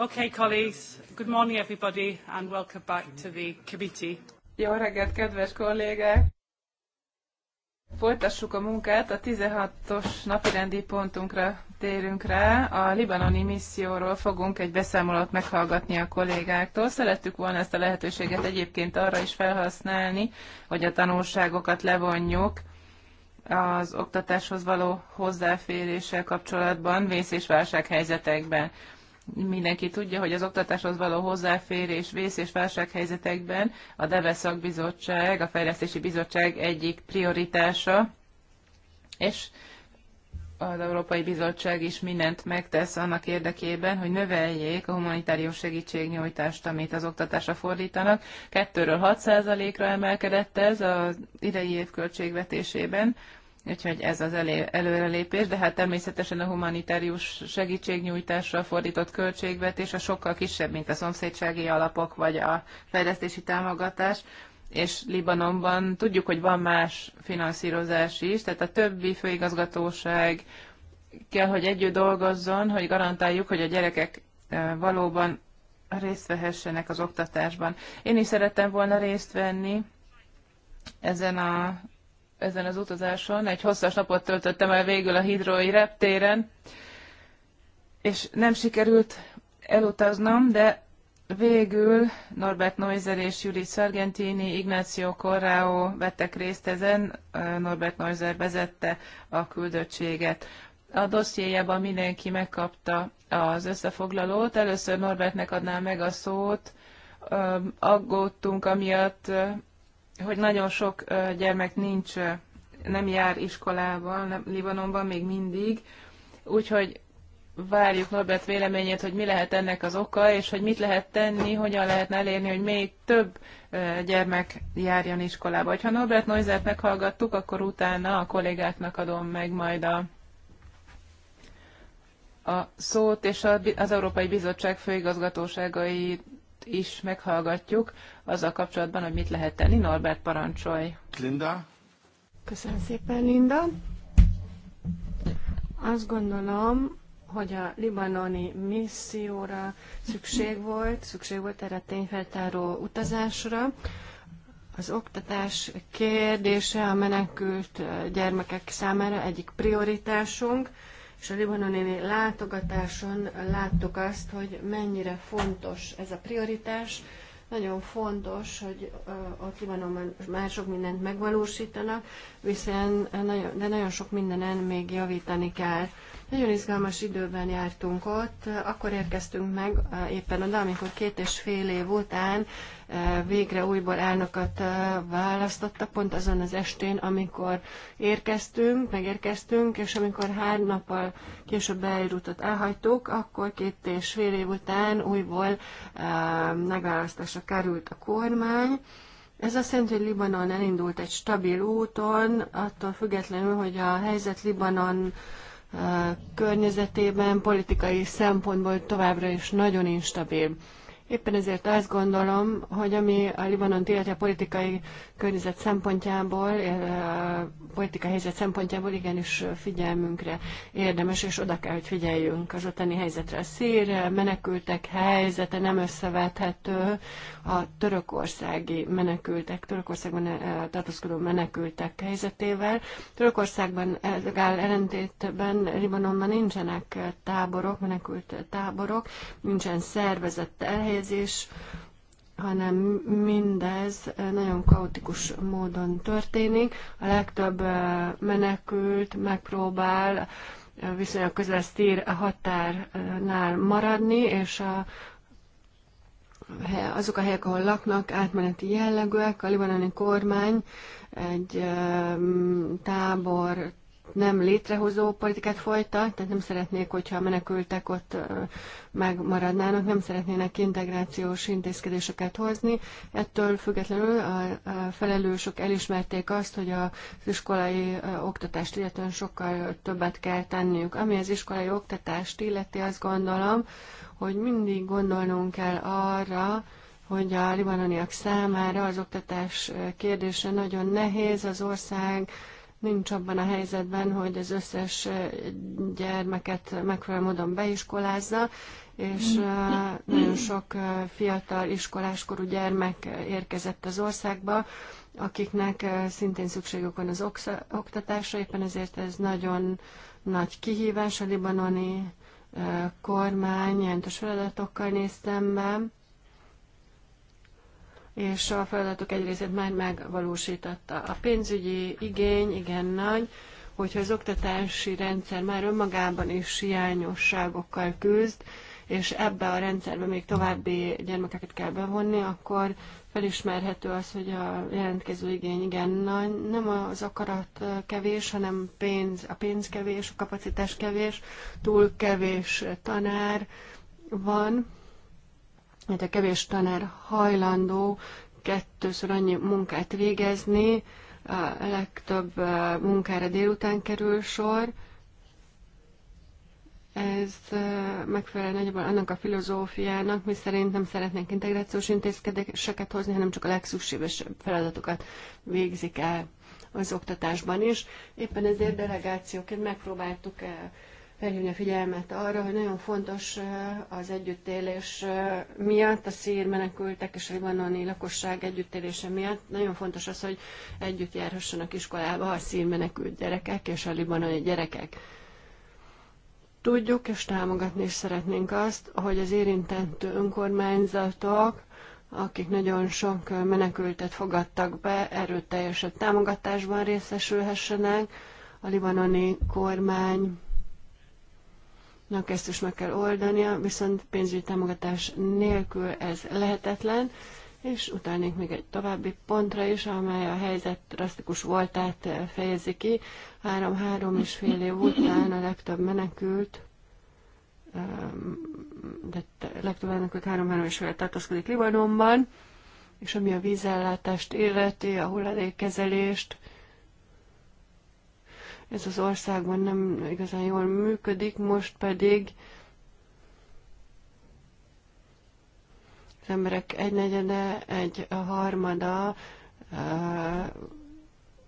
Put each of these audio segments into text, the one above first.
Okay, colleagues. Good morning, everybody, and welcome back to the committee. Jó reggelt, kedves kollégák! Folytassuk a munkát, a 16-os napirendi pontunkra térünk rá. A libanoni misszióról fogunk egy beszámolót meghallgatni a kollégáktól. Szerettük volna ezt a lehetőséget egyébként arra is felhasználni, hogy a tanulságokat levonjuk az oktatáshoz való hozzáféréssel kapcsolatban vész- és válsághelyzetekben mindenki tudja, hogy az oktatáshoz való hozzáférés vész és válsághelyzetekben a DEVE szakbizottság, a Fejlesztési Bizottság egyik prioritása, és az Európai Bizottság is mindent megtesz annak érdekében, hogy növeljék a humanitárius segítségnyújtást, amit az oktatásra fordítanak. 2-ről 6%-ra emelkedett ez az idei év költségvetésében. Úgyhogy ez az elé, előrelépés, de hát természetesen a humanitárius segítségnyújtásra fordított költségvetés a sokkal kisebb, mint a szomszédsági alapok vagy a fejlesztési támogatás, és Libanonban tudjuk, hogy van más finanszírozás is, tehát a többi főigazgatóság kell, hogy együtt dolgozzon, hogy garantáljuk, hogy a gyerekek valóban részt vehessenek az oktatásban. Én is szerettem volna részt venni ezen a ezen az utazáson. Egy hosszas napot töltöttem el végül a hidrói reptéren, és nem sikerült elutaznom, de végül Norbert Neuser és Judith Sargentini, Ignacio Corrao vettek részt ezen, Norbert Neuser vezette a küldöttséget. A dossziéjában mindenki megkapta az összefoglalót. Először Norbertnek adnám meg a szót. Aggódtunk amiatt, hogy nagyon sok gyermek nincs, nem jár iskolában, nem, Libanonban még mindig, úgyhogy várjuk Norbert véleményét, hogy mi lehet ennek az oka, és hogy mit lehet tenni, hogyan lehetne elérni, hogy még több gyermek járjon iskolába. Ha Norbert Noizert meghallgattuk, akkor utána a kollégáknak adom meg majd a, a szót, és az Európai Bizottság főigazgatóságai is meghallgatjuk azzal kapcsolatban, hogy mit lehet tenni. Norbert, parancsolj! Linda? Köszönöm szépen, Linda! Azt gondolom, hogy a libanoni misszióra szükség volt, szükség volt erre a tényfeltáró utazásra. Az oktatás kérdése a menekült eh, gyermekek számára egyik prioritásunk és a libanoni látogatáson láttuk azt, hogy mennyire fontos ez a prioritás. Nagyon fontos, hogy ott Libanonban már sok mindent megvalósítanak, viszont nagyon, de nagyon sok mindenen még javítani kell. Nagyon izgalmas időben jártunk ott, akkor érkeztünk meg eh, éppen oda, amikor két és fél év után eh, végre újból elnököt eh, választotta, pont azon az estén, amikor érkeztünk, megérkeztünk, és amikor három nappal később Beirutot elhagytuk, akkor két és fél év után újból megválasztásra került a kormány. Ez azt jelenti, hogy Libanon elindult egy stabil úton, attól függetlenül, hogy a helyzet Libanon környezetében politikai szempontból továbbra is nagyon instabil. Éppen ezért azt gondolom, hogy ami a Libanon illetve politikai környezet szempontjából, eh, politikai helyzet szempontjából igenis figyelmünkre érdemes, és oda kell, hogy figyeljünk az ottani helyzetre. A szír menekültek helyzete nem összevethető a törökországi menekültek, Törökországban eh, tartózkodó menekültek helyzetével. Törökországban eh, legalább ellentétben Libanonban nincsenek táborok, menekült táborok, nincsen szervezett elhelyezés, hanem mindez eh, nagyon kaotikus módon történik. A legtöbb eh, menekült megpróbál eh, viszonylag közel sztír a határnál maradni, és a, azok a helyek, ahol laknak, átmeneti jellegűek. A libanoni kormány egy tábor nem létrehozó politikát folytat, tehát nem szeretnék, hogyha a menekültek ott megmaradnának, nem szeretnének integrációs intézkedéseket hozni. Ettől függetlenül a felelősök elismerték azt, hogy az iskolai oktatást illetően sokkal többet kell tenniük. Ami az iskolai oktatást illeti, azt gondolom, hogy mindig gondolnunk kell arra, hogy a libanoniak számára az oktatás kérdése nagyon nehéz, az ország nincs abban a helyzetben, hogy az összes gyermeket megfelelő módon beiskolázza, és nagyon sok fiatal iskoláskorú gyermek érkezett az országba, akiknek szintén szükségük van az oktatásra, éppen ezért ez nagyon nagy kihívás. A libanoni kormány jelentős feladatokkal néztem be és a feladatok egy részét már megvalósította. A pénzügyi igény igen nagy, hogyha az oktatási rendszer már önmagában is hiányosságokkal küzd, és ebbe a rendszerbe még további gyermekeket kell bevonni, akkor felismerhető az, hogy a jelentkező igény igen nagy, nem az akarat kevés, hanem pénz, a pénz kevés, a kapacitás kevés, túl kevés tanár van, a kevés tanár hajlandó kettőször annyi munkát végezni, a legtöbb munkára délután kerül sor. Ez megfelel nagyjából annak a filozófiának, mi szerint nem szeretnénk integrációs intézkedéseket hozni, hanem csak a legszükségesebb feladatokat végzik el az oktatásban is. Éppen ezért delegációként megpróbáltuk felhívni a figyelmet arra, hogy nagyon fontos az együttélés miatt, a szír menekültek és a libanoni lakosság együttélése miatt, nagyon fontos az, hogy együtt járhassanak iskolába a szír menekült gyerekek és a libanoni gyerekek. Tudjuk és támogatni is szeretnénk azt, hogy az érintett önkormányzatok akik nagyon sok menekültet fogadtak be, erőteljesebb támogatásban részesülhessenek. A libanoni kormány ezt is meg kell oldania, viszont pénzügyi támogatás nélkül ez lehetetlen, és utalnék még egy további pontra is, amely a helyzet drasztikus voltát eh, fejezi ki. Három-három és fél év után a legtöbb menekült, ehm, de a legtöbb menekült három-három és fél tartózkodik Libanonban, és ami a vízellátást illeti, a hulladékkezelést, ez az országban nem igazán jól működik, most pedig az emberek egynegyede, egy harmada,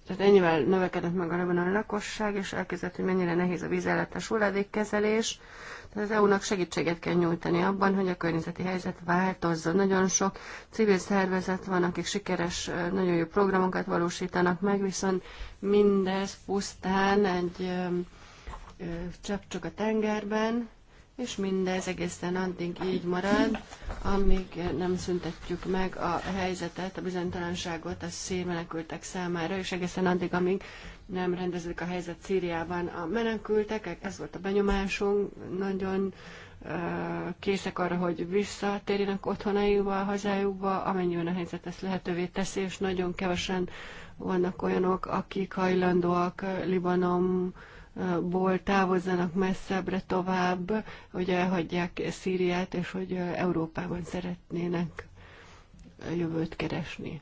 tehát ennyivel növekedett meg a a lakosság, és elkezdett, hogy mennyire nehéz a vízellátás hulladékkezelés. Tehát az EU-nak segítséget kell nyújtani abban, hogy a környezeti helyzet változzon. Nagyon sok civil szervezet van, akik sikeres, nagyon jó programokat valósítanak meg, viszont mindez pusztán egy csapcsok csak a tengerben, és mindez egészen addig így marad, amíg nem szüntetjük meg a helyzetet, a bizonytalanságot a szélmenekültek számára, és egészen addig, amíg nem rendeződik a helyzet Szíriában. A menekültek, ez volt a benyomásunk, nagyon készek arra, hogy visszatérjenek otthonaiba, a hazájukba, amennyiben a helyzet ezt lehetővé teszi, és nagyon kevesen vannak olyanok, akik hajlandóak Libanonból távozzanak messzebbre tovább, hogy elhagyják Szíriát, és hogy Európában szeretnének jövőt keresni.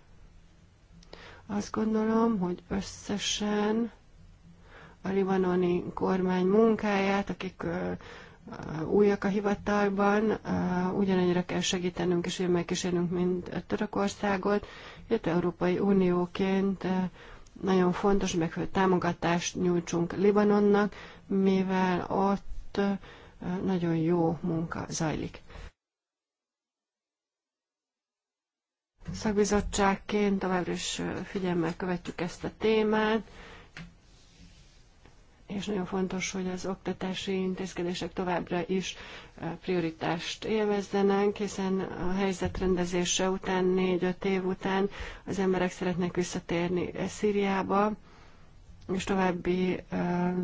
Azt gondolom, hogy összesen a libanoni kormány munkáját, akik újak a hivatalban, ugyanannyira kell segítenünk és megkísérnünk, mint a Törökországot, illetve Európai Unióként nagyon fontos, hogy támogatást nyújtsunk Libanonnak, mivel ott nagyon jó munka zajlik. Szakbizottságként továbbra is figyelmel követjük ezt a témát, és nagyon fontos, hogy az oktatási intézkedések továbbra is prioritást élvezzenek, hiszen a helyzet rendezése után, négy-öt év után az emberek szeretnek visszatérni Szíriába, és további uh,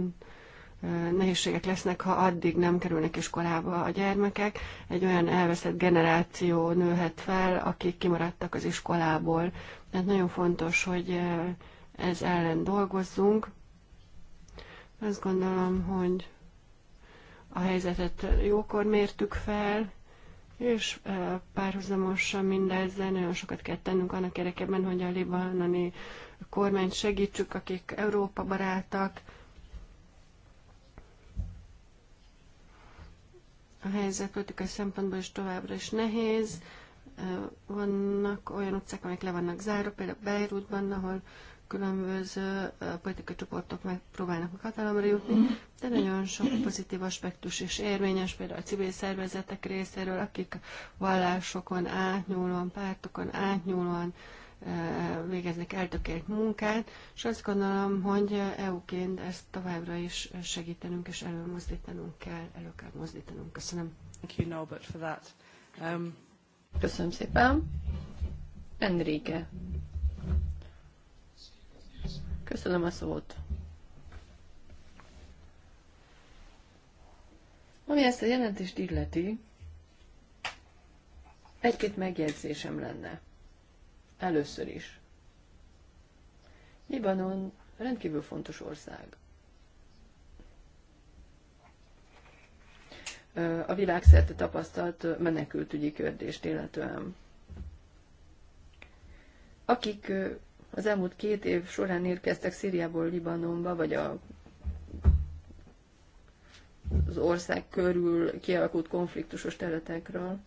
nehézségek lesznek, ha addig nem kerülnek iskolába a gyermekek. Egy olyan elveszett generáció nőhet fel, akik kimaradtak az iskolából. Tehát nagyon fontos, hogy ez ellen dolgozzunk. Azt gondolom, hogy a helyzetet jókor mértük fel, és párhuzamosan mindezzel nagyon sokat kell tennünk annak érdekében, hogy a libanoni kormányt segítsük, akik Európa barátak, A helyzet politikai szempontból is továbbra is nehéz. Vannak olyan utcák, amik le vannak zárva, például Beirutban, ahol különböző politikai csoportok megpróbálnak a hatalomra jutni, de nagyon sok pozitív aspektus is érvényes, például a civil szervezetek részéről, akik vallásokon átnyúlóan, pártokon átnyúlóan Eh, végeznek eltökélt munkát, és azt gondolom, hogy EU-ként ezt továbbra is segítenünk és előmozdítanunk kell, elő kell mozdítanunk. Köszönöm. Thank you, Norbert, for that. Um... Köszönöm szépen. Enrique. Köszönöm a szót. Ami ezt a jelentést illeti, egy-két megjegyzésem lenne. Először is. Libanon rendkívül fontos ország. A világszerte tapasztalt menekültügyi kérdést illetően. Akik az elmúlt két év során érkeztek Szíriából Libanonba, vagy a, az ország körül kialakult konfliktusos területekről,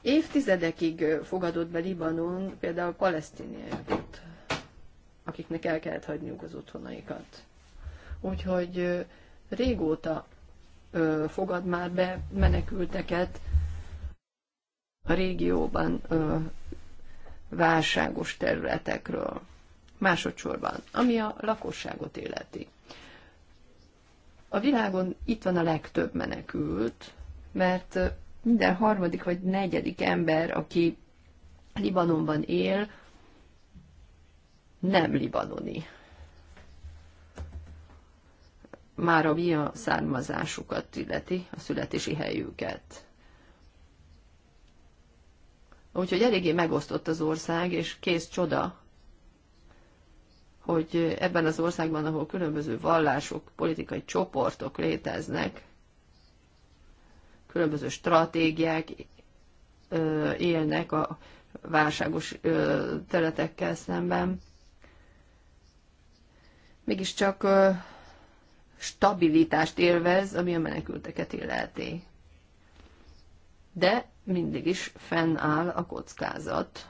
Évtizedekig fogadott be Libanon például palesztiniákat, akiknek el kellett hagyniuk az otthonaikat. Úgyhogy régóta fogad már be menekülteket a régióban válságos területekről. Másodszorban, ami a lakosságot életi. A világon itt van a legtöbb menekült, mert minden harmadik vagy negyedik ember, aki Libanonban él, nem libanoni. Már ami a származásukat illeti, a születési helyüket. Úgyhogy eléggé megosztott az ország, és kész csoda, hogy ebben az országban, ahol különböző vallások, politikai csoportok léteznek, különböző stratégiák élnek a válságos területekkel szemben. Mégiscsak stabilitást élvez, ami a menekülteket illeti. De mindig is fennáll a kockázat.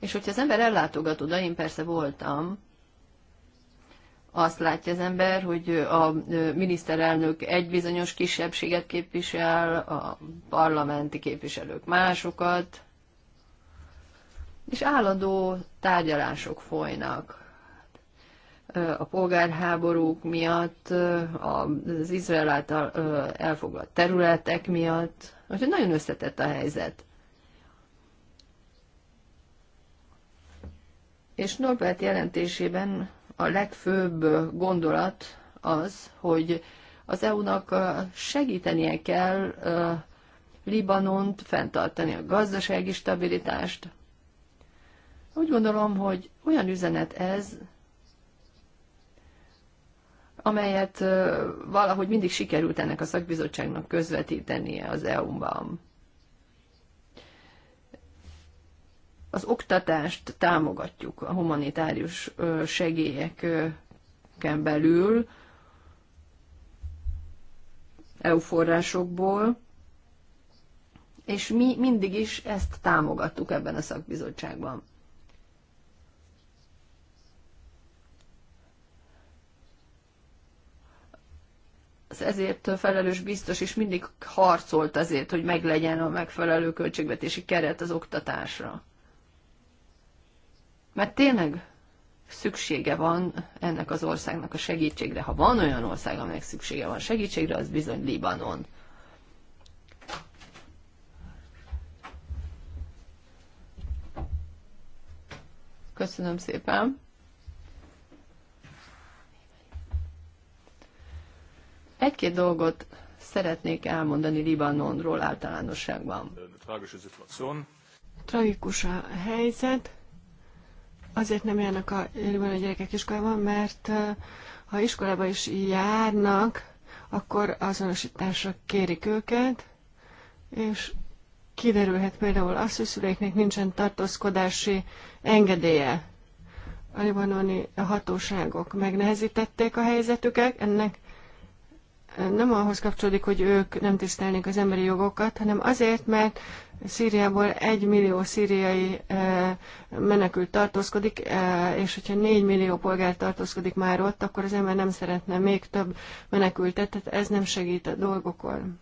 És hogyha az ember ellátogat oda, én persze voltam, azt látja az ember, hogy a miniszterelnök egy bizonyos kisebbséget képvisel, a parlamenti képviselők másokat, és állandó tárgyalások folynak a polgárháborúk miatt, az Izrael által elfoglalt területek miatt. Úgyhogy nagyon összetett a helyzet. És Norbert jelentésében a legfőbb gondolat az, hogy az EU-nak segítenie kell Libanont fenntartani a gazdasági stabilitást. Úgy gondolom, hogy olyan üzenet ez, amelyet valahogy mindig sikerült ennek a szakbizottságnak közvetítenie az EU-ban. az oktatást támogatjuk a humanitárius segélyeken belül, EU forrásokból, és mi mindig is ezt támogattuk ebben a szakbizottságban. az ezért felelős biztos is mindig harcolt azért, hogy meglegyen a megfelelő költségvetési keret az oktatásra mert tényleg szüksége van ennek az országnak a segítségre. Ha van olyan ország, amelynek szüksége van segítségre, az bizony Libanon. Köszönöm szépen. Egy-két dolgot szeretnék elmondani Libanonról általánosságban. Tragikus a helyzet azért nem járnak a jövőben a gyerekek iskolában, mert ha iskolába is járnak, akkor azonosításra kérik őket, és kiderülhet például az, hogy szüleiknek nincsen tartózkodási engedélye. A libanoni hatóságok megnehezítették a helyzetüket, ennek nem ahhoz kapcsolódik, hogy ők nem tisztelnék az emberi jogokat, hanem azért, mert Szíriából egy millió szíriai menekült tartózkodik, és hogyha négy millió polgár tartózkodik már ott, akkor az ember nem szeretne még több menekültet, tehát ez nem segít a dolgokon.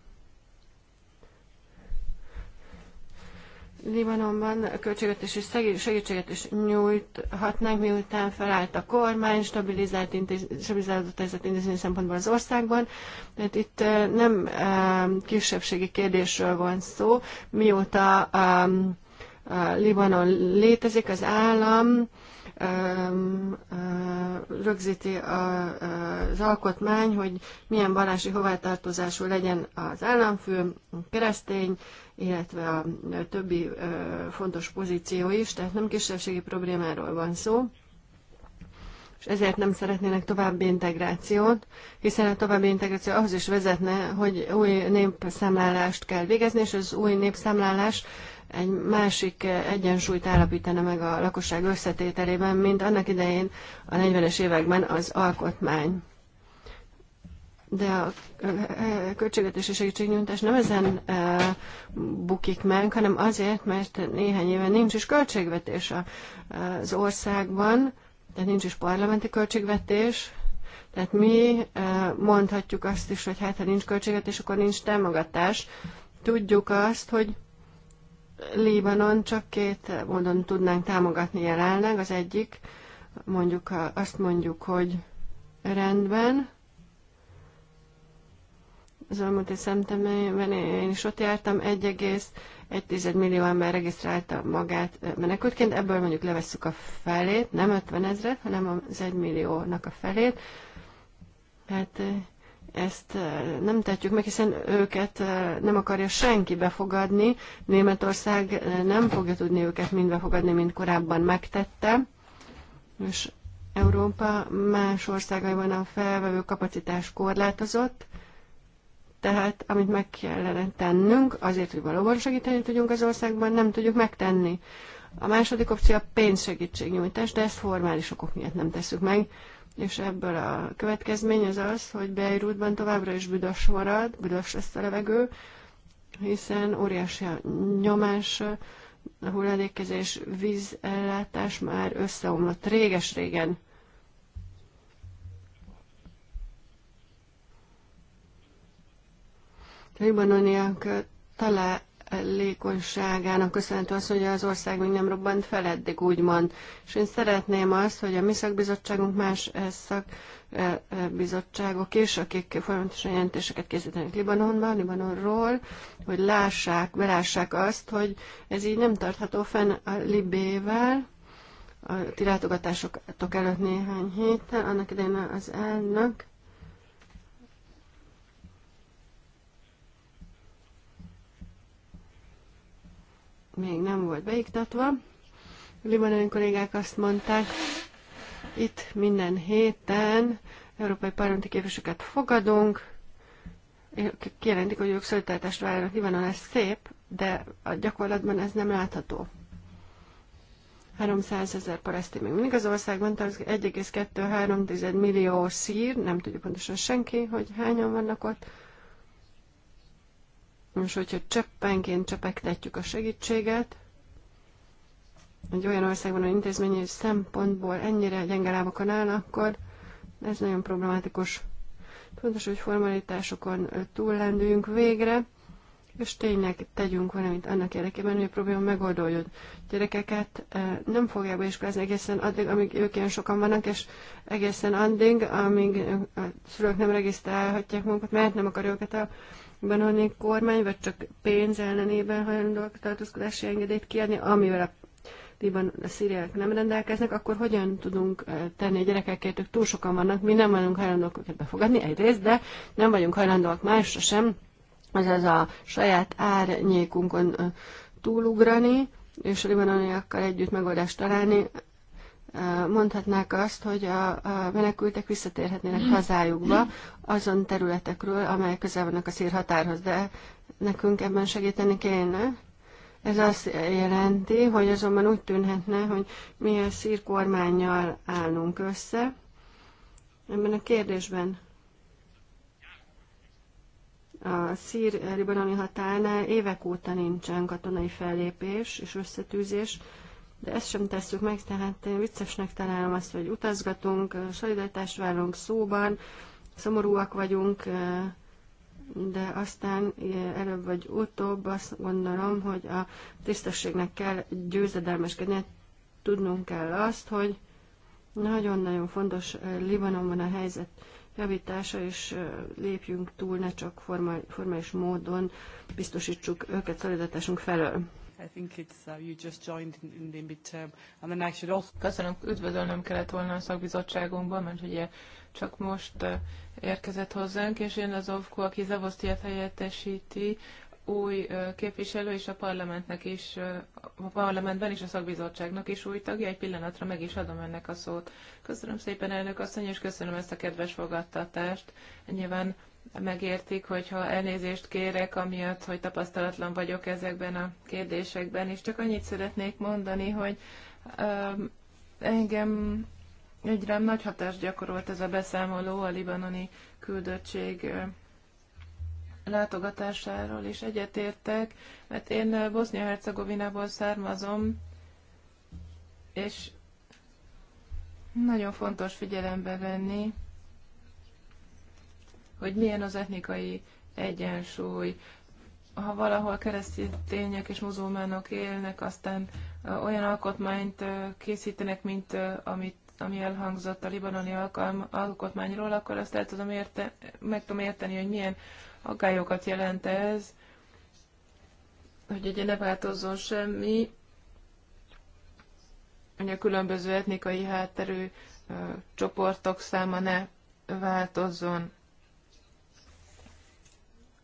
Libanonban költségvetési segítséget is nyújthatnánk, miután felállt a kormány, stabilizált intéz, stabilizált helyzet intézmény szempontból az országban. Tehát itt nem kisebbségi kérdésről van szó, mióta a Libanon létezik, az állam rögzíti az alkotmány, hogy milyen vallási hovatartozású legyen az államfő, keresztény, illetve a többi fontos pozíció is, tehát nem kisebbségi problémáról van szó és ezért nem szeretnének további integrációt, hiszen a további integráció ahhoz is vezetne, hogy új népszámlálást kell végezni, és az új népszámlálás egy másik egyensúlyt állapítana meg a lakosság összetételében, mint annak idején a 40-es években az alkotmány de a költségvetési segítségnyújtás nem ezen bukik meg, hanem azért, mert néhány éve nincs is költségvetés az országban, tehát nincs is parlamenti költségvetés, tehát mi mondhatjuk azt is, hogy hát ha nincs költségvetés, akkor nincs támogatás. Tudjuk azt, hogy Líbanon csak két módon tudnánk támogatni jelenleg. Az egyik, mondjuk azt mondjuk, hogy rendben, az elmúlt szemtemében én is ott jártam, 1,1 millió ember regisztrálta magát menekültként, ebből mondjuk levesszük a felét, nem 50 ezret, hanem az 1 milliónak a felét. Hát ezt nem tehetjük meg, hiszen őket nem akarja senki befogadni. Németország nem fogja tudni őket mind befogadni, mint korábban megtette. És Európa más országaiban a felvevő kapacitás korlátozott, tehát, amit meg kellene tennünk, azért, hogy valóban segíteni tudjunk az országban, nem tudjuk megtenni. A második opció a pénzsegítségnyújtás, de ezt formális okok miatt nem tesszük meg, és ebből a következmény az az, hogy Beirutban továbbra is büdös marad, büdös lesz a levegő, hiszen óriási a nyomás, a hulladékkezés, vízellátás már összeomlott réges-régen. libanoniak talán lékonyságának köszönhető az, hogy az ország még nem robbant fel eddig, úgymond. És én szeretném azt, hogy a mi szakbizottságunk más eh, szakbizottságok is, akik folyamatosan jelentéseket készítenek Libanonban, Libanonról, hogy lássák, belássák azt, hogy ez így nem tartható fenn a Libével, a ti előtt néhány héttel, annak idején az elnök még nem volt beiktatva. Libanoni kollégák azt mondták, itt minden héten európai parlamenti képviselőket fogadunk, kijelentik, hogy ők szolidaritást várnak. Libanon, ez szép, de a gyakorlatban ez nem látható. 300 ezer palesztin még mindig az országban, tehát 1,2-3 millió szír, nem tudjuk pontosan senki, hogy hányan vannak ott, és hogyha cseppenként csepegtetjük a segítséget, egy olyan országban, hogy intézményi szempontból ennyire gyenge lábakon áll, akkor ez nagyon problematikus. Fontos, hogy formalitásokon túllendüljünk végre, és tényleg tegyünk valamit annak érdekében, hogy a probléma megoldódjon. Gyerekeket nem fogják beiskolázni egészen addig, amíg ők ilyen sokan vannak, és egészen addig, amíg a szülők nem regisztrálhatják magukat, mert nem akar őket a benolni kormány, vagy csak pénz ellenében hajlandóak a tartózkodási engedélyt kiadni, amivel a Liban a szíriák nem rendelkeznek, akkor hogyan tudunk tenni a gyerekekért, ők túl sokan vannak, mi nem vagyunk hajlandóak őket befogadni egyrészt, de nem vagyunk hajlandóak másra sem, azaz a saját árnyékunkon túlugrani, és a libanoniakkal együtt megoldást találni, mondhatnák azt, hogy a, a menekültek visszatérhetnének hazájukba azon területekről, amelyek közel vannak a szír határhoz, de nekünk ebben segíteni kéne. Ez azt jelenti, hogy azonban úgy tűnhetne, hogy mi a szír kormányjal állunk össze ebben a kérdésben. A szír-libanoni határnál évek óta nincsen katonai fellépés és összetűzés de ezt sem tesszük meg, tehát én viccesnek találom azt, hogy utazgatunk, solidaritást várunk szóban, szomorúak vagyunk, de aztán előbb vagy utóbb azt gondolom, hogy a tisztességnek kell győzedelmeskedni, tudnunk kell azt, hogy nagyon-nagyon fontos Libanonban a helyzet javítása, és lépjünk túl, ne csak formális módon biztosítsuk őket szolidatásunk felől. Köszönöm, üdvözölnöm kellett volna a szakbizottságunkban, mert ugye csak most uh, érkezett hozzánk, és jön az OVKU, aki Zavosztiát helyettesíti, új uh, képviselő, és a parlamentnek is, uh, a parlamentben is a szakbizottságnak is új tagja. Egy pillanatra meg is adom ennek a szót. Köszönöm szépen, elnök asszony, és köszönöm ezt a kedves fogadtatást. Nyilván megértik, hogyha elnézést kérek, amiatt, hogy tapasztalatlan vagyok ezekben a kérdésekben, és csak annyit szeretnék mondani, hogy uh, engem egy rám nagy hatást gyakorolt ez a beszámoló a libanoni küldöttség látogatásáról, is egyetértek, mert én Bosznia-Hercegovinából származom, és nagyon fontos figyelembe venni, hogy milyen az etnikai egyensúly. Ha valahol keresztények és muzulmánok élnek, aztán olyan alkotmányt készítenek, mint amit ami elhangzott a libanoni alkotmányról, akkor azt el tudom érte, meg tudom érteni, hogy milyen aggályokat jelent ez, hogy ugye ne változzon semmi, hogy a különböző etnikai hátterű ö, csoportok száma ne változzon.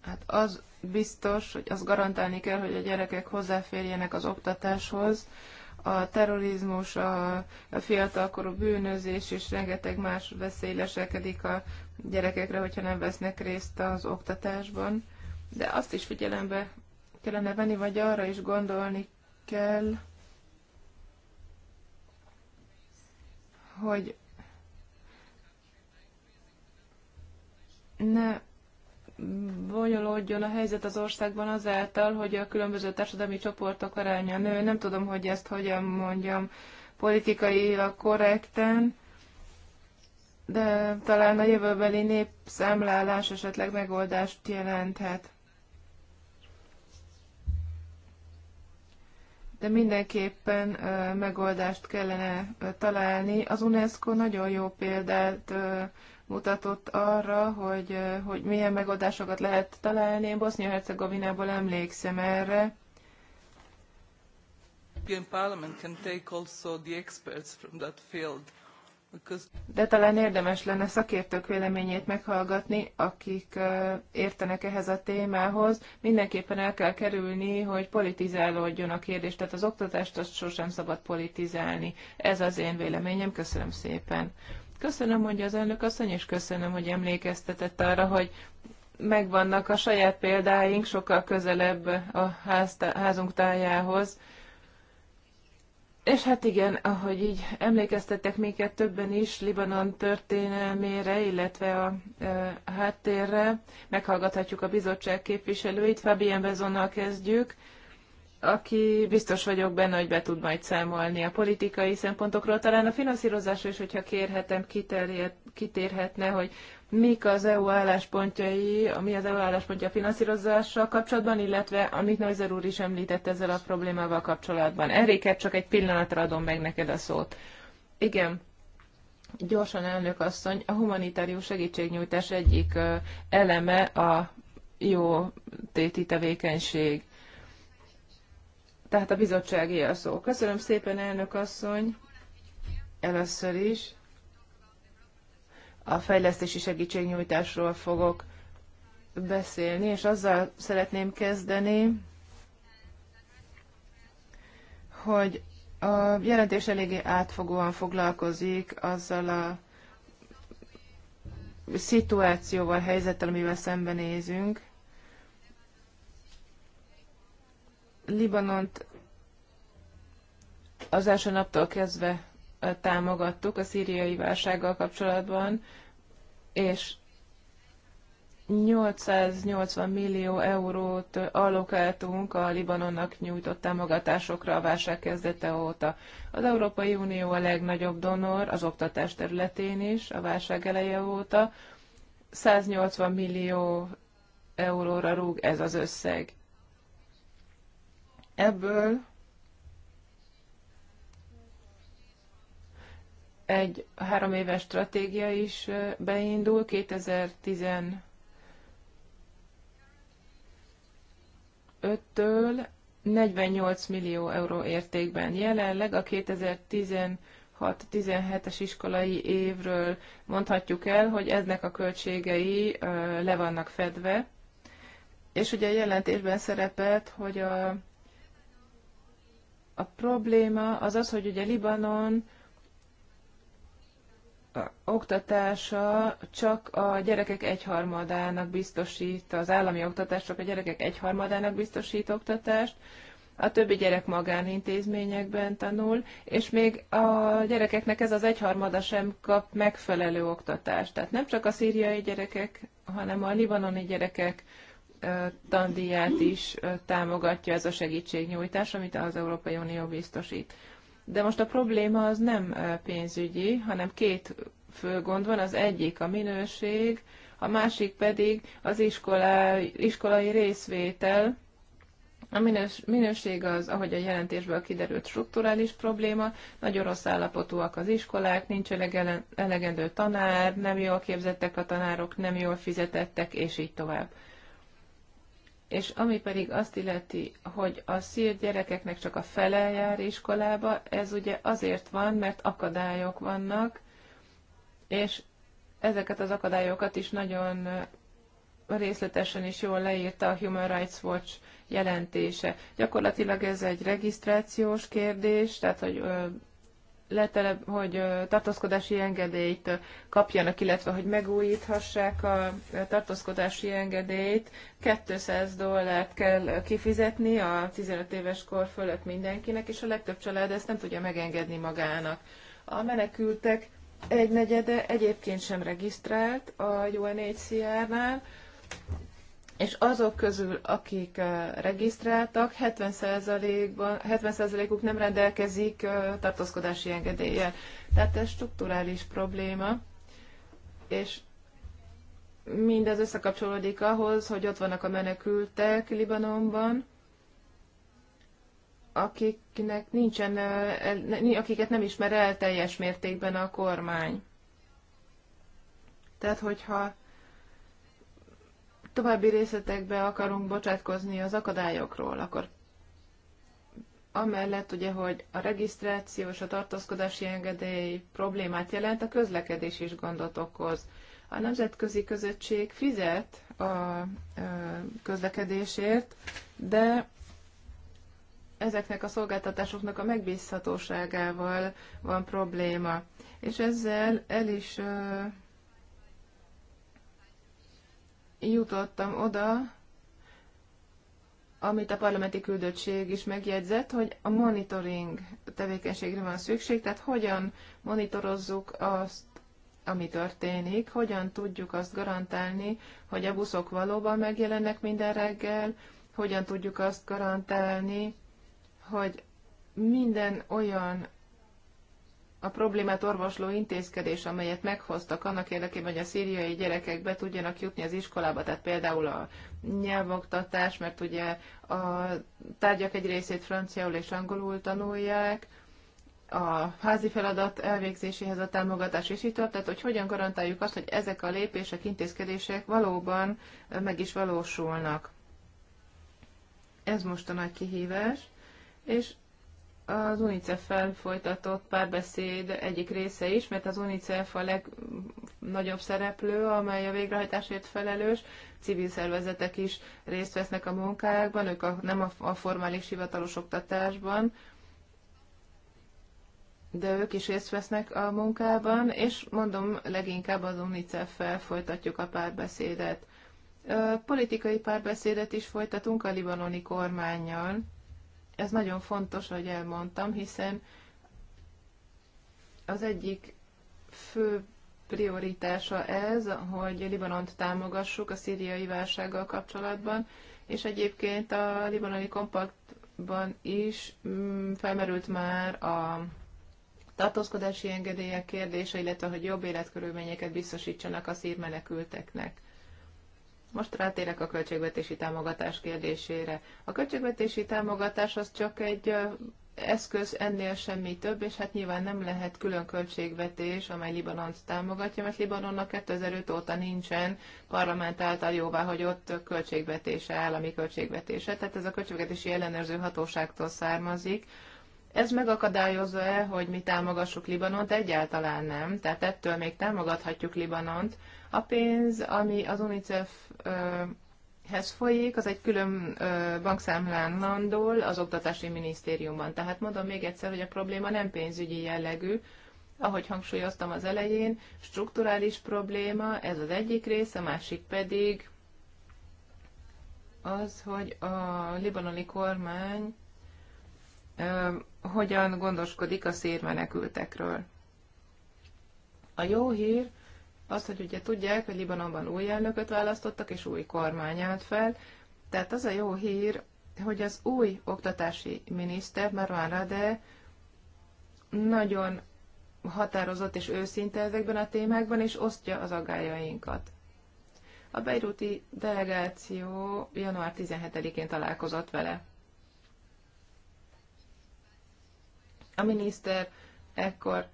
Hát az biztos, hogy azt garantálni kell, hogy a gyerekek hozzáférjenek az oktatáshoz. A terrorizmus, a, fiatalkorú bűnözés és rengeteg más veszély leselkedik a gyerekekre, hogyha nem vesznek részt az oktatásban. De azt is figyelembe kellene venni, vagy arra is gondolni kell, hogy ne bonyolódjon a helyzet az országban azáltal, hogy a különböző társadalmi csoportok aránya nő. Nem tudom, hogy ezt hogyan mondjam politikailag korrekten, de talán a jövőbeli népszámlálás esetleg megoldást jelenthet. de mindenképpen megoldást kellene találni. Az UNESCO nagyon jó példát mutatott arra, hogy, hogy milyen megoldásokat lehet találni. Én Bosznia-Hercegovinából emlékszem erre. De talán érdemes lenne szakértők véleményét meghallgatni, akik értenek ehhez a témához. Mindenképpen el kell kerülni, hogy politizálódjon a kérdés, tehát az oktatást azt sosem szabad politizálni. Ez az én véleményem. Köszönöm szépen. Köszönöm, mondja az elnök asszony, és köszönöm, hogy emlékeztetett arra, hogy megvannak a saját példáink sokkal közelebb a háztá, házunk tájához. És hát igen, ahogy így emlékeztettek minket többen is Libanon történelmére, illetve a e, háttérre, meghallgathatjuk a bizottság képviselőit. Fabien Bezonnal kezdjük, aki biztos vagyok benne, hogy be tud majd számolni a politikai szempontokról. Talán a finanszírozásra is, hogyha kérhetem, kiterjed, kitérhetne, hogy mik az EU álláspontjai, mi az EU álláspontja a finanszírozással kapcsolatban, illetve amit Neuser úr is említett ezzel a problémával kapcsolatban. Enriket csak egy pillanatra adom meg neked a szót. Igen, gyorsan elnök asszony, a humanitárius segítségnyújtás egyik eleme a jó téti tevékenység tehát a bizottsági a szó. Köszönöm szépen, elnök asszony, először is. A fejlesztési segítségnyújtásról fogok beszélni, és azzal szeretném kezdeni, hogy a jelentés eléggé átfogóan foglalkozik azzal a szituációval, helyzettel, amivel szembenézünk, Libanont az első naptól kezdve támogattuk a szíriai válsággal kapcsolatban, és 880 millió eurót allokáltunk a Libanonnak nyújtott támogatásokra a válság kezdete óta. Az Európai Unió a legnagyobb donor az oktatás területén is a válság eleje óta. 180 millió euróra rúg ez az összeg. Ebből egy három éves stratégia is beindul 2015 től 48 millió euró értékben. Jelenleg a 2016-17-es iskolai évről mondhatjuk el, hogy eznek a költségei le vannak fedve. És ugye a jelentésben szerepelt, hogy a a probléma az az, hogy ugye Libanon oktatása csak a gyerekek egyharmadának biztosít, az állami oktatás csak a gyerekek egyharmadának biztosít oktatást, a többi gyerek magánintézményekben tanul, és még a gyerekeknek ez az egyharmada sem kap megfelelő oktatást. Tehát nem csak a szíriai gyerekek, hanem a libanoni gyerekek tandíját is támogatja ez a segítségnyújtás, amit az Európai Unió biztosít. De most a probléma az nem pénzügyi, hanem két fő gond van, az egyik a minőség, a másik pedig az iskolai, iskolai részvétel, a minőség az, ahogy a jelentésből kiderült, strukturális probléma, nagyon rossz állapotúak az iskolák, nincs elegendő tanár, nem jól képzettek a tanárok, nem jól fizetettek, és így tovább és ami pedig azt illeti, hogy a szír gyerekeknek csak a fele jár iskolába, ez ugye azért van, mert akadályok vannak, és ezeket az akadályokat is nagyon részletesen is jól leírta a Human Rights Watch jelentése. Gyakorlatilag ez egy regisztrációs kérdés, tehát hogy letele, hogy tartózkodási engedélyt kapjanak, illetve hogy megújíthassák a tartózkodási engedélyt. 200 dollárt kell kifizetni a 15 éves kor fölött mindenkinek, és a legtöbb család ezt nem tudja megengedni magának. A menekültek egy negyede egyébként sem regisztrált a UNHCR-nál, és azok közül, akik regisztráltak, 70%-ban, 70%-uk nem rendelkezik tartózkodási engedéllyel. Tehát ez strukturális probléma, és mindez összekapcsolódik ahhoz, hogy ott vannak a menekültek Libanonban, akiknek nincsen, akiket nem ismer el teljes mértékben a kormány. Tehát, hogyha további részletekbe akarunk bocsátkozni az akadályokról, akkor amellett ugye, hogy a regisztráció és a tartózkodási engedély problémát jelent, a közlekedés is gondot okoz. A nemzetközi közösség fizet a közlekedésért, de ezeknek a szolgáltatásoknak a megbízhatóságával van probléma. És ezzel el is jutottam oda, amit a parlamenti küldöttség is megjegyzett, hogy a monitoring tevékenységre van szükség, tehát hogyan monitorozzuk azt, ami történik, hogyan tudjuk azt garantálni, hogy a buszok valóban megjelennek minden reggel, hogyan tudjuk azt garantálni, hogy minden olyan a problémát orvosló intézkedés, amelyet meghoztak annak érdekében, hogy a szíriai gyerekek be tudjanak jutni az iskolába, tehát például a nyelvoktatás, mert ugye a tárgyak egy részét franciául és angolul tanulják, a házi feladat elvégzéséhez a támogatás is itt tehát hogy hogyan garantáljuk azt, hogy ezek a lépések, intézkedések valóban meg is valósulnak. Ez most a nagy kihívás, és az UNICEF-fel folytatott párbeszéd egyik része is, mert az UNICEF a legnagyobb szereplő, amely a végrehajtásért felelős, civil szervezetek is részt vesznek a munkákban, ők a, nem a, a formális hivatalos oktatásban, de ők is részt vesznek a munkában, és mondom, leginkább az UNICEF-fel folytatjuk a párbeszédet. Politikai párbeszédet is folytatunk a libanoni kormányjal ez nagyon fontos, hogy elmondtam, hiszen az egyik fő prioritása ez, hogy Libanont támogassuk a szíriai válsággal kapcsolatban, és egyébként a libanoni kompaktban is mm, felmerült már a tartózkodási engedélyek kérdése, illetve hogy jobb életkörülményeket biztosítsanak a szír menekülteknek. Most rátérek a költségvetési támogatás kérdésére. A költségvetési támogatás az csak egy eszköz, ennél semmi több, és hát nyilván nem lehet külön költségvetés, amely Libanont támogatja, mert Libanonnak 2005 óta nincsen parlament által ott költségvetése, állami költségvetése, tehát ez a költségvetési ellenőrző hatóságtól származik. Ez megakadályozza-e, hogy mi támogassuk Libanont? Egyáltalán nem, tehát ettől még támogathatjuk Libanont, a pénz, ami az UNICEF-hez folyik, az egy külön bankszámlán landol az Oktatási Minisztériumban. Tehát mondom még egyszer, hogy a probléma nem pénzügyi jellegű, ahogy hangsúlyoztam az elején, strukturális probléma, ez az egyik rész, a másik pedig az, hogy a libanoni kormány ö, hogyan gondoskodik a szérmenekültekről. A jó hír, az, hogy ugye tudják, hogy Libanonban új elnököt választottak, és új kormány állt fel, tehát az a jó hír, hogy az új oktatási miniszter, Marwan Rade, nagyon határozott és őszinte ezekben a témákban, és osztja az aggájainkat. A beiruti delegáció január 17-én találkozott vele. A miniszter ekkor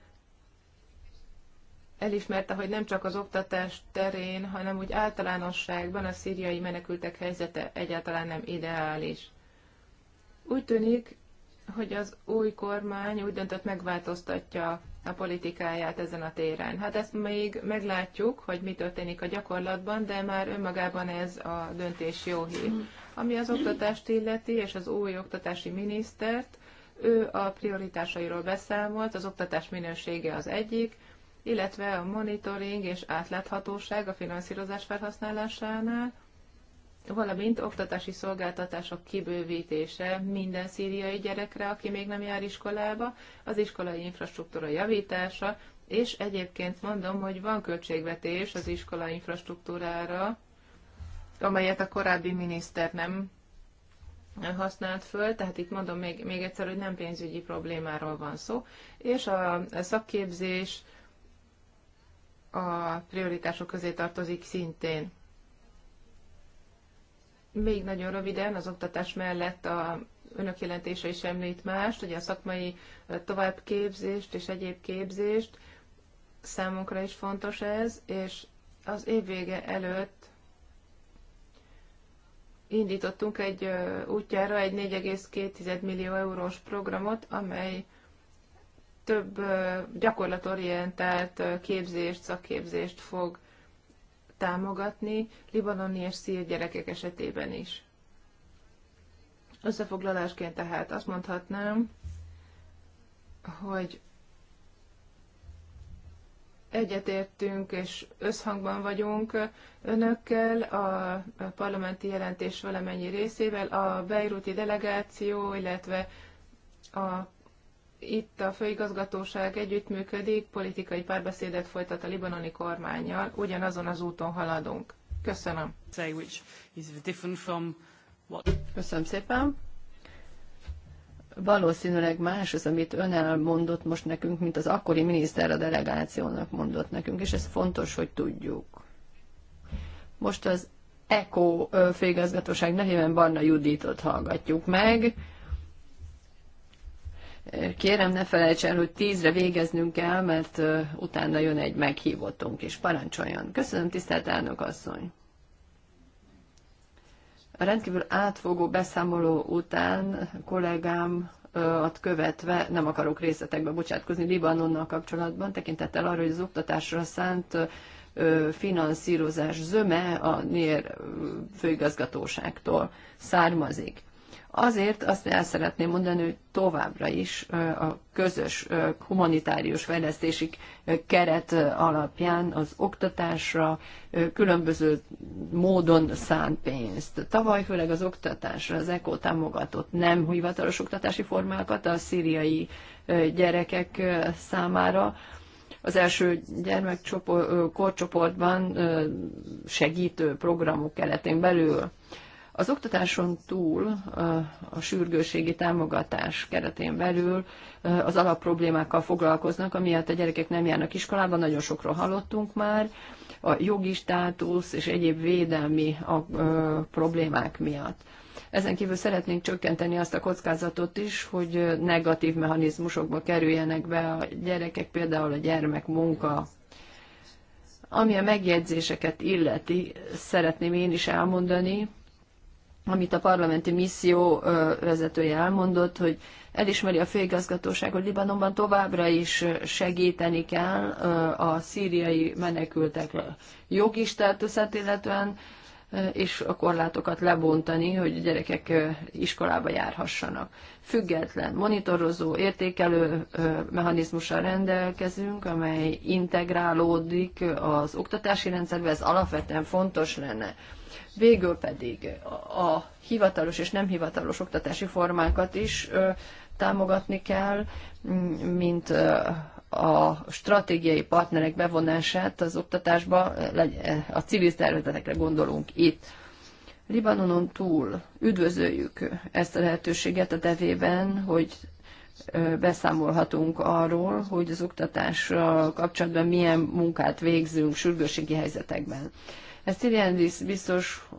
elismerte, hogy nem csak az oktatás terén, hanem úgy általánosságban a szíriai menekültek helyzete egyáltalán nem ideális. Úgy tűnik, hogy az új kormány úgy döntött megváltoztatja a politikáját ezen a téren. Hát ezt még meglátjuk, hogy mi történik a gyakorlatban, de már önmagában ez a döntés jó hír. Ami az oktatást illeti, és az új oktatási minisztert, ő a prioritásairól beszámolt, az oktatás minősége az egyik, illetve a monitoring és átláthatóság a finanszírozás felhasználásánál, valamint oktatási szolgáltatások kibővítése minden szíriai gyerekre, aki még nem jár iskolába, az iskolai infrastruktúra javítása, és egyébként mondom, hogy van költségvetés az iskola infrastruktúrára, amelyet a korábbi miniszter nem használt föl, tehát itt mondom még, még egyszer, hogy nem pénzügyi problémáról van szó, és a szakképzés, a prioritások közé tartozik szintén. Még nagyon röviden az oktatás mellett a önök jelentése is említ mást, ugye a szakmai továbbképzést és egyéb képzést, számunkra is fontos ez, és az év előtt indítottunk egy útjára egy 4,2 millió eurós programot, amely több gyakorlatorientált képzést, szakképzést fog támogatni libanoni és szír gyerekek esetében is. Összefoglalásként tehát azt mondhatnám, hogy egyetértünk és összhangban vagyunk önökkel, a parlamenti jelentés valamennyi részével, a beiruti delegáció, illetve a itt a főigazgatóság együttműködik, politikai párbeszédet folytat a libanoni kormányjal, ugyanazon az úton haladunk. Köszönöm. Köszönöm szépen. Valószínűleg más az, amit ön elmondott most nekünk, mint az akkori miniszter a delegációnak mondott nekünk, és ez fontos, hogy tudjuk. Most az ECO főigazgatóság nevében Barna Juditot hallgatjuk meg Kérem, ne felejts el, hogy tízre végeznünk kell, mert utána jön egy meghívottunk is. Parancsoljon. Köszönöm, tisztelt elnök asszony. A rendkívül átfogó beszámoló után kollégám ad követve, nem akarok részletekbe bocsátkozni Libanonnal kapcsolatban, tekintettel arra, hogy az oktatásra szánt finanszírozás zöme a NIR főigazgatóságtól származik. Azért azt el szeretném mondani, hogy továbbra is a közös humanitárius fejlesztési keret alapján az oktatásra különböző módon szánt pénzt. Tavaly főleg az oktatásra az ECO támogatott nem hivatalos oktatási formákat a szíriai gyerekek számára, az első gyermekkorcsoportban segítő programok keretén belül. Az oktatáson túl a sürgőségi támogatás keretén belül az alapproblémákkal foglalkoznak, amiatt a gyerekek nem járnak iskolába, nagyon sokról hallottunk már, a jogi státusz és egyéb védelmi a, problémák miatt. Ezen kívül szeretnénk csökkenteni azt a kockázatot is, hogy negatív mechanizmusokba kerüljenek be a gyerekek, például a gyermek munka ami a megjegyzéseket illeti, szeretném én is elmondani, amit a parlamenti misszió vezetője elmondott, hogy elismeri a főigazgatóság, hogy Libanonban továbbra is segíteni kell a szíriai menekültek jogi státuszát, illetően és a korlátokat lebontani, hogy a gyerekek iskolába járhassanak. Független, monitorozó, értékelő mechanizmussal rendelkezünk, amely integrálódik az oktatási rendszerbe, ez alapvetően fontos lenne. Végül pedig a hivatalos és nem hivatalos oktatási formákat is támogatni kell, mint a stratégiai partnerek bevonását az oktatásba, a civil szervezetekre gondolunk itt. Libanonon túl üdvözöljük ezt a lehetőséget a tevében, hogy beszámolhatunk arról, hogy az oktatás kapcsolatban milyen munkát végzünk sürgősségi helyzetekben. Ez Sziriandis biztos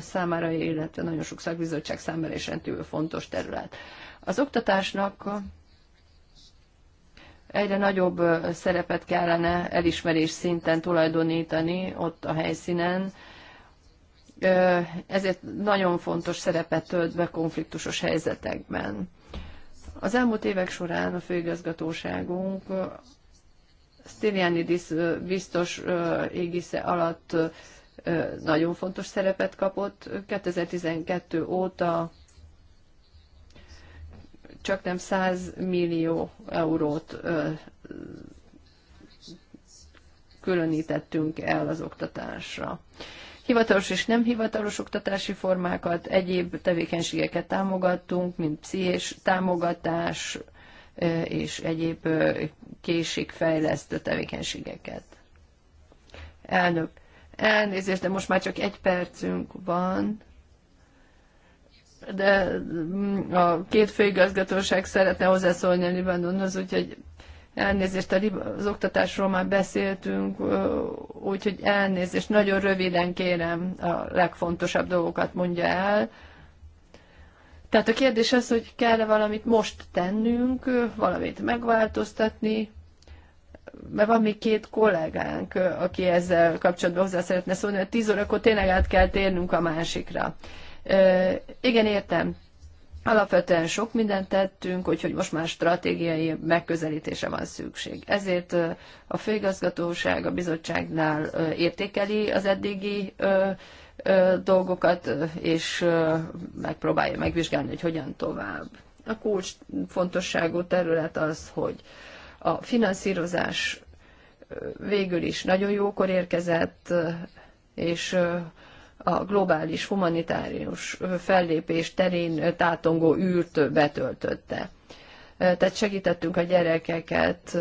számára, illetve nagyon sok szakbizottság számára is rendkívül fontos terület. Az oktatásnak egyre nagyobb szerepet kellene elismerés szinten tulajdonítani ott a helyszínen, ezért nagyon fontos szerepet tölt be konfliktusos helyzetekben. Az elmúlt évek során a főigazgatóságunk Stylianidis biztos égisze alatt nagyon fontos szerepet kapott. 2012 óta csak nem 100 millió eurót ö, különítettünk el az oktatásra. Hivatalos és nem hivatalos oktatási formákat, egyéb tevékenységeket támogattunk, mint pszichés támogatás és egyéb készségfejlesztő tevékenységeket. Elnök, elnézést, de most már csak egy percünk van de mm, a két főigazgatóság szeretne hozzászólni a Libanonhoz, úgyhogy elnézést, az oktatásról már beszéltünk, úgyhogy elnézést, nagyon röviden kérem a legfontosabb dolgokat mondja el. Tehát a kérdés az, hogy kell-e valamit most tennünk, valamit megváltoztatni, mert van még két kollégánk, aki ezzel kapcsolatban hozzá szeretne szólni, hogy tíz órakor tényleg át kell térnünk a másikra. Igen, értem. Alapvetően sok mindent tettünk, úgyhogy most már stratégiai megközelítése van szükség. Ezért a főigazgatóság a bizottságnál értékeli az eddigi dolgokat, és megpróbálja megvizsgálni, hogy hogyan tovább. A kulcs fontosságú terület az, hogy a finanszírozás végül is nagyon jókor érkezett, és a globális humanitárius fellépés terén tátongó űrt betöltötte. Tehát segítettünk a gyerekeket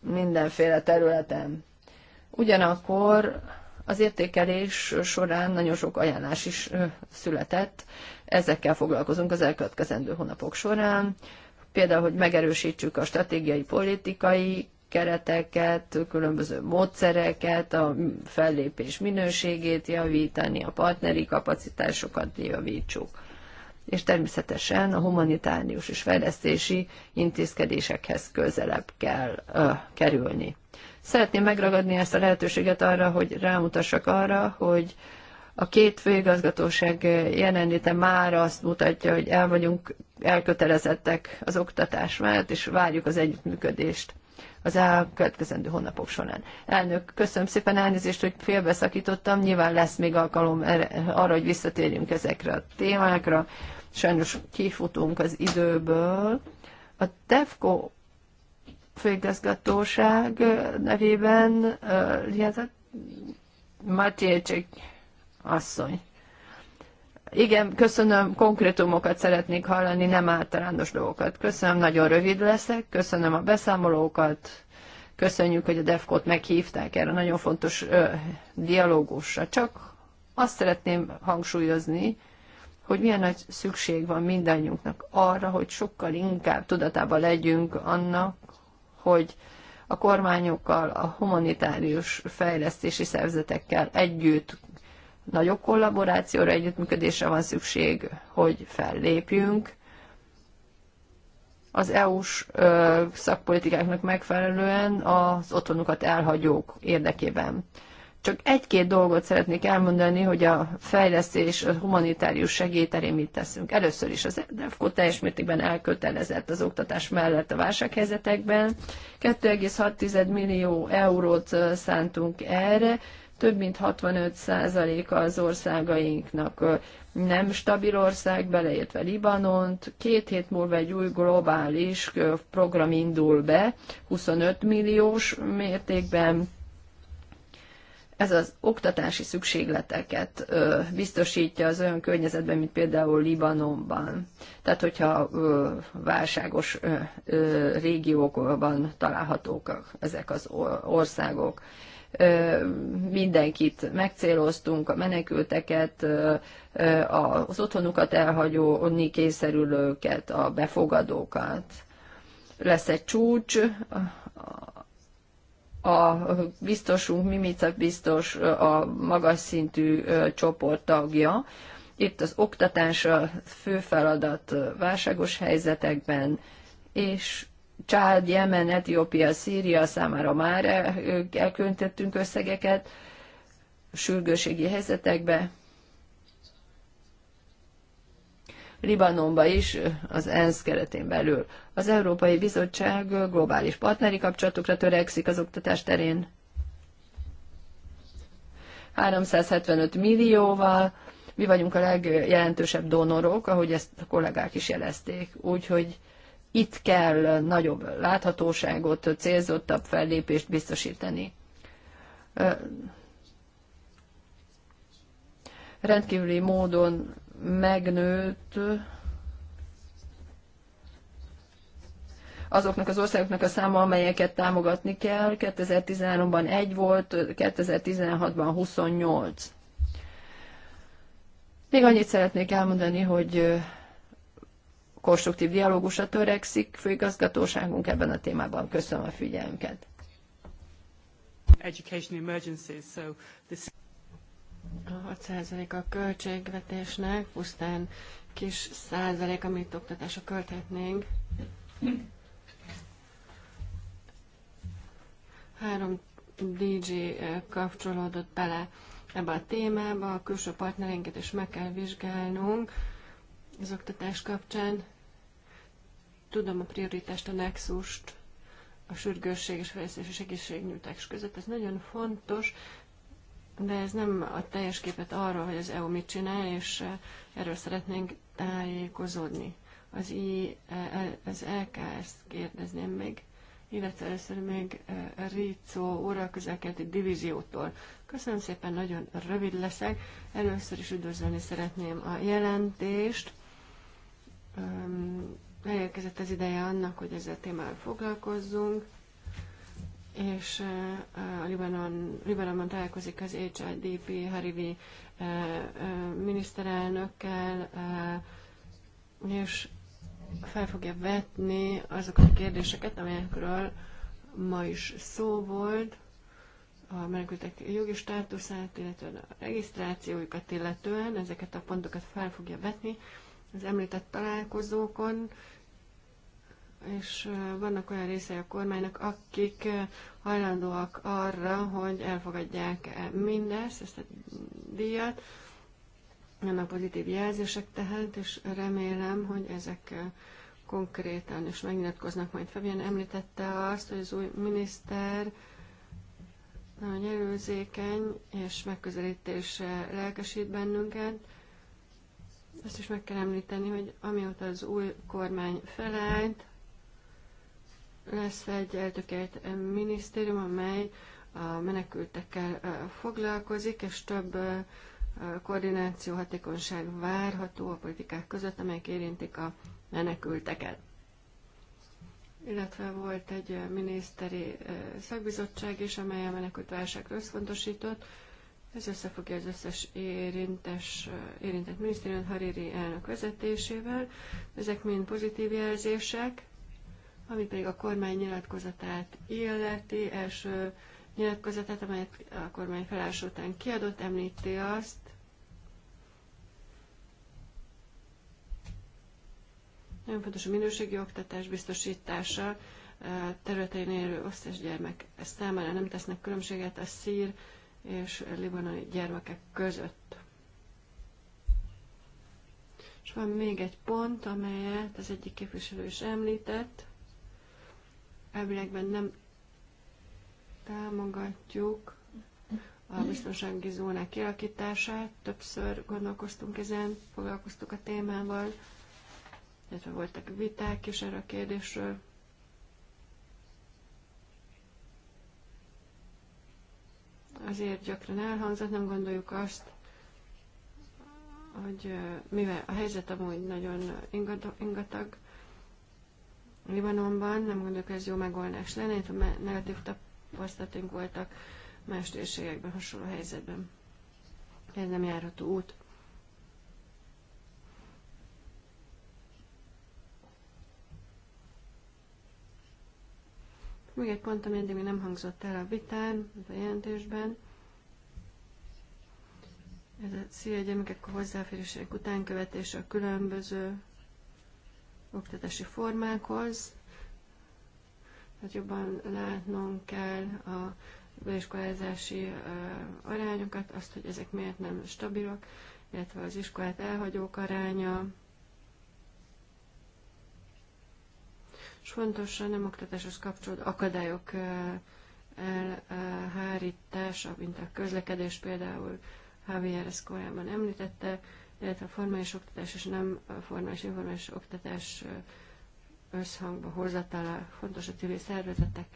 mindenféle területen. Ugyanakkor az értékelés során nagyon sok ajánlás is született, ezekkel foglalkozunk az elkövetkezendő hónapok során, például, hogy megerősítsük a stratégiai politikai kereteket, különböző módszereket, a fellépés minőségét javítani, a partneri kapacitásokat javítsuk. És természetesen a humanitárius és fejlesztési intézkedésekhez közelebb kell ö, kerülni. Szeretném megragadni ezt a lehetőséget arra, hogy rámutassak arra, hogy a két főigazgatóság jelenléte már azt mutatja, hogy el vagyunk elkötelezettek az oktatás mellett, és várjuk az együttműködést az elkövetkezendő hónapok során. Elnök, köszönöm szépen elnézést, hogy félbeszakítottam. Nyilván lesz még alkalom arra, hogy visszatérjünk ezekre a témákra. Sajnos kifutunk az időből. A TEFCO főigazgatóság nevében uh, Matyécsik asszony. Igen, köszönöm, konkrétumokat szeretnék hallani, nem általános dolgokat. Köszönöm, nagyon rövid leszek, köszönöm a beszámolókat, köszönjük, hogy a DEFCO-t meghívták erre nagyon fontos ö, dialógusra. Csak azt szeretném hangsúlyozni, hogy milyen nagy szükség van mindannyiunknak arra, hogy sokkal inkább tudatában legyünk annak, hogy a kormányokkal, a humanitárius fejlesztési szervezetekkel együtt nagyobb kollaborációra, együttműködésre van szükség, hogy fellépjünk az EU-s szakpolitikáknak megfelelően az otthonukat elhagyók érdekében. Csak egy-két dolgot szeretnék elmondani, hogy a fejlesztés, a humanitárius segély mit teszünk. Először is az EDFKO teljes mértékben elkötelezett az oktatás mellett a válsághelyzetekben. 2,6 millió eurót szántunk erre, több mint 65%-a az országainknak nem stabil ország, beleértve Libanont. Két hét múlva egy új globális program indul be, 25 milliós mértékben. Ez az oktatási szükségleteket ö, biztosítja az olyan környezetben, mint például Libanonban. Tehát, hogyha ö, válságos ö, ö, régiókban találhatók ezek az országok. Ö, mindenkit megcéloztunk, a menekülteket, az otthonukat elhagyó, onni kényszerülőket, a befogadókat. Lesz egy csúcs, a biztosunk, Mimica biztos a magas szintű csoport tagja. Itt az oktatás a fő feladat válságos helyzetekben, és Csád, Jemen, Etiópia, Szíria számára már elköntettünk összegeket sürgőségi helyzetekbe. Libanonba is az ENSZ keretén belül. Az Európai Bizottság globális partneri kapcsolatokra törekszik az oktatás terén. 375 millióval, mi vagyunk a legjelentősebb donorok, ahogy ezt a kollégák is jelezték. Úgyhogy itt kell nagyobb láthatóságot, célzottabb fellépést biztosítani. Rendkívüli módon megnőtt azoknak az országoknak a száma, amelyeket támogatni kell. 2013-ban egy volt, 2016-ban 28. Még annyit szeretnék elmondani, hogy konstruktív dialógusra törekszik főigazgatóságunk ebben a témában. Köszönöm a figyelmüket. A 6% a költségvetésnek, pusztán kis százalék, amit oktatásra költhetnénk. Három DJ eh, kapcsolódott bele ebbe a témába, a külső partnereinket is meg kell vizsgálnunk az oktatás kapcsán tudom a prioritást, a nexust, a sürgősség és fejlesztés és egészségnyújtás között. Ez nagyon fontos, de ez nem a teljes képet arról, hogy az EU mit csinál, és e, erről szeretnénk tájékozódni. Az, I, e, e, az LKS-t kérdezném még, illetve először még Ricó óra közelkelti divíziótól. Köszönöm szépen, nagyon rövid leszek. Először is üdvözölni szeretném a jelentést elérkezett az ideje annak, hogy ezzel témával foglalkozzunk, és a Libanon, Libanonban találkozik az HIDP Harivi miniszterelnökkel, és fel fogja vetni azokat a kérdéseket, amelyekről ma is szó volt, a menekültek jogi státuszát, illetve a regisztrációjukat illetően, ezeket a pontokat fel fogja vetni az említett találkozókon, és vannak olyan részei a kormánynak, akik hajlandóak arra, hogy elfogadják mindezt, ezt a díjat. Vannak pozitív jelzések tehát, és remélem, hogy ezek konkrétan is megnyilatkoznak. Majd Fabian említette azt, hogy az új miniszter nagyon előzékeny, és megközelítése lelkesít bennünket. Azt is meg kell említeni, hogy amióta az új kormány felállt, lesz egy eltökélt minisztérium, amely a menekültekkel foglalkozik, és több koordináció, hatékonyság várható a politikák között, amelyek érintik a menekülteket. Illetve volt egy miniszteri szakbizottság is, amely a menekült válságra összfontosított. Ez összefogja az összes érintes, érintett minisztérium Hariri elnök vezetésével. Ezek mind pozitív jelzések ami pedig a kormány nyilatkozatát illeti, első nyilatkozatát, amelyet a kormány felállás után kiadott, említi azt, nagyon fontos a minőségi oktatás biztosítása, eh, területén élő osztás gyermek számára nem tesznek különbséget a szír és libanoni gyermekek között. És van még egy pont, amelyet az egyik képviselő is említett, elvilegben nem támogatjuk a biztonsági zónák kialakítását. Többször gondolkoztunk ezen, foglalkoztuk a témával, illetve voltak viták is erre a kérdésről. Azért gyakran elhangzott, nem gondoljuk azt, hogy mivel a helyzet amúgy nagyon ingatag, Libanonban, nem gondolok, ez jó megoldás lenne, itt a negatív tapasztalatunk voltak más térségekben hasonló helyzetben. Ez nem járható út. Még egy pont, ami eddig nem hangzott el a vitán, a jelentésben. Ez a szíria gyermekek hozzáférésének utánkövetése a különböző oktatási formákhoz. Tehát jobban látnunk kell a beiskolázási arányokat, azt, hogy ezek miért nem stabilak, illetve az iskolát elhagyók aránya. És fontos a nem oktatáshoz kapcsolódó akadályok elhárítása, mint a közlekedés például Javier ezt korábban említette, illetve a formális oktatás és nem formális informális oktatás összhangba hozatala fontos a civil szervezetek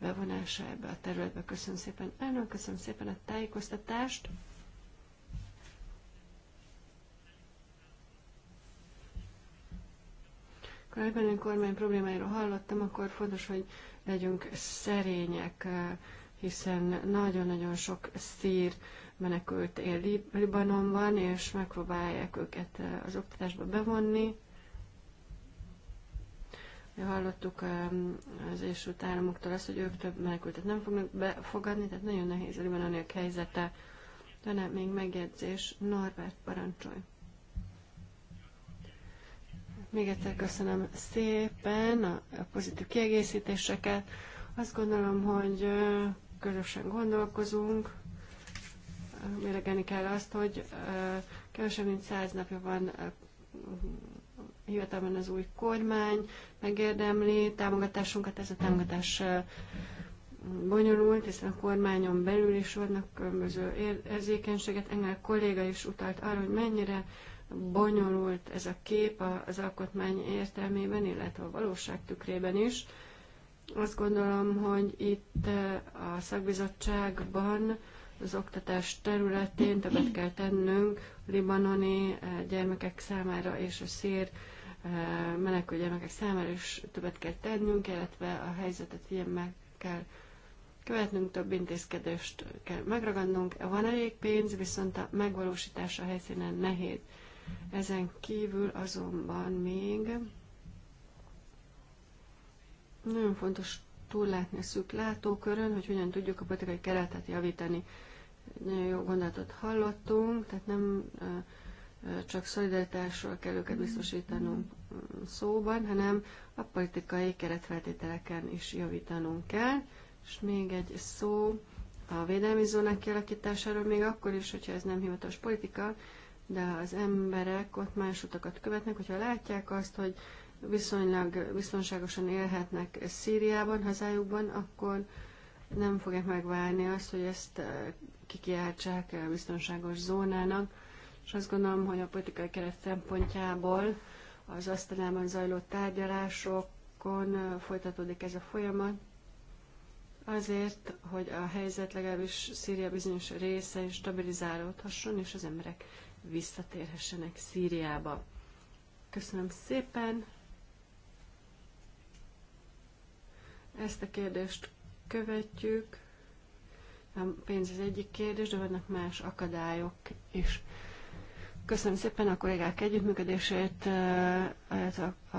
bevonása ebbe a területbe. Köszönöm szépen, elnök, köszönöm szépen a tájékoztatást. Amikor a kormány problémáiról hallottam, akkor fontos, hogy legyünk szerények, hiszen nagyon-nagyon sok szír menekült él Lib Libanonban, és megpróbálják őket az oktatásba bevonni. Hallottuk az Egyesült Államoktól azt, hogy ők több menekültet nem fognak befogadni, tehát nagyon nehéz a libanoniak helyzete. Talán még megjegyzés, Norbert parancsolj. Még egyszer köszönöm szépen a pozitív kiegészítéseket. Azt gondolom, hogy közösen gondolkozunk méregelni kell azt, hogy kevesebb mint száz napja van hivatalban az új kormány, megérdemli támogatásunkat, ez a támogatás bonyolult, hiszen a kormányon belül is vannak különböző érzékenységet. Engel kolléga is utalt arra, hogy mennyire bonyolult ez a kép az alkotmány értelmében, illetve a valóság tükrében is. Azt gondolom, hogy itt a szakbizottságban az oktatás területén többet kell tennünk a libanoni eh, gyermekek számára és a szér eh, menekül gyermekek számára is többet kell tennünk, illetve a helyzetet meg kell követnünk, több intézkedést kell megragadnunk. Van elég pénz, viszont a megvalósítása a helyszínen nehéz. Ezen kívül azonban még nagyon fontos túllátni a szűk látókörön, hogy hogyan tudjuk a politikai keretet javítani. Nagyon jó gondolatot hallottunk, tehát nem csak szolidaritásról kell őket biztosítanunk szóban, hanem a politikai keretfeltételeken is javítanunk kell. És még egy szó a védelmi zónák kialakításáról, még akkor is, hogyha ez nem hivatalos politika, de az emberek ott más utakat követnek, hogyha látják azt, hogy viszonylag biztonságosan élhetnek Szíriában, hazájukban, akkor nem fogják megvárni azt, hogy ezt kikiáltsák biztonságos zónának, és azt gondolom, hogy a politikai keret szempontjából az asztalában zajló tárgyalásokon folytatódik ez a folyamat, azért, hogy a helyzet legalábbis Szíria bizonyos része is stabilizálódhasson, és az emberek visszatérhessenek Szíriába. Köszönöm szépen! Ezt a kérdést követjük. A pénz az egyik kérdés, de vannak más akadályok is. Köszönöm szépen a kollégák együttműködését, a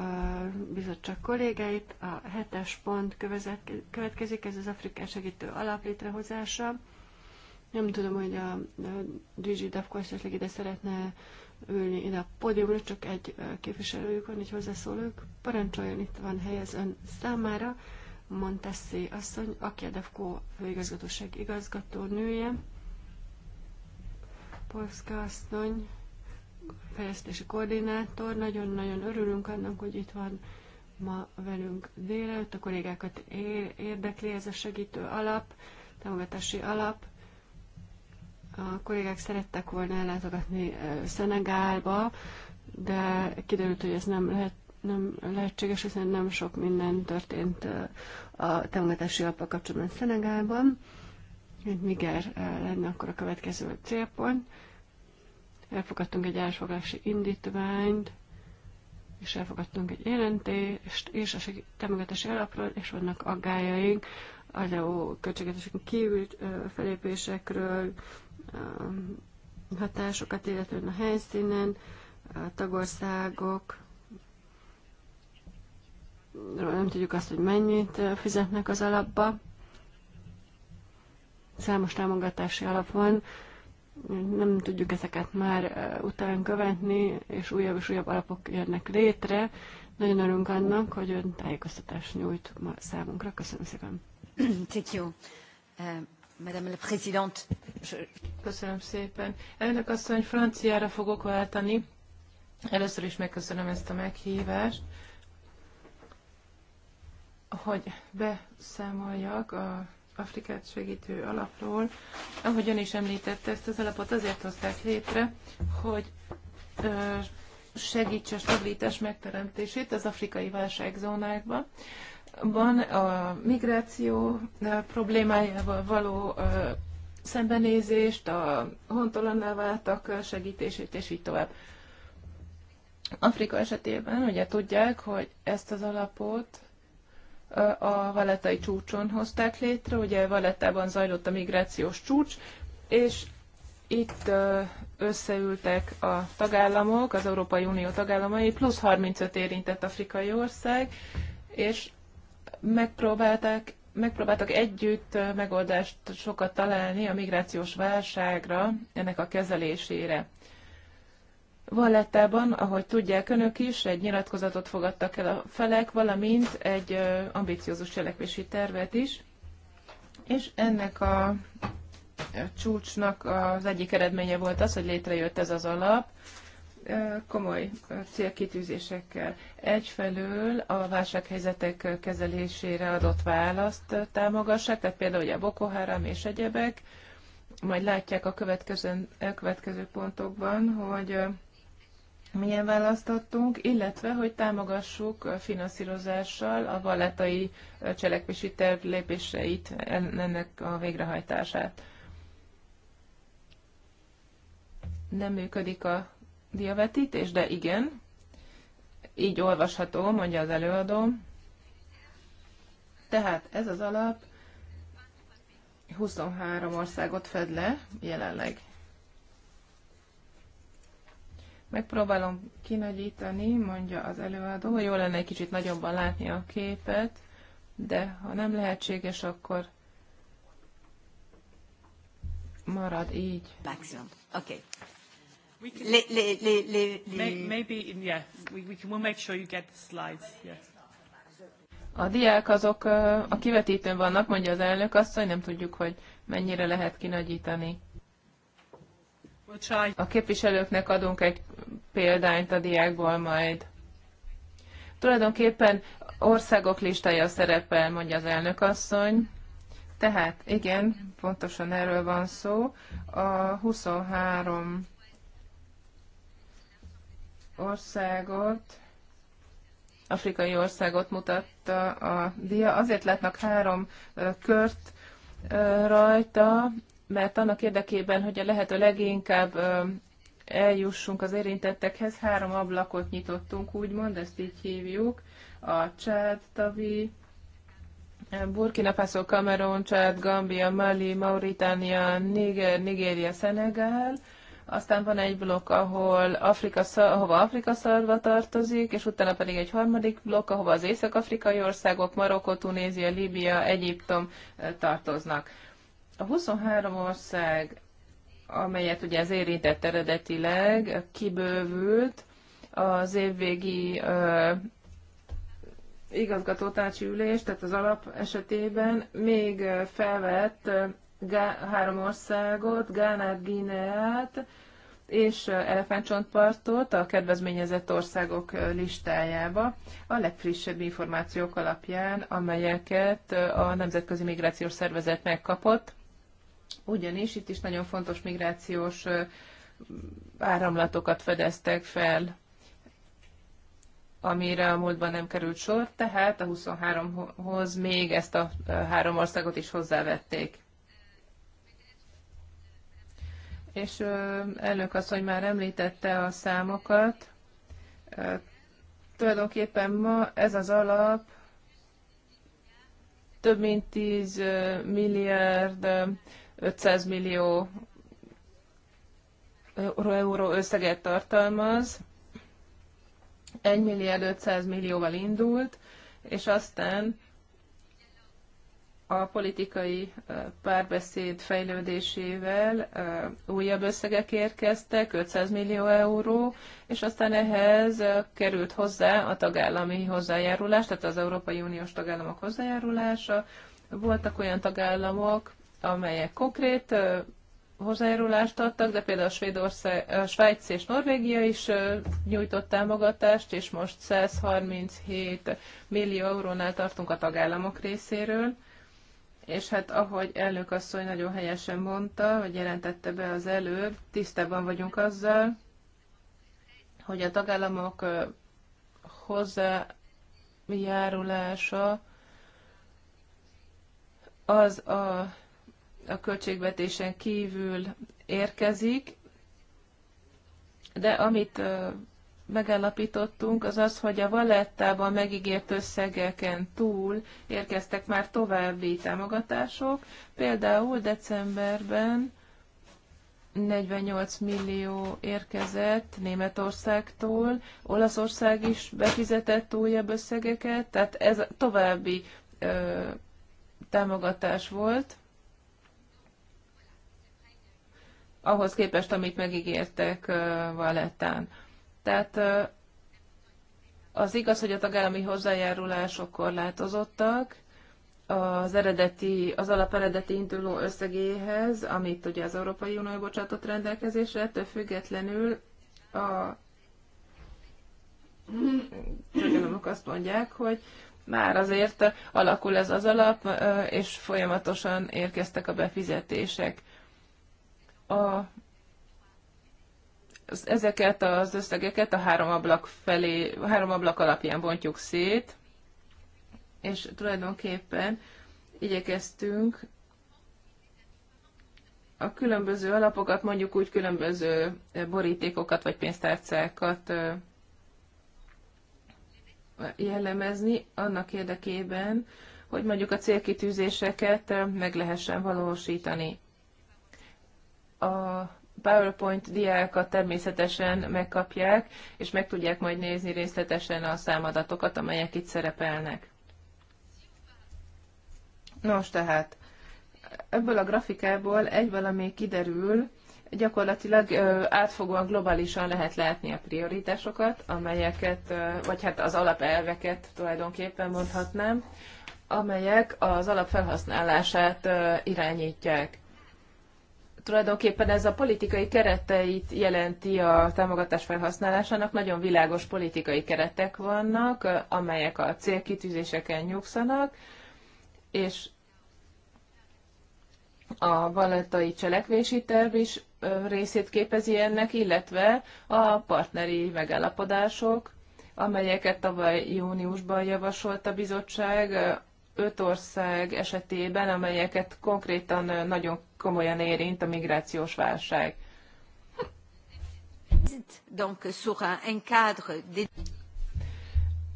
bizottság kollégáit. A hetes pont következik, ez az Afrikán Segítő Alap létrehozása. Nem tudom, hogy a DG Dafko esetleg ide szeretne ülni ide a pódiumra, csak egy képviselőjük van, egy hozzászólók. Parancsoljon, itt van hely az ön számára. Montessé asszony, aki a DEFCO főigazgatóság igazgató nője, Polszka asszony, fejlesztési koordinátor. Nagyon-nagyon örülünk annak, hogy itt van ma velünk délelőtt. A kollégákat érdekli ez a segítő alap, támogatási alap. A kollégák szerettek volna ellátogatni Szenegálba, de kiderült, hogy ez nem lehet nem lehetséges, hiszen nem sok minden történt a támogatási alappal kapcsolatban Szenegálban. Niger lenne akkor a következő célpont. Elfogadtunk egy elfoglalási indítványt, és elfogadtunk egy jelentést és a támogatási alapról, és vannak aggájaink az EU költségvetésünk kívül felépésekről, hatásokat, illetően a helyszínen, a tagországok nem tudjuk azt, hogy mennyit fizetnek az alapba. Számos támogatási alap van, nem tudjuk ezeket már után követni, és újabb és újabb alapok jönnek létre. Nagyon örülünk annak, hogy ön tájékoztatást nyújt ma számunkra. Köszönöm szépen. Thank you. Uh, Madame la Présidente. Köszönöm szépen. Elnök asszony, franciára fogok váltani. Először is megköszönöm ezt a meghívást hogy beszámoljak a Afrikát segítő alapról. Ahogy ön is említette, ezt az alapot azért hozták létre, hogy segítse a stabilitás megteremtését az afrikai válságzónákban. Van a migráció problémájával való szembenézést, a hontolannál váltak segítését, és így tovább. Afrika esetében ugye tudják, hogy ezt az alapot a valetai csúcson hozták létre, ugye valetában zajlott a migrációs csúcs, és itt összeültek a tagállamok, az Európai Unió tagállamai, plusz 35 érintett afrikai ország, és megpróbálták megpróbáltak együtt megoldást sokat találni a migrációs válságra, ennek a kezelésére. Vallettában, ahogy tudják önök is, egy nyilatkozatot fogadtak el a felek, valamint egy ambiciózus cselekvési tervet is, és ennek a csúcsnak az egyik eredménye volt az, hogy létrejött ez az alap, komoly célkitűzésekkel. Egyfelől a válsághelyzetek kezelésére adott választ támogassák, tehát például a Boko Haram és egyebek, majd látják a következő, következő pontokban, hogy milyen választ adtunk, illetve hogy támogassuk finanszírozással a valletai cselekvési terv lépéseit, ennek a végrehajtását. Nem működik a diavetítés, de igen. Így olvasható, mondja az előadó. Tehát ez az alap 23 országot fed le jelenleg. Megpróbálom kinagyítani, mondja az előadó. Jó lenne egy kicsit nagyobban látni a képet, de ha nem lehetséges, akkor marad így. Maximum. Oké. Le, Le, le, le, le, Maybe, yeah, we, we can, we'll make sure you get the slides. Yeah. A diák azok a kivetítőn vannak, mondja az elnök azt, hogy nem tudjuk, hogy mennyire lehet kinagyítani. A képviselőknek adunk egy példányt a diákból majd. Tulajdonképpen országok listája szerepel, mondja az elnök asszony. Tehát igen, pontosan erről van szó. A 23 országot, afrikai országot mutatta a dia. Azért látnak három kört rajta, mert annak érdekében, hogy a lehető leginkább eljussunk az érintettekhez, három ablakot nyitottunk, úgymond, ezt így hívjuk, a Csád, Tavi, Burkina Faso, Kamerun, Csád, Gambia, Mali, Mauritánia, Niger, Nigéria, Szenegál, aztán van egy blokk, ahol Afrika, ahova Afrika szarva tartozik, és utána pedig egy harmadik blokk, ahova az észak-afrikai országok, Marokko, Tunézia, Líbia, Egyiptom tartoznak. A 23 ország, amelyet ugye az érintett eredetileg, kibővült az évvégi igazgatótársi ülés, tehát az alap esetében még felvett Gá- három országot, Gánát, Gíneát és Elefántcsontpartot a kedvezményezett országok listájába a legfrissebb információk alapján, amelyeket a Nemzetközi Migrációs Szervezet megkapott ugyanis itt is nagyon fontos migrációs áramlatokat fedeztek fel, amire a múltban nem került sor, tehát a 23-hoz még ezt a három országot is hozzávették. És elnök asszony már említette a számokat. Tulajdonképpen ma ez az alap több mint 10 milliárd 500 millió euró összeget tartalmaz, 1 milliárd 500 millióval indult, és aztán a politikai párbeszéd fejlődésével újabb összegek érkeztek, 500 millió euró, és aztán ehhez került hozzá a tagállami hozzájárulás, tehát az Európai Uniós tagállamok hozzájárulása. Voltak olyan tagállamok, amelyek konkrét hozzájárulást adtak, de például Svédország, Svájc és Norvégia is nyújtott támogatást, és most 137 millió eurónál tartunk a tagállamok részéről. És hát ahogy elnök asszony nagyon helyesen mondta, vagy jelentette be az előbb, tisztában vagyunk azzal, hogy a tagállamok hozzájárulása az a a költségvetésen kívül érkezik, de amit megállapítottunk, az az, hogy a Valettában megígért összegeken túl érkeztek már további támogatások. Például decemberben 48 millió érkezett Németországtól, Olaszország is befizetett újabb összegeket, tehát ez további ö, támogatás volt. ahhoz képest, amit megígértek Valettán. Tehát az igaz, hogy a tagállami hozzájárulások korlátozottak, az eredeti, az alaperedeti induló összegéhez, amit ugye az Európai Unió bocsátott rendelkezésre, ettől függetlenül a tagállamok azt mondják, hogy már azért alakul ez az alap, és folyamatosan érkeztek a befizetések a, ezeket az összegeket a három ablak felé, három ablak alapján bontjuk szét, és tulajdonképpen igyekeztünk a különböző alapokat, mondjuk úgy különböző borítékokat vagy pénztárcákat jellemezni annak érdekében, hogy mondjuk a célkitűzéseket meg lehessen valósítani a PowerPoint diákat természetesen megkapják, és meg tudják majd nézni részletesen a számadatokat, amelyek itt szerepelnek. Nos, tehát ebből a grafikából egy valami kiderül, gyakorlatilag átfogóan globálisan lehet látni a prioritásokat, amelyeket, vagy hát az alapelveket tulajdonképpen mondhatnám, amelyek az alapfelhasználását irányítják tulajdonképpen ez a politikai kereteit jelenti a támogatás felhasználásának. Nagyon világos politikai keretek vannak, amelyek a célkitűzéseken nyugszanak, és a valettai cselekvési terv is részét képezi ennek, illetve a partneri megállapodások, amelyeket tavaly júniusban javasolt a bizottság, öt ország esetében, amelyeket konkrétan nagyon komolyan érint a migrációs válság.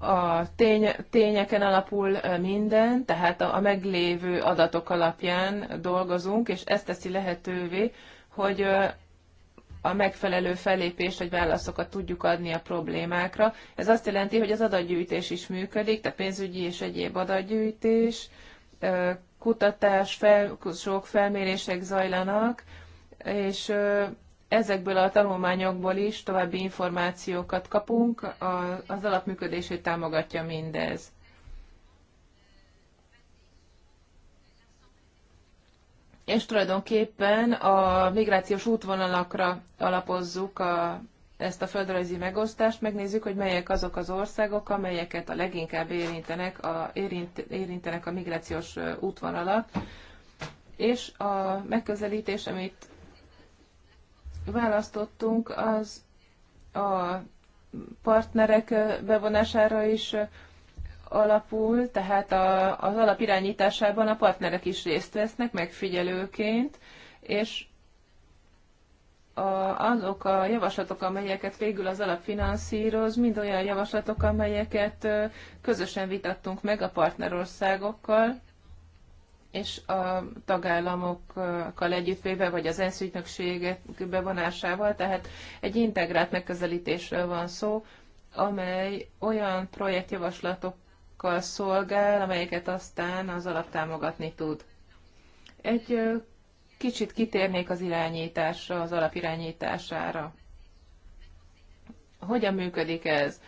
A tény, tényeken alapul eh, minden, tehát a, a meglévő adatok alapján dolgozunk, és ezt teszi lehetővé, hogy eh, a megfelelő fellépést vagy válaszokat tudjuk adni a problémákra. Ez azt jelenti, hogy az adatgyűjtés is működik, tehát pénzügyi és egyéb adatgyűjtés, eh, kutatás, fel, sok felmérések zajlanak, és ezekből a tanulmányokból is további információkat kapunk, az alapműködését támogatja mindez. És tulajdonképpen a migrációs útvonalakra alapozzuk a ezt a földrajzi megosztást, megnézzük, hogy melyek azok az országok, amelyeket a leginkább érintenek a, érint, érintenek a migrációs útvonalak. És a megközelítés, amit választottunk, az a partnerek bevonására is alapul, tehát a, az alapirányításában a partnerek is részt vesznek megfigyelőként, és a, azok a javaslatok, amelyeket végül az alapfinanszíroz, mind olyan javaslatok, amelyeket közösen vitattunk meg a partnerországokkal, és a tagállamokkal együttvéve, vagy az ENSZ ügynökségek bevonásával, tehát egy integrált megközelítésről van szó, amely olyan projektjavaslatokkal szolgál, amelyeket aztán az alap támogatni tud. Egy Kicsit kitérnék az irányításra, az alapirányítására. Hogyan működik ez?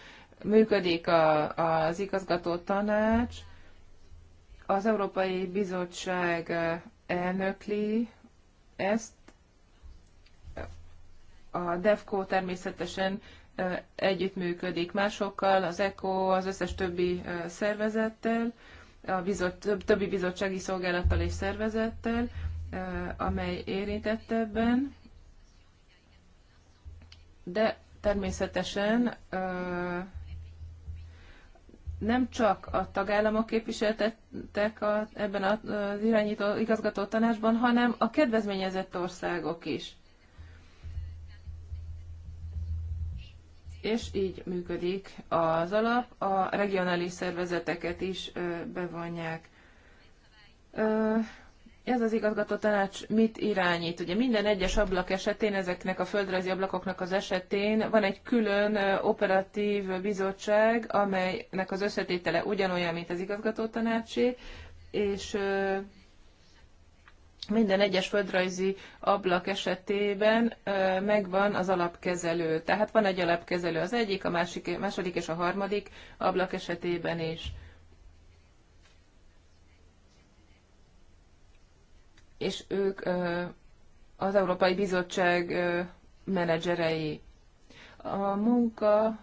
Működik a, az igazgató tanács, az Európai Bizottság elnökli ezt, a DEFCO természetesen együttműködik másokkal, az ECO, az összes többi szervezettel, a bizot, többi bizottsági szolgálattal és szervezettel, amely érintett ebben, de természetesen nem csak a tagállamok képviseltettek a, ebben az irányító igazgató tanácsban, hanem a kedvezményezett országok is. És így működik az alap, a regionális szervezeteket is bevonják ez az igazgató tanács mit irányít? Ugye minden egyes ablak esetén, ezeknek a földrajzi ablakoknak az esetén van egy külön operatív bizottság, amelynek az összetétele ugyanolyan, mint az igazgató tanácsé, és minden egyes földrajzi ablak esetében megvan az alapkezelő. Tehát van egy alapkezelő az egyik, a másik, második és a harmadik ablak esetében is. és ők az Európai Bizottság menedzserei. A munka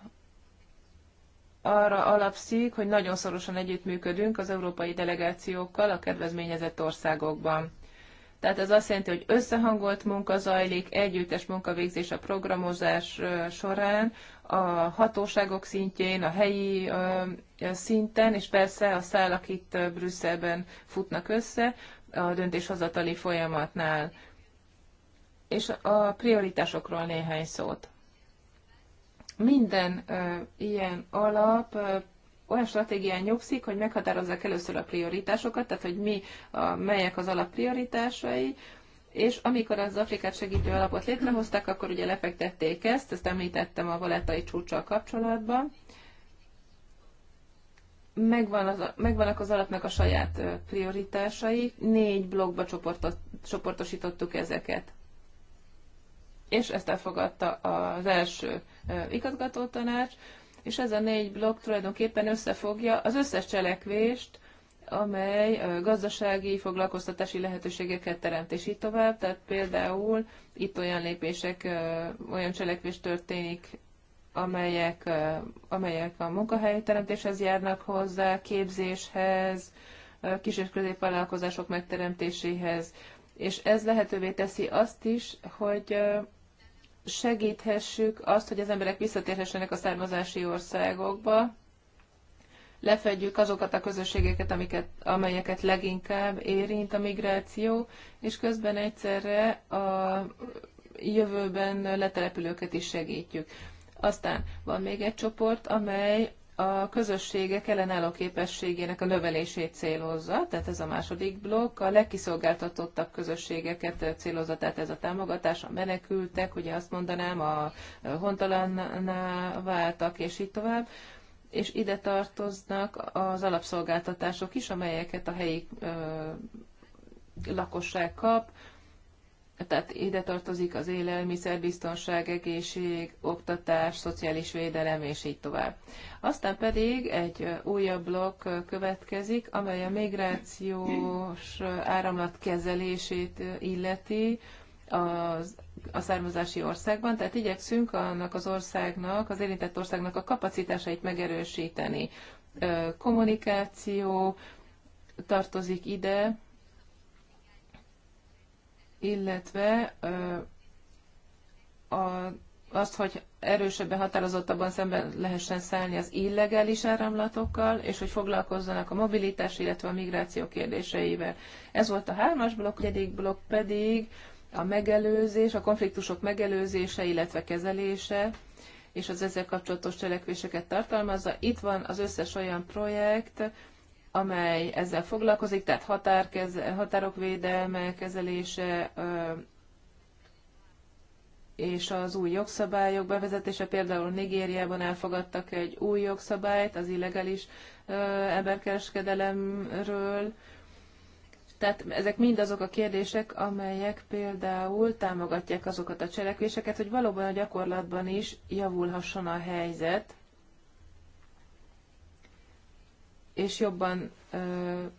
arra alapszik, hogy nagyon szorosan együttműködünk az európai delegációkkal a kedvezményezett országokban. Tehát ez azt jelenti, hogy összehangolt munka zajlik, együttes munkavégzés a programozás során, a hatóságok szintjén, a helyi szinten, és persze a szálak itt Brüsszelben futnak össze, a döntéshozatali folyamatnál. És a prioritásokról néhány szót. Minden ö, ilyen alap ö, olyan stratégián nyugszik, hogy meghatározzák először a prioritásokat, tehát hogy mi, a, melyek az alapprioritásai, és amikor az Afrikát segítő alapot létrehozták, akkor ugye lefektették ezt, ezt említettem a valetai csúcsal kapcsolatban, megvan az, megvannak az alapnak a saját prioritásai, négy blogba csoportosítottuk ezeket. És ezt elfogadta az első igazgatótanács, és ez a négy blokk tulajdonképpen összefogja az összes cselekvést, amely gazdasági, foglalkoztatási lehetőségeket teremt, és így tovább. Tehát például itt olyan lépések, olyan cselekvés történik amelyek, amelyek a munkahelyteremtéshez járnak hozzá, képzéshez, kis- és középvállalkozások megteremtéséhez, és ez lehetővé teszi azt is, hogy segíthessük azt, hogy az emberek visszatérhessenek a származási országokba, lefedjük azokat a közösségeket, amiket, amelyeket leginkább érint a migráció, és közben egyszerre a jövőben letelepülőket is segítjük. Aztán van még egy csoport, amely a közösségek ellenálló képességének a növelését célozza, tehát ez a második blokk, a legkiszolgáltatottabb közösségeket célozza, tehát ez a támogatás, a menekültek, ugye azt mondanám, a hontalanná váltak, és így tovább és ide tartoznak az alapszolgáltatások is, amelyeket a helyi ö, lakosság kap, tehát ide tartozik az élelmiszerbiztonság, egészség, oktatás, szociális védelem, és így tovább. Aztán pedig egy újabb blokk következik, amely a migrációs áramlat kezelését illeti az, a származási országban, tehát igyekszünk annak az országnak, az érintett országnak a kapacitásait megerősíteni. Kommunikáció tartozik ide, illetve a, azt, hogy erősebben, határozottabban szemben lehessen szállni az illegális áramlatokkal, és hogy foglalkozzanak a mobilitás, illetve a migráció kérdéseivel. Ez volt a hármas blokk, a negyedik blokk pedig a megelőzés, a konfliktusok megelőzése, illetve kezelése, és az ezzel kapcsolatos cselekvéseket tartalmazza. Itt van az összes olyan projekt, amely ezzel foglalkozik, tehát határok védelme, kezelése és az új jogszabályok bevezetése. Például Nigériában elfogadtak egy új jogszabályt az illegális emberkereskedelemről. Tehát ezek mind azok a kérdések, amelyek például támogatják azokat a cselekvéseket, hogy valóban a gyakorlatban is javulhasson a helyzet, és jobban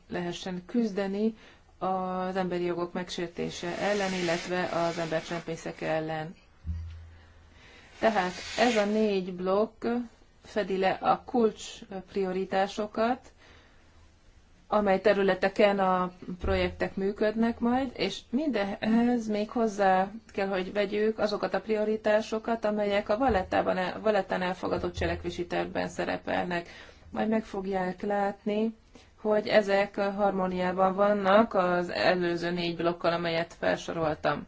lehessen küzdeni az emberi jogok megsértése ellen, illetve az embercsempészek ellen. Tehát ez a négy blokk fedi le a kulcs prioritásokat, amely területeken a projektek működnek majd, és mindehhez még hozzá kell, hogy vegyük azokat a prioritásokat, amelyek a Valettában, Valettán elfogadott cselekvési tervben szerepelnek majd meg fogják látni, hogy ezek harmóniában vannak az előző négy blokkal, amelyet felsoroltam.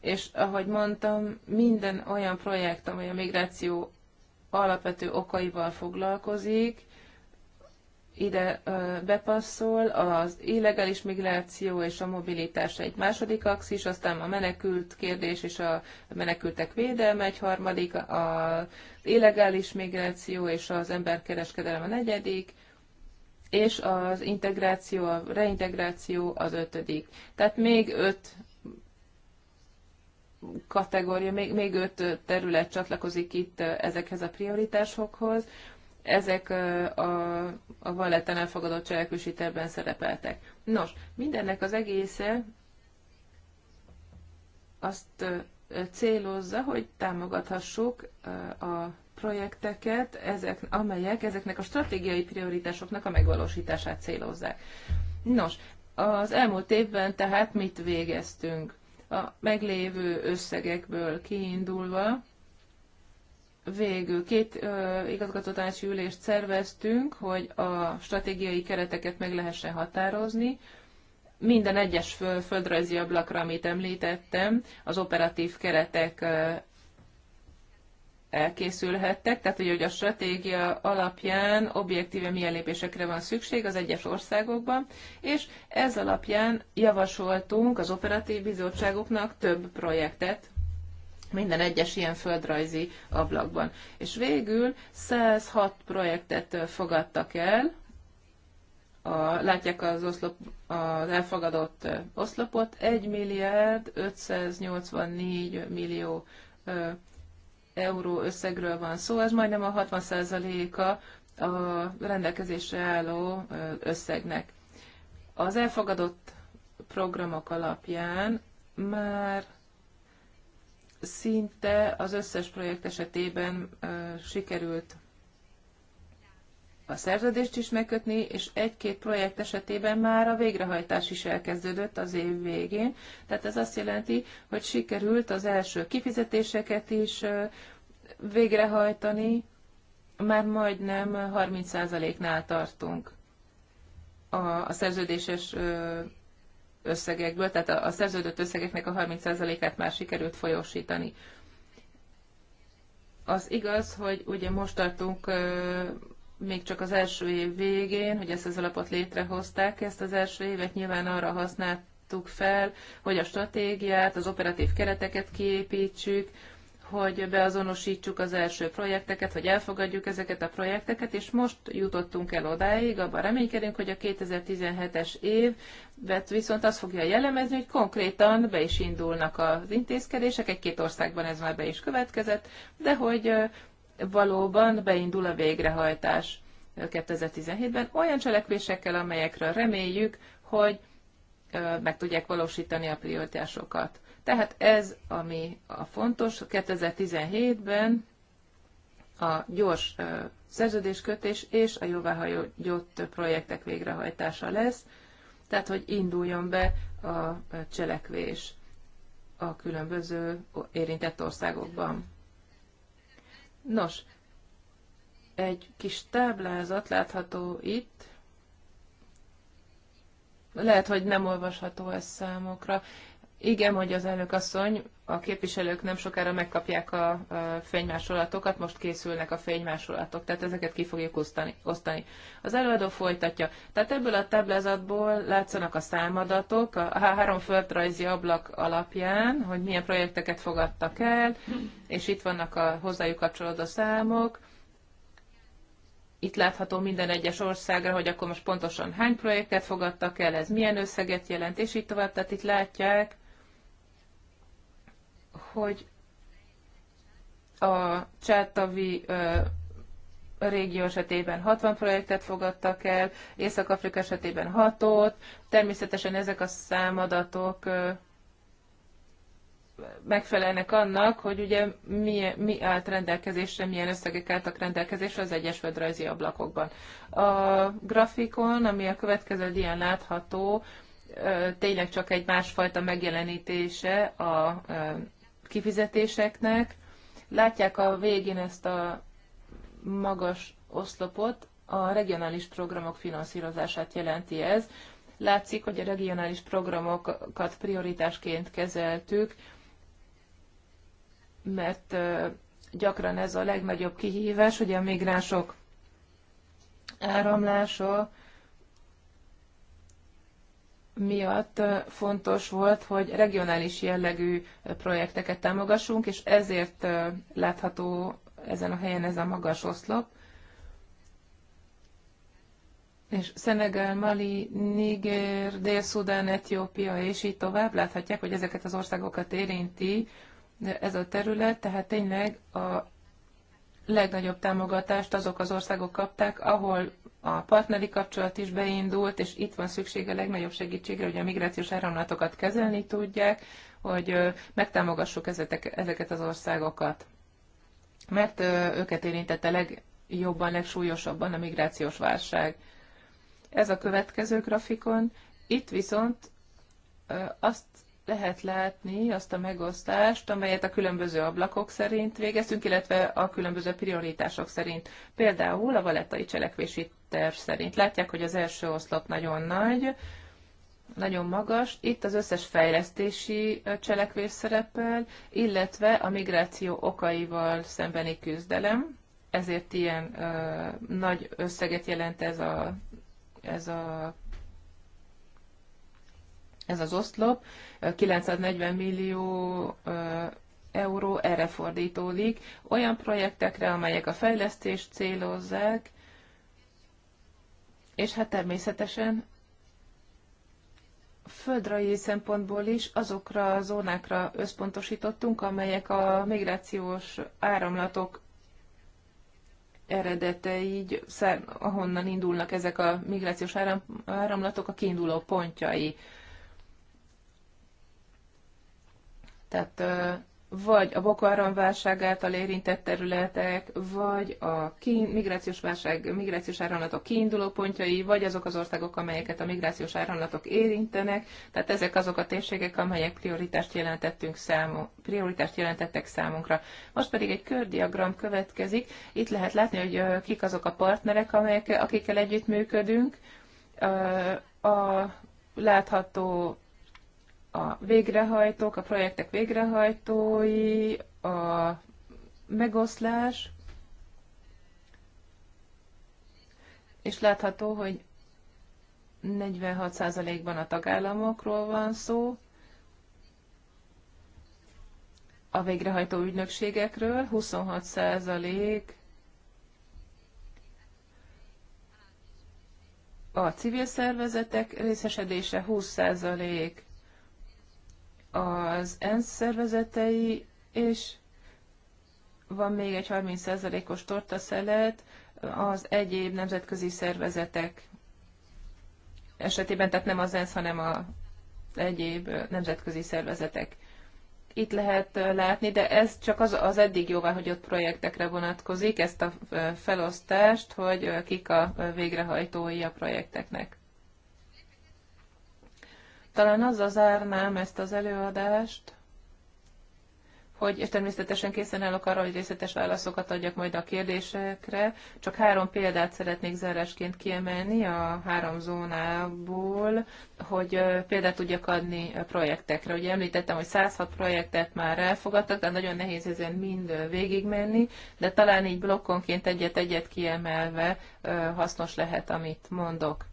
És ahogy mondtam, minden olyan projekt, amely a migráció alapvető okaival foglalkozik, ide bepasszol, az illegális migráció és a mobilitás egy második axis, aztán a menekült kérdés és a menekültek védelme egy harmadik, az illegális migráció és az emberkereskedelem a negyedik, és az integráció, a reintegráció az ötödik. Tehát még öt kategória, még, még öt terület csatlakozik itt ezekhez a prioritásokhoz ezek a, a valletten elfogadott cselekvési szerepeltek. Nos, mindennek az egésze azt célozza, hogy támogathassuk a projekteket, ezek, amelyek ezeknek a stratégiai prioritásoknak a megvalósítását célozzák. Nos, az elmúlt évben tehát mit végeztünk? A meglévő összegekből kiindulva végül két ö, igazgatotási ülést szerveztünk, hogy a stratégiai kereteket meg lehessen határozni. Minden egyes földrajzi ablakra, amit említettem, az operatív keretek ö, elkészülhettek, tehát hogy a stratégia alapján objektíve milyen lépésekre van szükség az egyes országokban, és ez alapján javasoltunk az operatív bizottságoknak több projektet, minden egyes ilyen földrajzi ablakban. És végül 106 projektet fogadtak el, a, látják az, oszlop, az elfogadott oszlopot, 1 milliárd 584 millió euró összegről van szó, ez majdnem a 60%-a a rendelkezésre álló összegnek. Az elfogadott programok alapján már szinte az összes projekt esetében sikerült a szerződést is megkötni, és egy-két projekt esetében már a végrehajtás is elkezdődött az év végén. Tehát ez azt jelenti, hogy sikerült az első kifizetéseket is végrehajtani, már majdnem 30%-nál tartunk a, a szerződéses összegekből, tehát a szerződött összegeknek a 30%-át már sikerült folyósítani. Az igaz, hogy ugye most tartunk még csak az első év végén, hogy ezt az alapot létrehozták, ezt az első évet nyilván arra használtuk fel, hogy a stratégiát, az operatív kereteket kiépítsük, hogy beazonosítsuk az első projekteket, hogy elfogadjuk ezeket a projekteket, és most jutottunk el odáig, abban reménykedünk, hogy a 2017-es év viszont azt fogja jellemezni, hogy konkrétan be is indulnak az intézkedések, egy-két országban ez már be is következett, de hogy valóban beindul a végrehajtás 2017-ben olyan cselekvésekkel, amelyekről reméljük, hogy meg tudják valósítani a prioritásokat. Tehát ez, ami a fontos, 2017-ben a gyors szerződéskötés és a jóváhagyott projektek végrehajtása lesz, tehát hogy induljon be a cselekvés a különböző érintett országokban. Nos, egy kis táblázat látható itt. Lehet, hogy nem olvasható ez számokra. Igen, mondja az elnök asszony, a képviselők nem sokára megkapják a fénymásolatokat, most készülnek a fénymásolatok, tehát ezeket ki fogjuk osztani. Az előadó folytatja. Tehát ebből a táblázatból látszanak a számadatok, a három földrajzi ablak alapján, hogy milyen projekteket fogadtak el, és itt vannak a hozzájuk kapcsolódó számok, itt látható minden egyes országra, hogy akkor most pontosan hány projektet fogadtak el, ez milyen összeget jelent, és így tovább. Tehát itt látják, hogy a csátavi régió esetében 60 projektet fogadtak el, Észak-Afrika esetében 6-ot. Természetesen ezek a számadatok megfelelnek annak, hogy ugye mi, mi állt rendelkezésre, milyen összegek álltak rendelkezésre az egyes földrajzi ablakokban. A grafikon, ami a következő dián látható, tényleg csak egy másfajta megjelenítése a kifizetéseknek. Látják a végén ezt a magas oszlopot, a regionális programok finanszírozását jelenti ez. Látszik, hogy a regionális programokat prioritásként kezeltük, mert gyakran ez a legnagyobb kihívás, hogy a migránsok áramlása, miatt fontos volt, hogy regionális jellegű projekteket támogassunk, és ezért látható ezen a helyen ez a magas oszlop. És Szenegál, Mali, Niger, Dél-Szudán, Etiópia, és így tovább láthatják, hogy ezeket az országokat érinti ez a terület, tehát tényleg a legnagyobb támogatást azok az országok kapták, ahol a partneri kapcsolat is beindult, és itt van szükség a legnagyobb segítségre, hogy a migrációs áramlatokat kezelni tudják, hogy megtámogassuk ezeket az országokat. Mert őket érintette legjobban, legsúlyosabban a migrációs válság. Ez a következő grafikon. Itt viszont azt lehet látni azt a megosztást, amelyet a különböző ablakok szerint végeztünk, illetve a különböző prioritások szerint. Például a valettai cselekvési terv szerint. Látják, hogy az első oszlop nagyon nagy, nagyon magas. Itt az összes fejlesztési cselekvés szerepel, illetve a migráció okaival szembeni küzdelem. Ezért ilyen ö, nagy összeget jelent ez a, ez a ez az oszlop, 940 millió euró erre fordítódik, olyan projektekre, amelyek a fejlesztést célozzák, és hát természetesen földrajzi szempontból is azokra a zónákra összpontosítottunk, amelyek a migrációs áramlatok eredete, így ahonnan indulnak ezek a migrációs áram, áramlatok, a kiinduló pontjai. Tehát vagy a Boko Haram válság által érintett területek, vagy a kín, migrációs válság, migrációs áramlatok kiinduló pontjai, vagy azok az országok, amelyeket a migrációs áramlatok érintenek. Tehát ezek azok a térségek, amelyek prioritást, jelentettünk számon, prioritást jelentettek számunkra. Most pedig egy kördiagram következik. Itt lehet látni, hogy kik azok a partnerek, amelyek, akikkel együttműködünk. A látható a végrehajtók, a projektek végrehajtói, a megoszlás, és látható, hogy 46%-ban a tagállamokról van szó, a végrehajtó ügynökségekről, 26% a civil szervezetek részesedése, 20% az ENSZ szervezetei, és van még egy 30%-os szelet az egyéb nemzetközi szervezetek esetében, tehát nem az ENSZ, hanem az egyéb nemzetközi szervezetek. Itt lehet látni, de ez csak az, az eddig jóvá, hogy ott projektekre vonatkozik, ezt a felosztást, hogy kik a végrehajtói a projekteknek. Talán azzal zárnám ezt az előadást, hogy, és természetesen készen állok arra, hogy részletes válaszokat adjak majd a kérdésekre. Csak három példát szeretnék zárásként kiemelni a három zónából, hogy példát tudjak adni a projektekre. Ugye említettem, hogy 106 projektet már elfogadtak, de nagyon nehéz ezen mind végigmenni, de talán így blokkonként egyet-egyet kiemelve hasznos lehet, amit mondok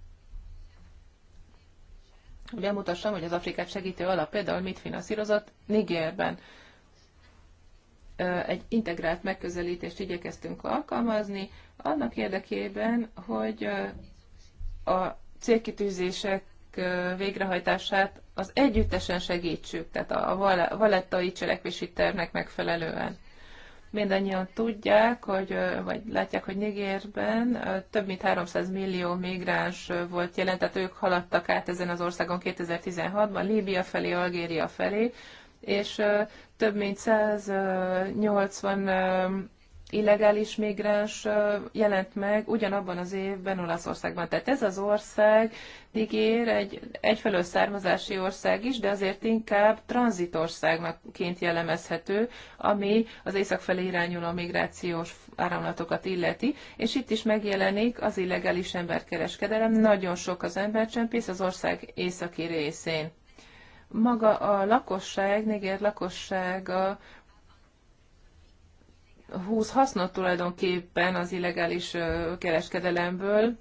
bemutassam, hogy az Afrikát segítő alap például mit finanszírozott Nigerben. Egy integrált megközelítést igyekeztünk alkalmazni, annak érdekében, hogy a célkitűzések végrehajtását az együttesen segítsük, tehát a valettai cselekvési tervnek megfelelően. Mindannyian tudják, hogy, vagy látják, hogy Nigérben több mint 300 millió migráns volt jelent, tehát ők haladtak át ezen az országon 2016-ban, Líbia felé, Algéria felé, és több mint 180 illegális migráns jelent meg ugyanabban az évben Olaszországban. Tehát ez az ország ígér egy egyfelől származási ország is, de azért inkább tranzitországnak jellemezhető, ami az észak felé irányuló migrációs áramlatokat illeti, és itt is megjelenik az illegális emberkereskedelem. Nagyon sok az embercsempész az ország északi részén maga a lakosság, Niger lakossága húz hasznot tulajdonképpen az illegális kereskedelemből,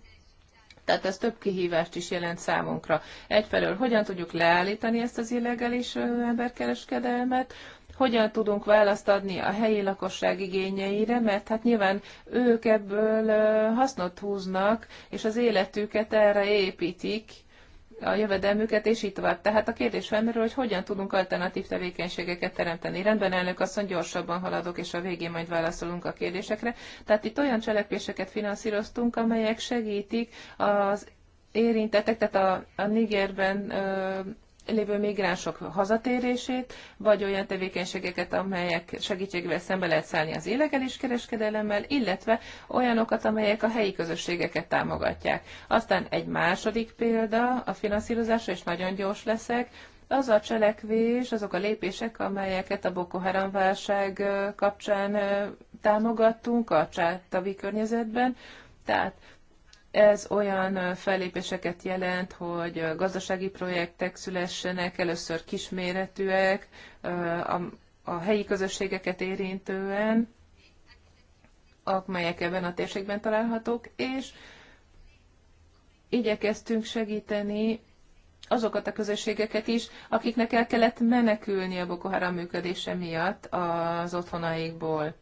tehát ez több kihívást is jelent számunkra. Egyfelől hogyan tudjuk leállítani ezt az illegális emberkereskedelmet, hogyan tudunk választ adni a helyi lakosság igényeire, mert hát nyilván ők ebből hasznot húznak, és az életüket erre építik, a jövedelmük,et és így tovább. Tehát a kérdés felmerül, hogy hogyan tudunk alternatív tevékenységeket teremteni. Rendben, elnök asszony, gyorsabban haladok, és a végén majd válaszolunk a kérdésekre. Tehát itt olyan cselekvéseket finanszíroztunk, amelyek segítik az érintettek, tehát a, a Nigerben lévő migránsok hazatérését, vagy olyan tevékenységeket, amelyek segítségével szembe lehet szállni az illegális kereskedelemmel, illetve olyanokat, amelyek a helyi közösségeket támogatják. Aztán egy második példa a finanszírozásra, és nagyon gyors leszek, az a cselekvés, azok a lépések, amelyeket a Boko Haram válság kapcsán támogattunk a csátavi környezetben, tehát ez olyan fellépéseket jelent, hogy gazdasági projektek szülessenek, először kisméretűek, a, a helyi közösségeket érintően, amelyek ebben a térségben találhatók, és igyekeztünk segíteni azokat a közösségeket is, akiknek el kellett menekülni a Boko Haram működése miatt az otthonaikból.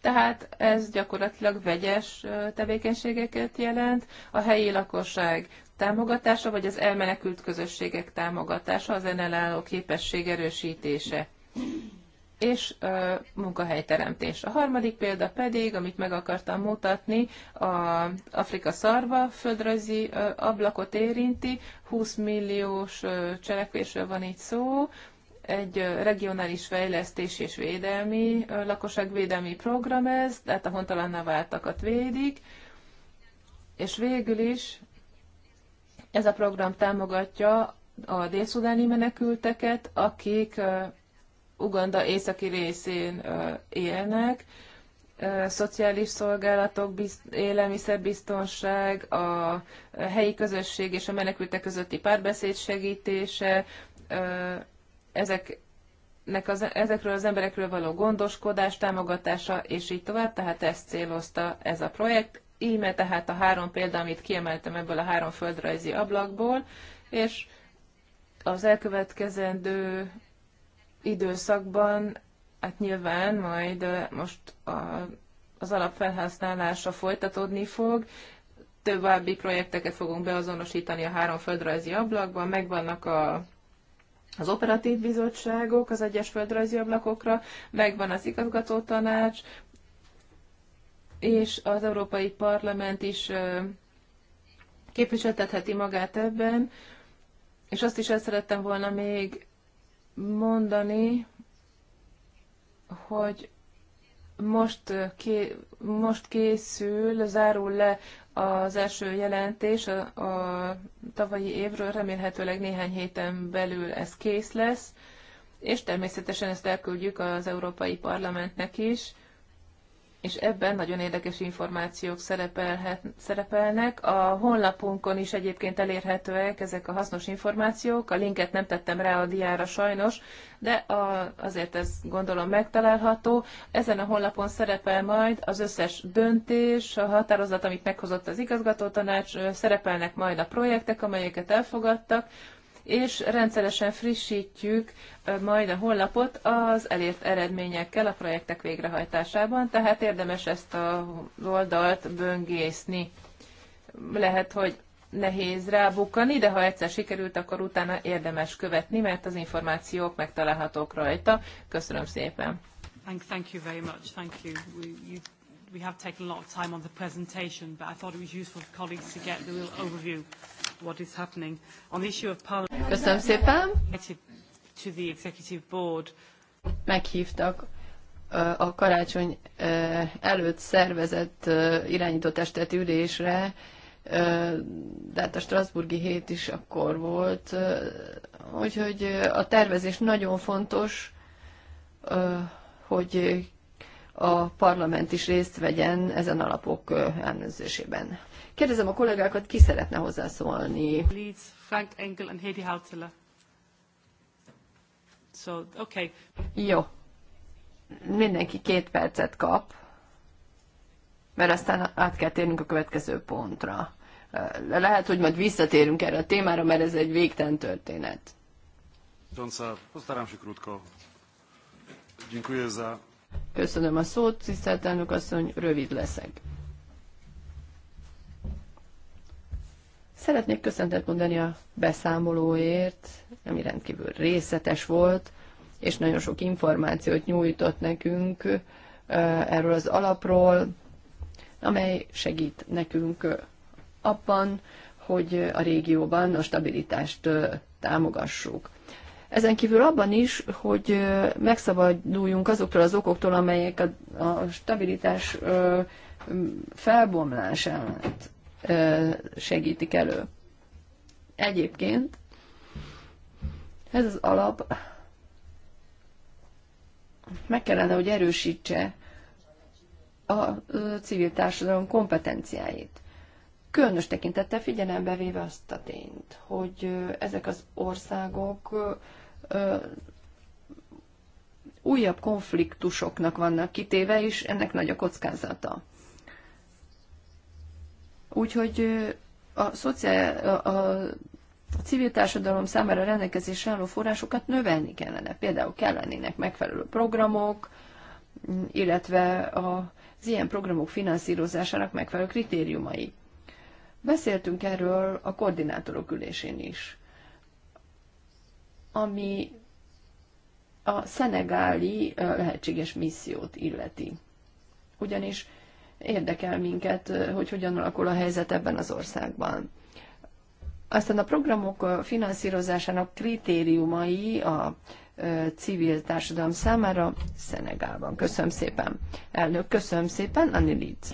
Tehát ez gyakorlatilag vegyes tevékenységeket jelent. A helyi lakosság támogatása, vagy az elmenekült közösségek támogatása, az ellenálló képesség erősítése és ö, munkahelyteremtés. A harmadik példa pedig, amit meg akartam mutatni, a Afrika szarva földrajzi ö, ablakot érinti, 20 milliós ö, cselekvésről van itt szó, egy regionális fejlesztés és védelmi, lakosságvédelmi program ez, tehát a hontalanná váltakat védik, és végül is ez a program támogatja a délszudáni menekülteket, akik Uganda északi részén élnek, szociális szolgálatok, élelmiszerbiztonság, a helyi közösség és a menekültek közötti párbeszéd segítése, ezek az, ezekről az emberekről való gondoskodás, támogatása, és így tovább, tehát ezt célozta ez a projekt. Íme tehát a három példa, amit kiemeltem ebből a három földrajzi ablakból, és az elkövetkezendő időszakban, hát nyilván majd most a, az alapfelhasználása folytatódni fog, további projekteket fogunk beazonosítani a három földrajzi ablakban, megvannak a az operatív bizottságok az egyes földrajzi ablakokra, megvan az igazgató tanács, és az Európai Parlament is képviseltetheti magát ebben, és azt is el szerettem volna még mondani, hogy most, ké, most készül, zárul le az első jelentés a, a tavalyi évről, remélhetőleg néhány héten belül ez kész lesz, és természetesen ezt elküldjük az Európai Parlamentnek is, és ebben nagyon érdekes információk szerepelhet, szerepelnek. A honlapunkon is egyébként elérhetőek ezek a hasznos információk. A linket nem tettem rá a diára sajnos, de a, azért ez gondolom megtalálható. Ezen a honlapon szerepel majd az összes döntés, a határozat, amit meghozott az igazgatótanács, szerepelnek majd a projektek, amelyeket elfogadtak, és rendszeresen frissítjük majd a honlapot az elért eredményekkel a projektek végrehajtásában, tehát érdemes ezt a oldalt böngészni. Lehet, hogy nehéz rábukkani, de ha egyszer sikerült, akkor utána érdemes követni, mert az információk megtalálhatók rajta. Köszönöm szépen. Thank, thank you very much. Thank you. We, you, we have taken a lot of time on the presentation, but I thought it was useful for colleagues to get the real overview what is happening on the issue of parliament. Köszönöm szépen. To the executive board. Meghívtak a karácsony előtt szervezett irányító testet ülésre, de hát a Strasburgi hét is akkor volt, úgyhogy a tervezés nagyon fontos, hogy a parlament is részt vegyen ezen alapok ellenőrzésében. Kérdezem a kollégákat, ki szeretne hozzászólni. Leeds, Frank Engel and Heidi Hautala. So, okay. Jó. Mindenki két percet kap, mert aztán át kell térnünk a következő pontra. Lehet, hogy majd visszatérünk erre a témára, mert ez egy végtelen történet. Köszönöm a szót, tisztelt elnök asszony, rövid leszek. Szeretnék köszöntet mondani a beszámolóért, ami rendkívül részletes volt, és nagyon sok információt nyújtott nekünk erről az alapról, amely segít nekünk abban, hogy a régióban a stabilitást támogassuk. Ezen kívül abban is, hogy megszabaduljunk azoktól az okoktól, amelyek a, a stabilitás felbomlását segítik elő. Egyébként ez az alap meg kellene, hogy erősítse a civil társadalom kompetenciáit. Különös tekintettel figyelembe véve azt a tényt, hogy ezek az országok újabb konfliktusoknak vannak kitéve, és ennek nagy a kockázata. Úgyhogy a, szociál, a, a civil társadalom számára rendelkezésre álló forrásokat növelni kellene. Például kellenének megfelelő programok, illetve az ilyen programok finanszírozásának megfelelő kritériumai. Beszéltünk erről a koordinátorok ülésén is, ami a szenegáli lehetséges missziót illeti. Ugyanis Érdekel minket, hogy hogyan alakul a helyzet ebben az országban. Aztán a programok finanszírozásának kritériumai a civil társadalom számára Szenegálban. Köszönöm szépen. Elnök, köszönöm szépen. Anni Litz.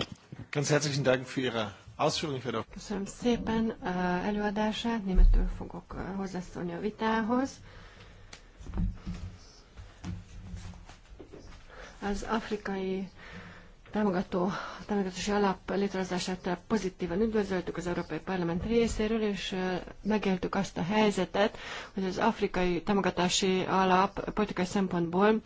Köszönöm szépen előadását. Németül fogok hozzászólni a vitához. Az afrikai támogató, támogatási alap létrehozását pozitívan üdvözöltük az Európai Parlament részéről, és megéltük azt a helyzetet, hogy az afrikai támogatási alap politikai szempontból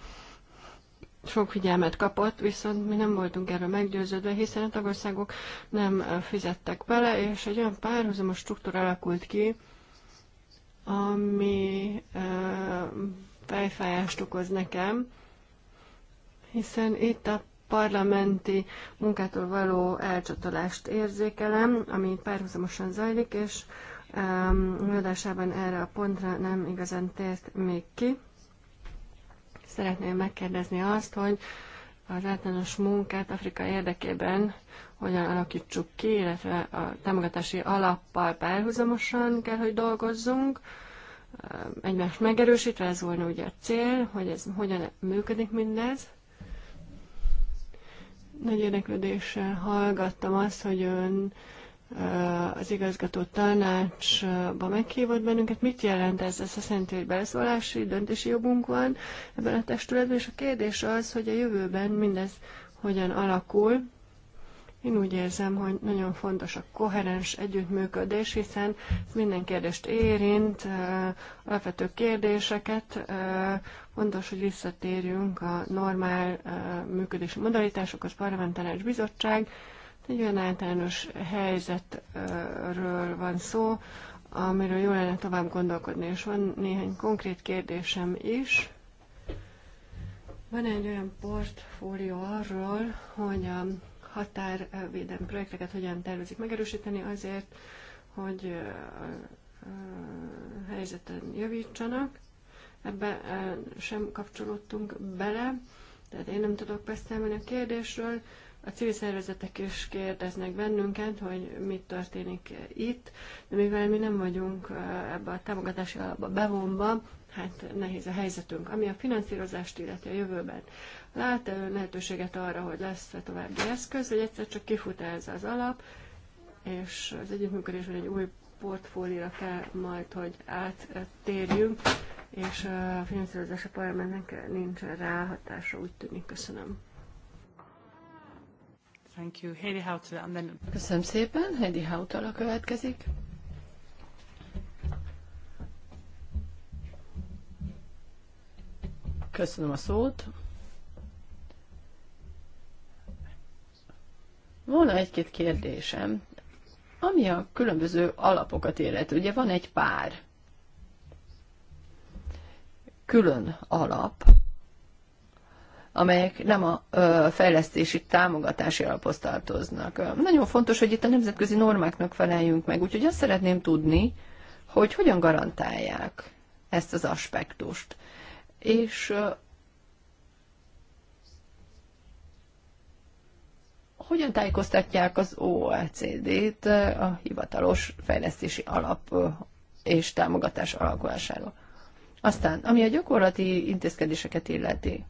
sok figyelmet kapott, viszont mi nem voltunk erről meggyőződve, hiszen a tagországok nem fizettek bele, és egy olyan párhuzamos struktúra alakult ki, ami ö, fejfájást okoz nekem, hiszen itt a parlamenti munkától való elcsatolást érzékelem, ami párhuzamosan zajlik, és előadásában erre a pontra nem igazán tért még ki. Szeretném megkérdezni azt, hogy az általános munkát Afrika érdekében hogyan alakítsuk ki, illetve a támogatási alappal párhuzamosan kell, hogy dolgozzunk, egymást megerősítve, ez volna ugye a cél, hogy ez hogyan működik mindez. Nagy érdeklődéssel hallgattam azt, hogy ön az igazgató tanácsba meghívott bennünket. Mit jelent ez? Ez azt jelenti, hogy beszólási, döntési jogunk van ebben a testületben, és a kérdés az, hogy a jövőben mindez hogyan alakul, én úgy érzem, hogy nagyon fontos a koherens együttműködés, hiszen minden kérdést érint, alapvető kérdéseket. Fontos, hogy visszatérjünk a normál működési modalitásokhoz, parlamentális bizottság. Egy olyan általános helyzetről van szó, amiről jól lenne tovább gondolkodni, és van néhány konkrét kérdésem is. Van egy olyan portfólió arról, hogy a határvédelmi projekteket hogyan tervezik megerősíteni azért, hogy a helyzeten javítsanak. Ebbe sem kapcsolódtunk bele, tehát én nem tudok beszélni a kérdésről. A civil szervezetek is kérdeznek bennünket, hogy mit történik itt, de mivel mi nem vagyunk ebbe a támogatási alapba bevonva, hát nehéz a helyzetünk. Ami a finanszírozást illeti a jövőben, Lát -e lehetőséget arra, hogy lesz -e további eszköz, vagy egyszer csak kifut -e ez az alap, és az együttműködésben egy új portfólióra kell majd, hogy áttérjünk, és a finanszírozás a parlamentnek nincs ráhatása, úgy tűnik. Köszönöm. Thank you. Heidi Hautala, and then... Köszönöm szépen. Heidi Hautala következik. Köszönöm a szót. Volna egy-két kérdésem, ami a különböző alapokat élet. Ugye van egy pár külön alap, amelyek nem a ö, fejlesztési támogatási alaphoz tartoznak. Nagyon fontos, hogy itt a nemzetközi normáknak feleljünk meg, úgyhogy azt szeretném tudni, hogy hogyan garantálják ezt az aspektust. És hogyan tájékoztatják az OECD-t eh, a hivatalos fejlesztési alap eh, és támogatás alakulásáról. Aztán, ami a gyakorlati intézkedéseket illeti.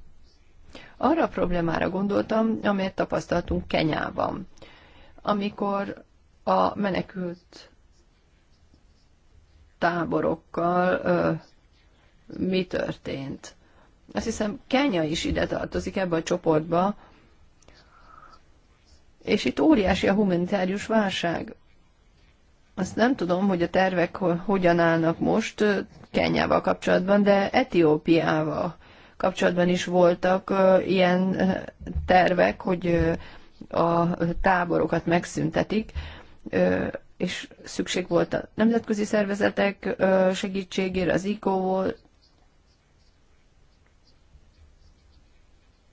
Arra a problémára gondoltam, amelyet tapasztaltunk Kenyában, amikor a menekült táborokkal ö, eh, mi történt. Azt hiszem, Kenya is ide tartozik ebbe a csoportba, és itt óriási a humanitárius válság. Azt nem tudom, hogy a tervek hogyan állnak most Kenyával kapcsolatban, de Etiópiával kapcsolatban is voltak ilyen tervek, hogy a táborokat megszüntetik, és szükség volt a nemzetközi szervezetek segítségére, az ICO volt.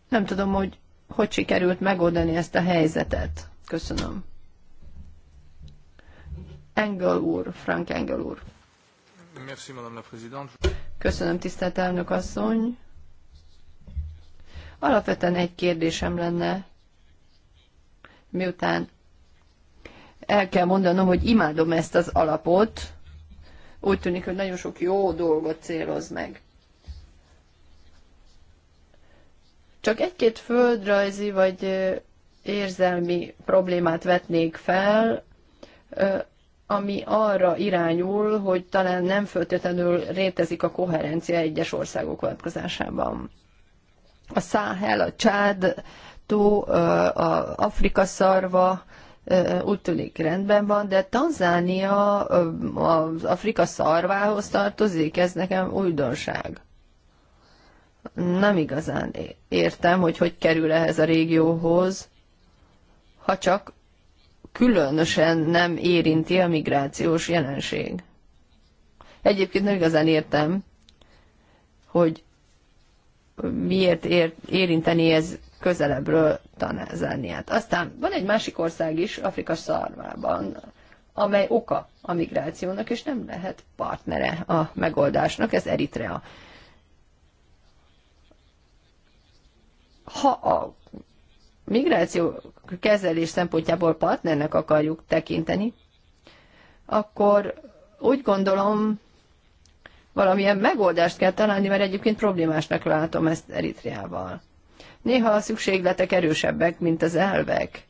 Nem tudom, hogy hogy sikerült megoldani ezt a helyzetet. Köszönöm. Engel úr, Frank Engel úr. Merci, Madame la Présidente. Köszönöm, tisztelt elnök asszony. Alapvetően egy kérdésem lenne, miután el kell mondanom, hogy imádom ezt az alapot, úgy tűnik, hogy nagyon sok jó dolgot céloz meg. Csak egy-két földrajzi vagy érzelmi problémát vetnék fel, ami arra irányul, hogy talán nem föltétlenül rétezik a koherencia egyes országok vonatkozásában. A Száhel, a Csád, tó, a Afrika szarva úgy tűnik rendben van, de Tanzánia az Afrika szarvához tartozik, ez nekem újdonság nem igazán értem, hogy hogy kerül ehhez a régióhoz, ha csak különösen nem érinti a migrációs jelenség. Egyébként nem igazán értem, hogy miért ér, érinteni ez közelebbről Tanzániát. Aztán van egy másik ország is, Afrika szarvában, amely oka a migrációnak, és nem lehet partnere a megoldásnak, ez Eritrea. ha a migráció kezelés szempontjából partnernek akarjuk tekinteni, akkor úgy gondolom, valamilyen megoldást kell találni, mert egyébként problémásnak látom ezt Eritreával. Néha a szükségletek erősebbek, mint az elvek.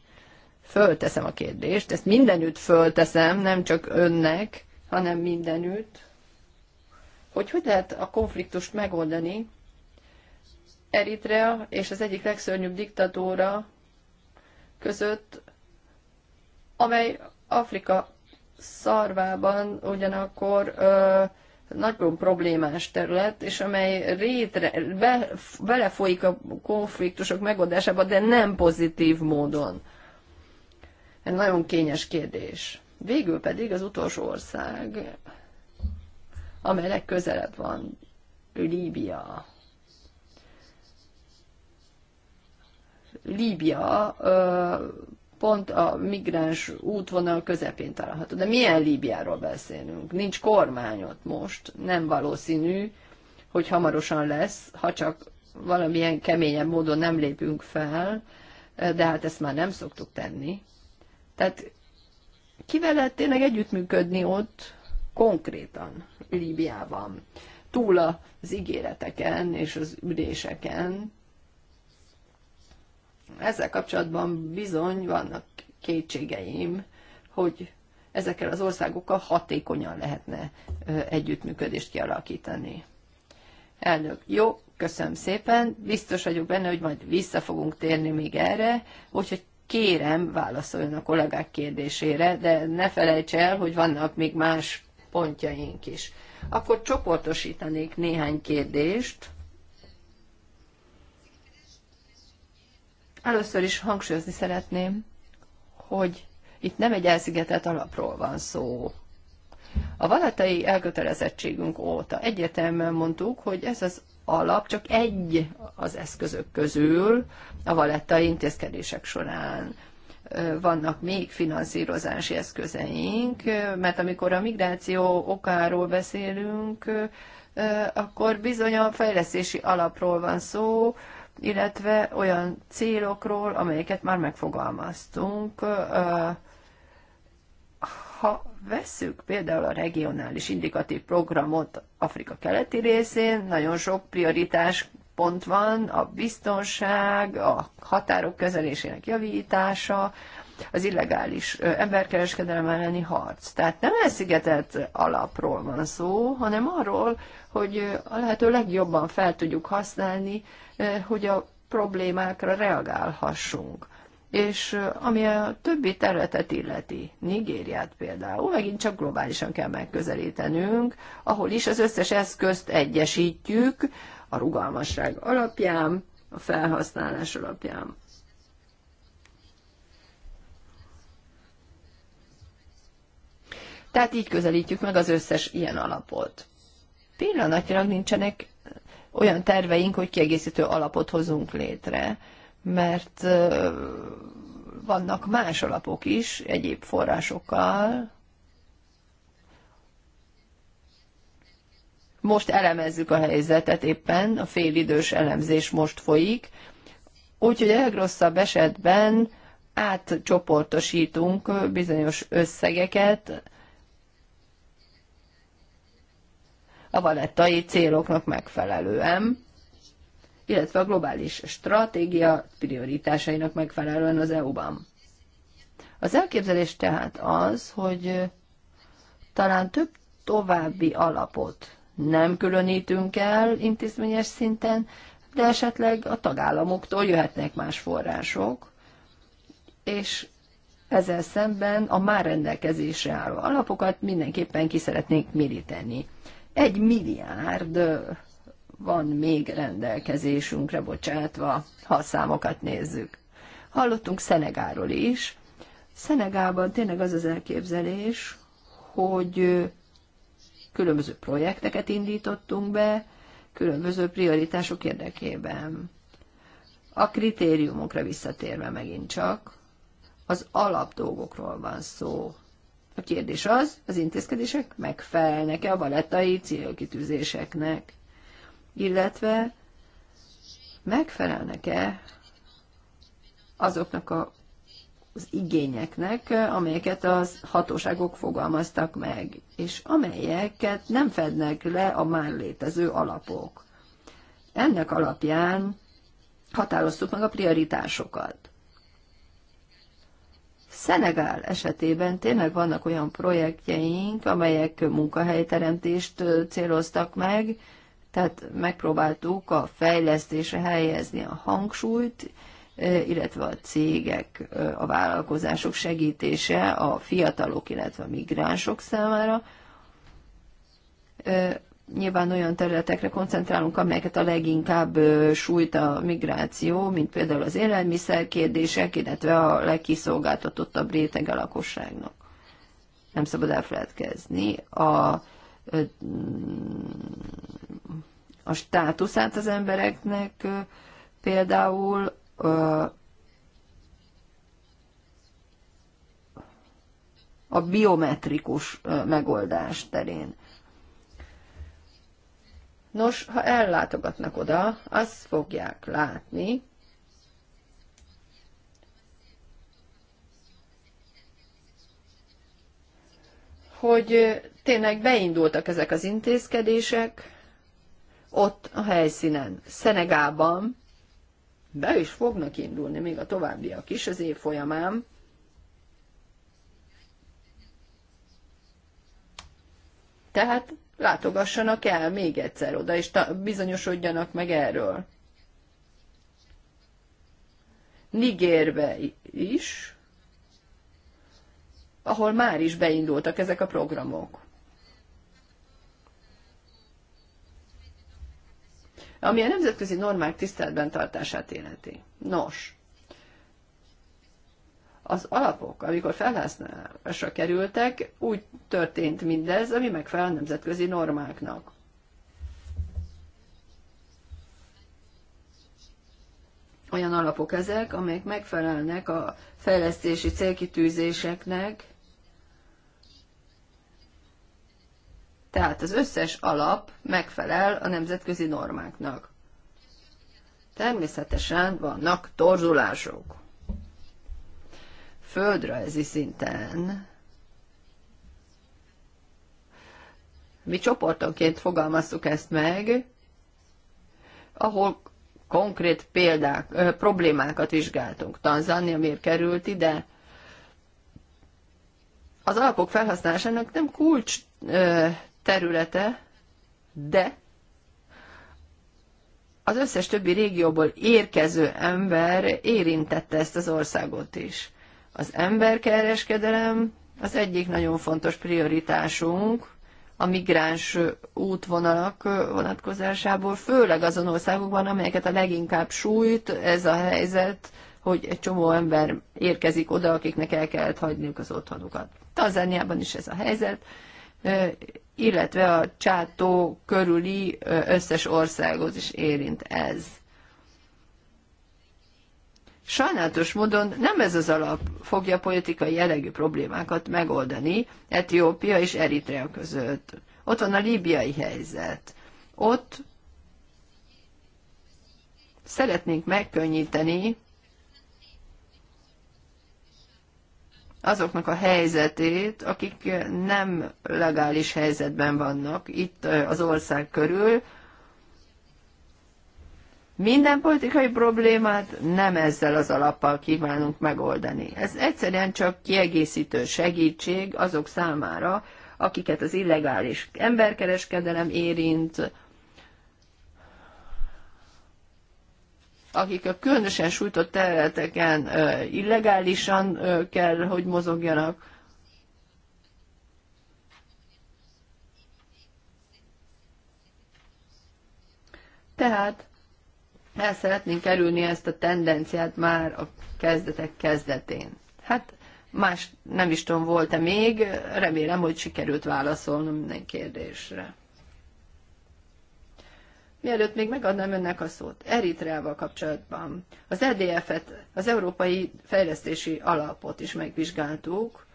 Fölteszem a kérdést, ezt mindenütt fölteszem, nem csak önnek, hanem mindenütt, hogy hogy lehet a konfliktust megoldani, Eritrea és az egyik legszörnyűbb diktatúra között, amely Afrika szarvában ugyanakkor ö, nagyon problémás terület, és amely rétre, be, belefolyik a konfliktusok megoldásába, de nem pozitív módon. egy nagyon kényes kérdés. Végül pedig az utolsó ország, amely legközelebb van, Líbia. Líbia pont a migráns útvonal közepén található. De milyen Líbiáról beszélünk? Nincs kormány ott most, nem valószínű, hogy hamarosan lesz, ha csak valamilyen keményebb módon nem lépünk fel, de hát ezt már nem szoktuk tenni. Tehát kivel lehet tényleg együttműködni ott konkrétan Líbiában? Túl az ígéreteken és az üléseken, ezzel kapcsolatban bizony vannak kétségeim, hogy ezekkel az országokkal hatékonyan lehetne együttműködést kialakítani. Elnök, jó, köszönöm szépen. Biztos vagyok benne, hogy majd vissza fogunk térni még erre, úgyhogy kérem, válaszoljon a kollégák kérdésére, de ne felejts el, hogy vannak még más pontjaink is. Akkor csoportosítanék néhány kérdést. Először is hangsúlyozni szeretném, hogy itt nem egy elszigetelt alapról van szó. A valatai elkötelezettségünk óta egyértelműen mondtuk, hogy ez az alap csak egy az eszközök közül a valettai intézkedések során. Vannak még finanszírozási eszközeink, mert amikor a migráció okáról beszélünk, akkor bizony a fejlesztési alapról van szó, illetve olyan célokról, amelyeket már megfogalmaztunk. Ha vesszük például a regionális indikatív programot Afrika keleti részén, nagyon sok prioritás pont van, a biztonság, a határok kezelésének javítása, az illegális emberkereskedelem elleni harc. Tehát nem elszigetett alapról van szó, hanem arról, hogy a lehető legjobban fel tudjuk használni, hogy a problémákra reagálhassunk. És ami a többi területet illeti, Nigériát például, megint csak globálisan kell megközelítenünk, ahol is az összes eszközt egyesítjük a rugalmasság alapján, a felhasználás alapján. Tehát így közelítjük meg az összes ilyen alapot. Pillanatilag nincsenek olyan terveink, hogy kiegészítő alapot hozunk létre, mert vannak más alapok is, egyéb forrásokkal. Most elemezzük a helyzetet éppen, a félidős elemzés most folyik, úgyhogy a legrosszabb esetben átcsoportosítunk bizonyos összegeket, a valettai céloknak megfelelően, illetve a globális stratégia prioritásainak megfelelően az EU-ban. Az elképzelés tehát az, hogy talán több további alapot nem különítünk el intézményes szinten, de esetleg a tagállamoktól jöhetnek más források, és ezzel szemben a már rendelkezésre álló alapokat mindenképpen ki szeretnénk méríteni. Egy milliárd van még rendelkezésünkre bocsátva, ha a számokat nézzük. Hallottunk Szenegáról is. Szenegában tényleg az az elképzelés, hogy különböző projekteket indítottunk be, különböző prioritások érdekében. A kritériumokra visszatérve megint csak, az alapdolgokról van szó. A kérdés az, az intézkedések megfelelnek-e a valettai célkitűzéseknek, illetve megfelelnek-e azoknak a, az igényeknek, amelyeket az hatóságok fogalmaztak meg, és amelyeket nem fednek le a már létező alapok. Ennek alapján határoztuk meg a prioritásokat. Szenegál esetében tényleg vannak olyan projektjeink, amelyek munkahelyteremtést céloztak meg, tehát megpróbáltuk a fejlesztésre helyezni a hangsúlyt, illetve a cégek, a vállalkozások segítése a fiatalok, illetve a migránsok számára, nyilván olyan területekre koncentrálunk, amelyeket a leginkább sújt a migráció, mint például az élelmiszer kérdések, illetve a legkiszolgáltatottabb a lakosságnak. Nem szabad elfeledkezni. A, a státuszát az embereknek például a biometrikus megoldás terén. Nos, ha ellátogatnak oda, azt fogják látni, hogy tényleg beindultak ezek az intézkedések ott a helyszínen, Szenegában, be is fognak indulni még a továbbiak is az év folyamán. Tehát látogassanak el még egyszer oda, és bizonyosodjanak meg erről. Nigérbe is, ahol már is beindultak ezek a programok. Ami a nemzetközi normák tiszteletben tartását életi. Nos, az alapok, amikor felhasználásra kerültek, úgy történt mindez, ami megfelel a nemzetközi normáknak. Olyan alapok ezek, amelyek megfelelnek a fejlesztési célkitűzéseknek, tehát az összes alap megfelel a nemzetközi normáknak. Természetesen vannak torzulások földrajzi szinten. Mi csoportonként fogalmaztuk ezt meg, ahol konkrét példák, ö, problémákat vizsgáltunk. Tanzania miért került ide? Az alapok felhasználásának nem kulcs ö, területe, de az összes többi régióból érkező ember érintette ezt az országot is. Az emberkereskedelem az egyik nagyon fontos prioritásunk a migráns útvonalak vonatkozásából, főleg azon országokban, amelyeket a leginkább sújt ez a helyzet, hogy egy csomó ember érkezik oda, akiknek el kellett hagyniuk az otthonukat. Tanzániában is ez a helyzet, illetve a csátó körüli összes országot is érint ez. Sajnálatos módon nem ez az alap fogja politikai jellegű problémákat megoldani Etiópia és Eritrea között. Ott van a líbiai helyzet. Ott szeretnénk megkönnyíteni azoknak a helyzetét, akik nem legális helyzetben vannak itt az ország körül, minden politikai problémát nem ezzel az alappal kívánunk megoldani. Ez egyszerűen csak kiegészítő segítség azok számára, akiket az illegális emberkereskedelem érint, akik a különösen sújtott területeken illegálisan kell, hogy mozogjanak. Tehát el szeretnénk kerülni ezt a tendenciát már a kezdetek kezdetén. Hát más nem is tudom, volt-e még, remélem, hogy sikerült válaszolnom minden kérdésre. Mielőtt még megadnám önnek a szót, Eritreával kapcsolatban az EDF-et, az Európai Fejlesztési Alapot is megvizsgáltuk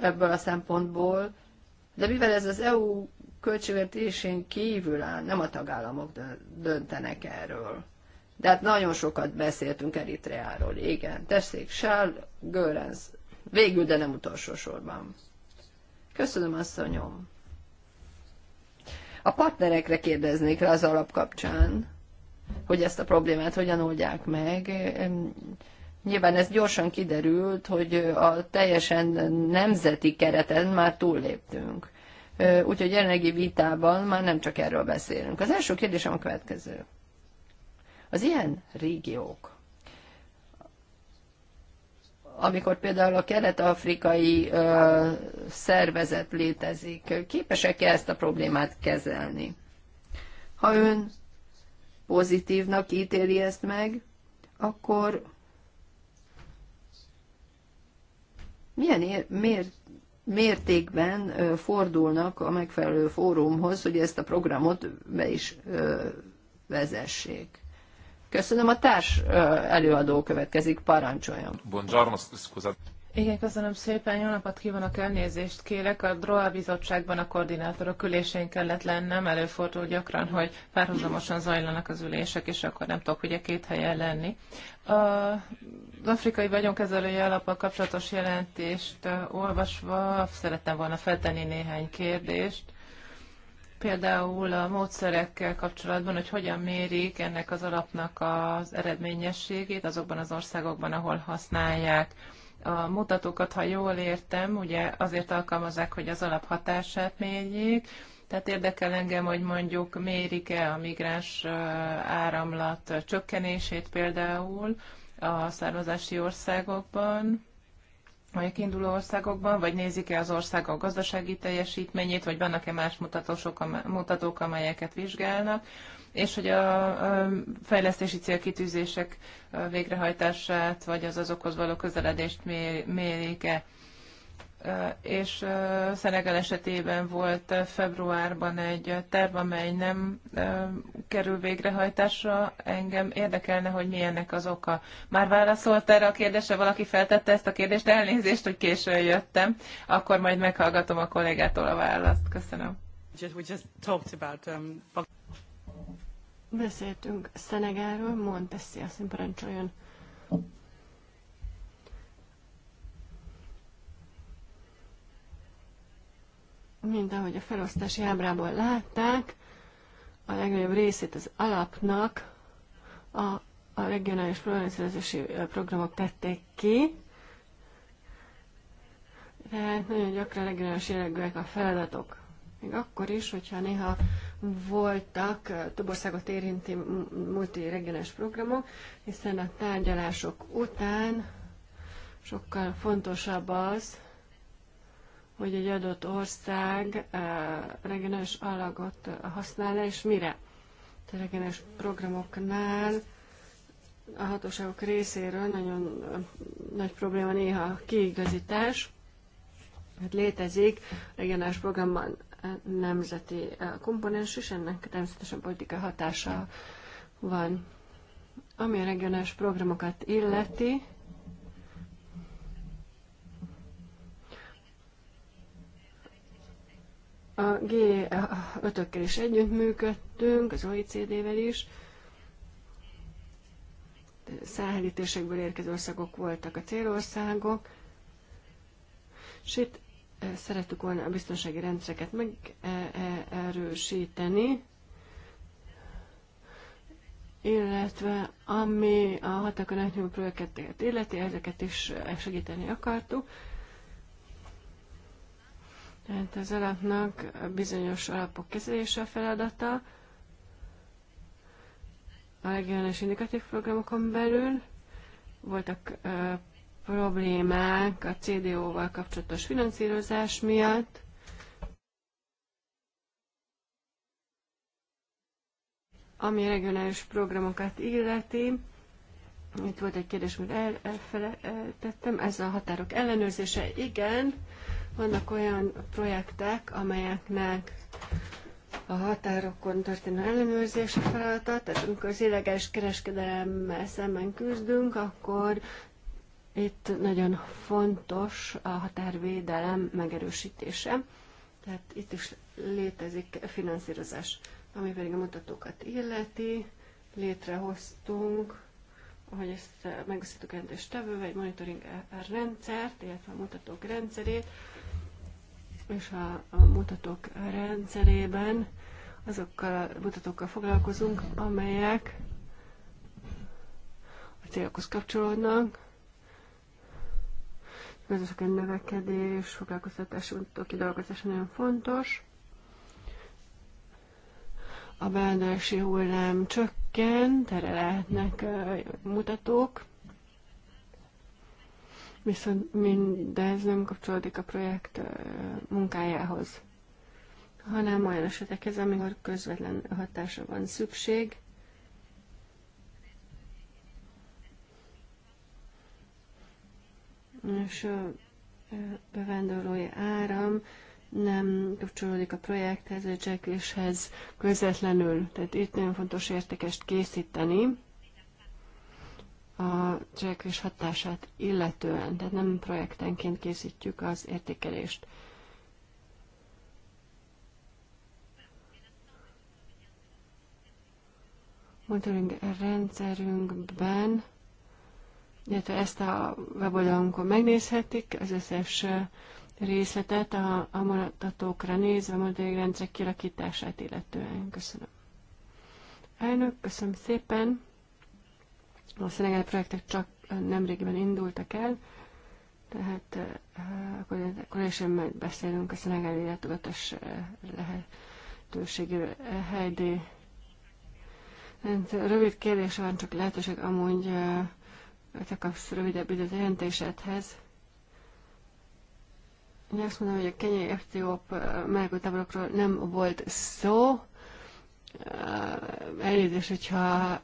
ebből a szempontból, de mivel ez az EU költségvetésén kívül áll, nem a tagállamok döntenek erről. De hát nagyon sokat beszéltünk Eritreáról. Igen, tessék, Sál Görenc, végül, de nem utolsó sorban. Köszönöm, asszonyom. A partnerekre kérdeznék rá az alap kapcsán, hogy ezt a problémát hogyan oldják meg. Nyilván ez gyorsan kiderült, hogy a teljesen nemzeti kereten már túlléptünk úgyhogy jelenlegi vitában már nem csak erről beszélünk. Az első kérdésem a következő. Az ilyen régiók, amikor például a kelet-afrikai szervezet létezik, képesek-e ezt a problémát kezelni? Ha ön pozitívnak ítéli ezt meg, akkor milyen ér- mér- mértékben fordulnak a megfelelő fórumhoz, hogy ezt a programot be is vezessék. Köszönöm, a társ előadó következik, parancsoljon. Buongiorno, scusate. Igen, köszönöm szépen, jó napot kívánok, elnézést kérek. A DROA bizottságban a koordinátorok ülésén kellett lennem, előfordul gyakran, hogy párhuzamosan zajlanak az ülések, és akkor nem tudok ugye két helyen lenni. A, az afrikai vagyonkezelői alapok kapcsolatos jelentést olvasva szerettem volna feltenni néhány kérdést például a módszerekkel kapcsolatban, hogy hogyan mérik ennek az alapnak az eredményességét azokban az országokban, ahol használják a mutatókat, ha jól értem, ugye azért alkalmazzák, hogy az alaphatását mérjék, tehát érdekel engem, hogy mondjuk mérik-e a migráns áramlat csökkenését például a származási országokban, vagy a kiinduló országokban, vagy nézik-e az ország a gazdasági teljesítményét, vagy vannak-e más mutatók, amelyeket vizsgálnak és hogy a fejlesztési célkitűzések végrehajtását, vagy az azokhoz való közeledést mérik-e. És Szenegel esetében volt februárban egy terv, amely nem kerül végrehajtásra. Engem érdekelne, hogy mi ennek az oka. Már válaszolt erre a kérdésre, valaki feltette ezt a kérdést, elnézést, hogy későn jöttem. Akkor majd meghallgatom a kollégától a választ. Köszönöm. Beszéltünk Szenegáról, Montessi azt parancsoljon. Mint ahogy a felosztási ábrából látták, a legnagyobb részét az alapnak a, a regionális programszerzési programok tették ki, tehát nagyon gyakran regionális jellegűek a feladatok. Még akkor is, hogyha néha voltak több országot érinti multiregionális programok, hiszen a tárgyalások után sokkal fontosabb az, hogy egy adott ország regionális alagot használ és mire. A regionális programoknál a hatóságok részéről nagyon nagy probléma néha a kiigazítás, mert hát létezik regionális programban nemzeti eh, komponens és ennek természetesen politikai hatása van. Ami a regionális programokat illeti, a G5-ökkel eh, is együttműködtünk, az OECD-vel is, száhelítésekből érkező országok voltak a célországok, és itt szerettük volna a biztonsági rendszereket megerősíteni, illetve ami a hatakon átnyúló projekteket illeti, ezeket is segíteni akartuk. Tehát az alapnak bizonyos alapok kezelése a feladata, a regionális indikatív programokon belül voltak problémák a CDO-val kapcsolatos finanszírozás miatt. Ami regionális programokat illeti, itt volt egy kérdés, amit el, elfelejtettem, ez a határok ellenőrzése. Igen, vannak olyan projektek, amelyeknek a határokon történő ellenőrzés a feladat, tehát amikor az illegális kereskedelemmel szemben küzdünk, akkor itt nagyon fontos a határvédelem megerősítése, tehát itt is létezik finanszírozás, ami pedig a mutatókat illeti. Létrehoztunk, ahogy ezt megosztottuk jelentéstevővel, egy monitoring rendszert, illetve a mutatók rendszerét, és a, a mutatók rendszerében azokkal a mutatókkal foglalkozunk, amelyek a célokhoz kapcsolódnak, egy növekedés, foglalkoztatási mutatók kidolgozása nagyon fontos. A beadási hullám csökken, erre lehetnek mutatók, viszont mindez nem kapcsolódik a projekt munkájához, hanem olyan esetekhez, amikor közvetlen hatásra van szükség, és a bevándorlói áram nem kapcsolódik a projekthez, a csekléshez közvetlenül. Tehát itt nagyon fontos értékest készíteni a cselekvés hatását illetően, tehát nem projektenként készítjük az értékelést. Monitoring rendszerünkben illetve ezt a weboldalunkon megnézhetik, az összes részletet a, a maradatokra nézve, a rendszer kialakítását illetően. Köszönöm. Elnök, köszönöm szépen. A Szenegál projektek csak nemrégiben indultak el, tehát akkor, akkor majd beszélünk a szenegáli életugatás lehetőségéről. Heidi, hát rövid kérdése van, csak lehetőség amúgy te kapsz rövidebb időt a jelentésedhez. Én azt mondom, hogy a kenyai etióp melegültáborokról nem volt szó. Elnézést, hogyha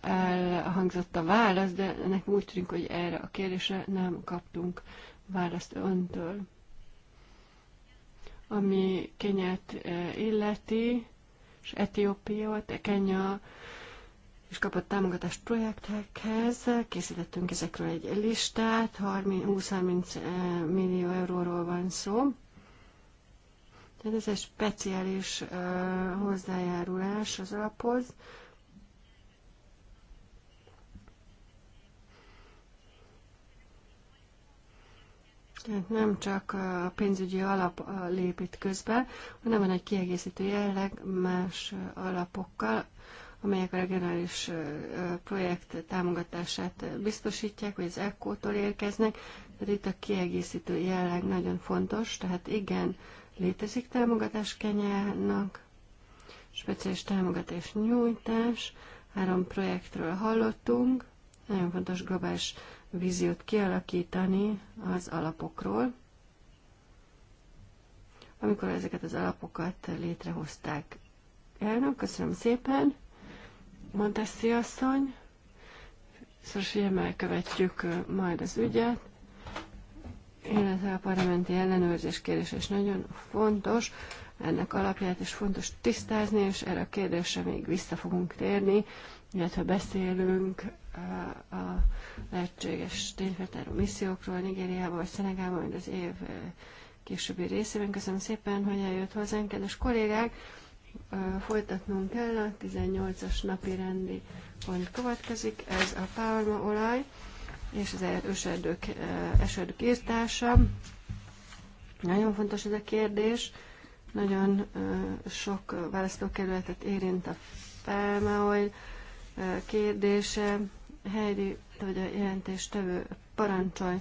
elhangzott a válasz, de nekünk úgy tűnik, hogy erre a kérdésre nem kaptunk választ öntől. Ami Kenyát illeti, és Etiópiót, Kenya és kapott támogatást projektekhez. Készítettünk ezekről egy listát, 20-30 eh, millió euróról van szó. Tehát ez egy speciális uh, hozzájárulás az alaphoz. Tehát nem csak eh, a pénzügyi alap lép itt közben, hanem van egy kiegészítő jelleg más alapokkal, amelyek a regionális projekt támogatását biztosítják, hogy az ECO-tól érkeznek. Tehát itt a kiegészítő jelleg nagyon fontos, tehát igen, létezik támogatás Kenyának, speciális támogatás nyújtás, három projektről hallottunk, nagyon fontos globális víziót kialakítani az alapokról. Amikor ezeket az alapokat létrehozták elnök, köszönöm szépen! Montessi asszony. Szóval figyelmel követjük majd az ügyet, illetve a parlamenti ellenőrzés kérdés is nagyon fontos. Ennek alapját is fontos tisztázni, és erre a kérdésre még vissza fogunk térni, illetve beszélünk a lehetséges tényfeltáró missziókról Nigériában vagy Szenegában, majd az év későbbi részében. Köszönöm szépen, hogy eljött hozzánk, kedves kollégák! folytatnunk kell, a 18-as napi rendi pont következik, ez a pálmaolaj és az eserdők, er-, eserdők írtása. Nagyon fontos ez a kérdés, nagyon sok választókerületet érint a pálmaolaj kérdése. Heidi, vagy a jelentéstevő parancsolj.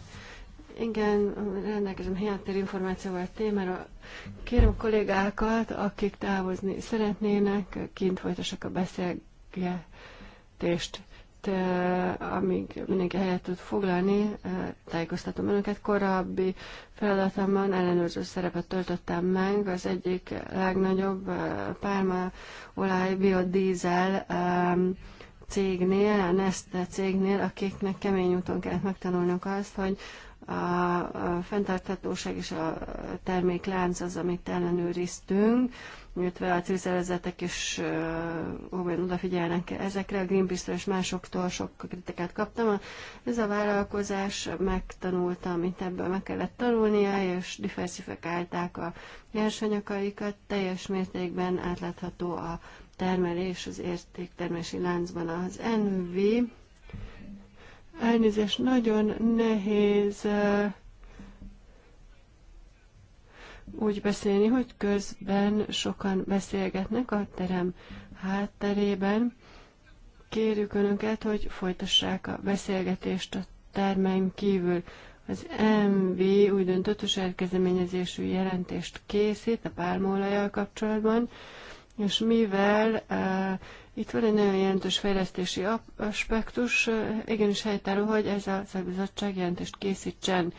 Igen, rendelkezem hiánytér információval a témára. Kérem a kollégákat, akik távozni szeretnének, kint folytassak a beszélgetést, Te, amíg mindenki helyet tud foglalni, tájékoztatom önöket. Korábbi feladatomban ellenőrző szerepet töltöttem meg, az egyik legnagyobb pálma olaj, biodízel cégnél, a Neste cégnél, akiknek kemény úton kellett megtanulnunk azt, hogy a, fenntarthatóság és a terméklánc az, amit ellenőriztünk, illetve a civilizetek is olyan odafigyelnek ezekre, a greenpeace és másoktól sok kritikát kaptam. Ez a vállalkozás megtanulta, amit ebből meg kellett tanulnia, és diversifikálták a nyersanyagaikat, teljes mértékben átlátható a termelés az értéktermési láncban az NV, Elnézést, nagyon nehéz úgy beszélni, hogy közben sokan beszélgetnek a terem hátterében. Kérjük Önöket, hogy folytassák a beszélgetést a termen kívül. Az MV úgy döntött, hogy saját kezdeményezésű jelentést készít a pálmolajjal kapcsolatban, és mivel uh, itt van egy nagyon jelentős fejlesztési aspektus, igenis helytálló, hogy ez a szakbizottság jelentést készítsen.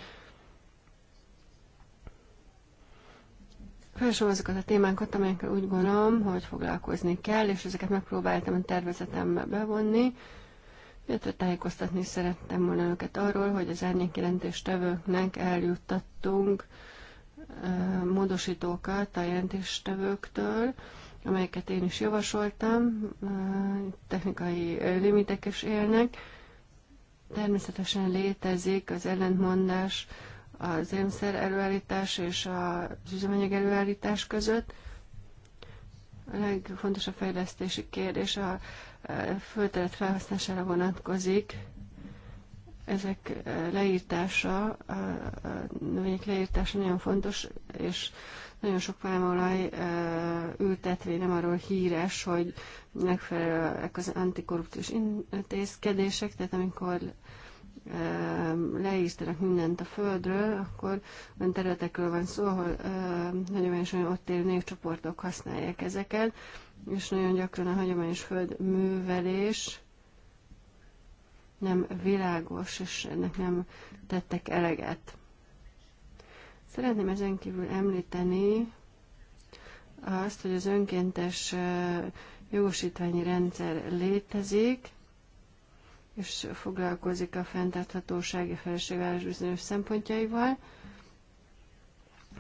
Felsorolom azokat a témákat, amelyekkel úgy gondolom, hogy foglalkozni kell, és ezeket megpróbáltam a tervezetembe bevonni, illetve tájékoztatni szerettem volna őket arról, hogy az árnyékjelentéstevőknek eljuttattunk módosítókat a jelentéstevőktől, amelyeket én is javasoltam, technikai limitek is élnek. Természetesen létezik az ellentmondás az émszer előállítás és az üzemanyag előállítás között. A legfontosabb fejlesztési kérdés a földterület felhasználására vonatkozik. Ezek leírtása, a növények leírtása nagyon fontos, és nagyon sok pálmaolaj ültetvény nem arról híres, hogy megfelelőek az antikorrupciós intézkedések, tehát amikor leírtanak mindent a földről, akkor olyan területekről van szó, ahol hagyományos olyan ott élő népcsoportok használják ezeket, és nagyon gyakran a hagyományos földművelés nem világos, és ennek nem tettek eleget. Szeretném ezen kívül említeni azt, hogy az önkéntes jogosítványi rendszer létezik, és foglalkozik a fenntarthatósági felségvállalás bizonyos szempontjaival.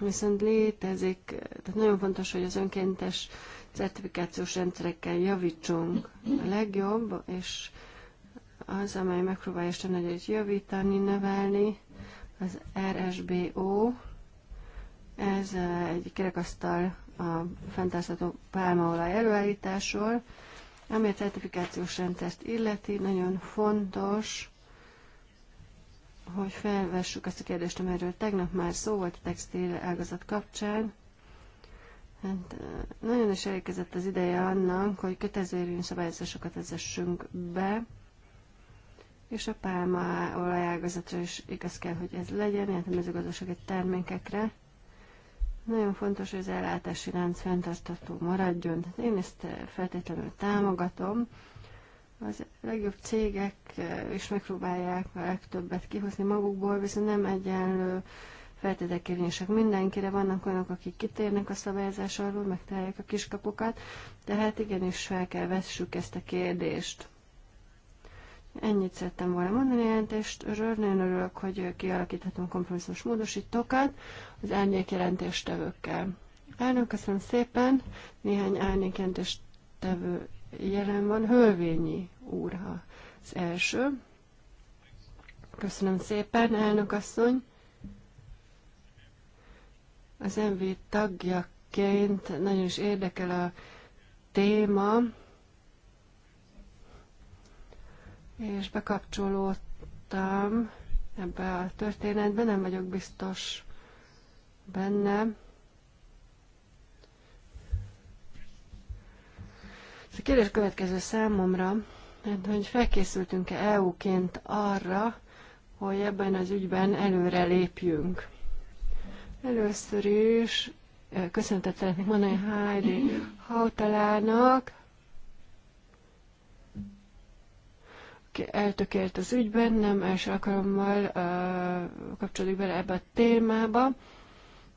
Viszont létezik, tehát nagyon fontos, hogy az önkéntes certifikációs rendszerekkel javítsunk. A legjobb, és az, amely megpróbálja ezt nagyon javítani, nevelni, az RSBO, ez egy kerekasztal a fenntartható pálmaolaj előállításról, ami a certifikációs rendszert illeti. Nagyon fontos, hogy felvessük ezt a kérdést, amiről tegnap már szó volt a textil ágazat kapcsán. Hát, nagyon is elérkezett az ideje annak, hogy kötelező érvényű szabályozásokat vezessünk be, és a pálma olajágazatra is igaz kell, hogy ez legyen, illetve mezőgazdasági termékekre. Nagyon fontos, hogy az ellátási lánc fenntartató maradjon. Tehát én ezt feltétlenül támogatom. Az legjobb cégek eh, is megpróbálják a legtöbbet kihozni magukból, viszont nem egyenlő feltételkérdések mindenkire, vannak olyanok, akik kitérnek a szabályozás alól, megtalálják a kiskapukat, tehát igenis fel kell vessük ezt a kérdést. Ennyit szerettem volna mondani jelentéstről. Nagyon örülök, hogy kialakíthatunk kompromisszumos módosítókat az árnyék jelentéstevőkkel. Elnök, köszönöm szépen. Néhány árnyék jelentéstevő jelen van. Hölvényi úr az első. Köszönöm szépen, elnök asszony. Az MV tagjaként nagyon is érdekel a téma, és bekapcsolódtam ebbe a történetbe, nem vagyok biztos benne. A kérdés következő számomra, hát, hogy felkészültünk-e EU-ként arra, hogy ebben az ügyben előre lépjünk. Először is köszöntet szeretnék mondani Heidi Hautalának, eltökélt az ügyben, nem első alkalommal uh, kapcsolódik bele ebbe a témába.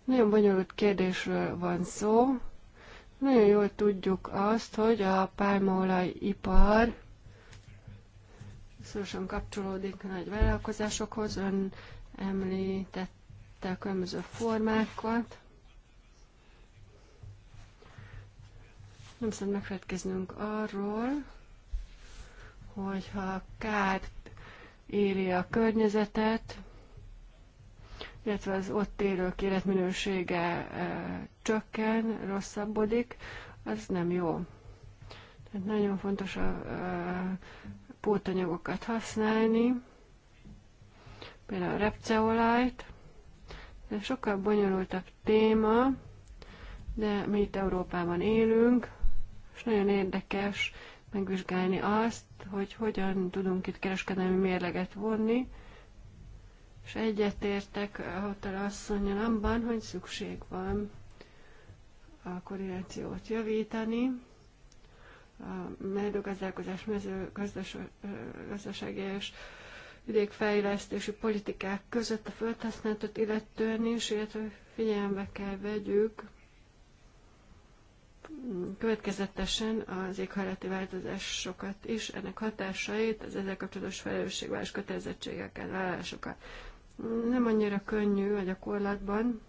Nagyon bonyolult kérdésről van szó. Nagyon jól tudjuk azt, hogy a pálmaolajipar szorosan kapcsolódik nagy vállalkozásokhoz. Ön említette a különböző formákat. Nem szabad megfelelkeznünk arról, hogyha kárt éri a környezetet, illetve az ott élők életminősége csökken, rosszabbodik, az nem jó. Tehát nagyon fontos a pótanyagokat használni, például a repceolajt, ez sokkal bonyolultabb téma, de mi itt Európában élünk, és nagyon érdekes megvizsgálni azt, hogy hogyan tudunk itt kereskedelmi mérleget vonni, és egyetértek a hotel asszonyon abban, hogy szükség van a koordinációt javítani, a mezőgazdálkozás, mezőgazdasági és vidékfejlesztési politikák között a földhasználatot illetően is, illetve figyelembe kell vegyük következetesen az éghajlati változásokat is, ennek hatásait, az ezzel kapcsolatos felelősségvállás kötelezettségeket, vállalásokat. Nem annyira könnyű a gyakorlatban,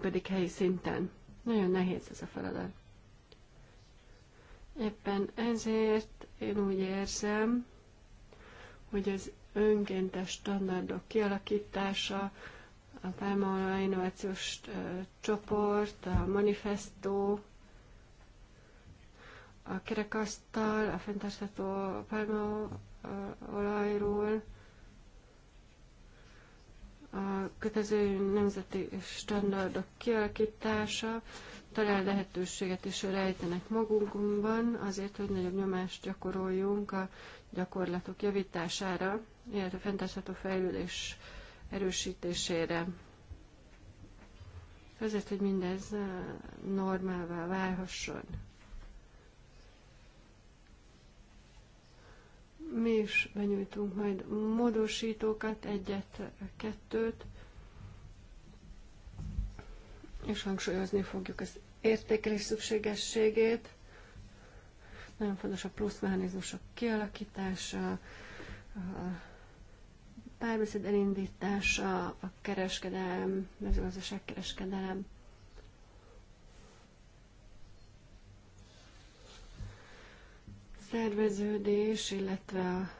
pedig helyi szinten. Nagyon nehéz ez a feladat. Éppen ezért én úgy érzem, hogy az önkéntes standardok kialakítása, a Pálmaolaj Innovációs Csoport, a Manifestó, a kerekasztal, a fenntartható pálmaolajról, a kötelező nemzeti standardok kialakítása, talán lehetőséget is rejtenek magunkban, azért, hogy nagyobb nyomást gyakoroljunk a gyakorlatok javítására, illetve fenntartható fejlődés erősítésére. Azért, hogy mindez eh, normálvá válhasson. Mi is benyújtunk majd módosítókat, egyet, kettőt, és hangsúlyozni fogjuk az értékelés szükségességét. Nagyon fontos a plusz mechanizmusok kialakítása, a párbeszéd elindítása, a kereskedelem, mezőgazdaság kereskedelem. szerveződés, illetve a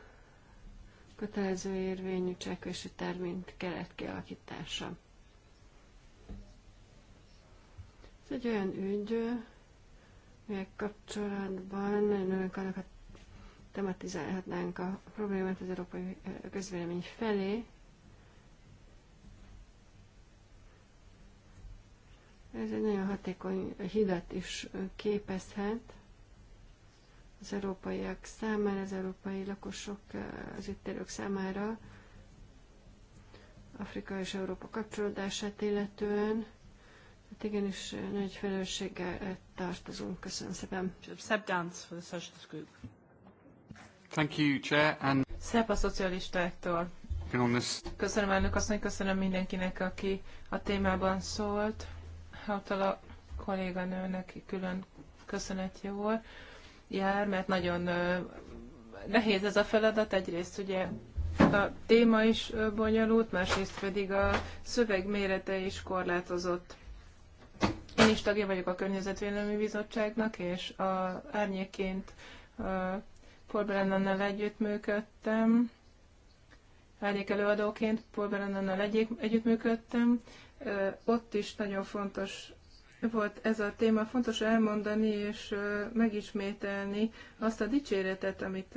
kötelező érvényű cselekvési terv, mint keret kialakítása. Ez egy olyan ügy, melyek kapcsolatban önök annak a tematizálhatnánk a problémát az európai közvélemény felé. Ez egy nagyon hatékony hidat is képezhet az európaiak számára, az európai lakosok, az itt élők számára, Afrika és Európa kapcsolódását illetően. Hát igenis nagy felelősséggel tartozunk. Köszönöm szépen. Step dance for the group. Thank you, Chair, and... Szép a szocialistáktól. Köszönöm elnök asszony, köszönöm mindenkinek, aki a témában szólt. a kolléganőnek külön köszönet jól jár, mert nagyon nehéz ez a feladat. Egyrészt ugye a téma is bonyolult, másrészt pedig a szöveg mérete is korlátozott. Én is tagja vagyok a Környezetvédelmi Bizottságnak, és a árnyéként Paul Brennannel együttműködtem, árnyék előadóként Paul együttműködtem. Ott is nagyon fontos volt ez a téma, fontos elmondani és megismételni azt a dicséretet, amit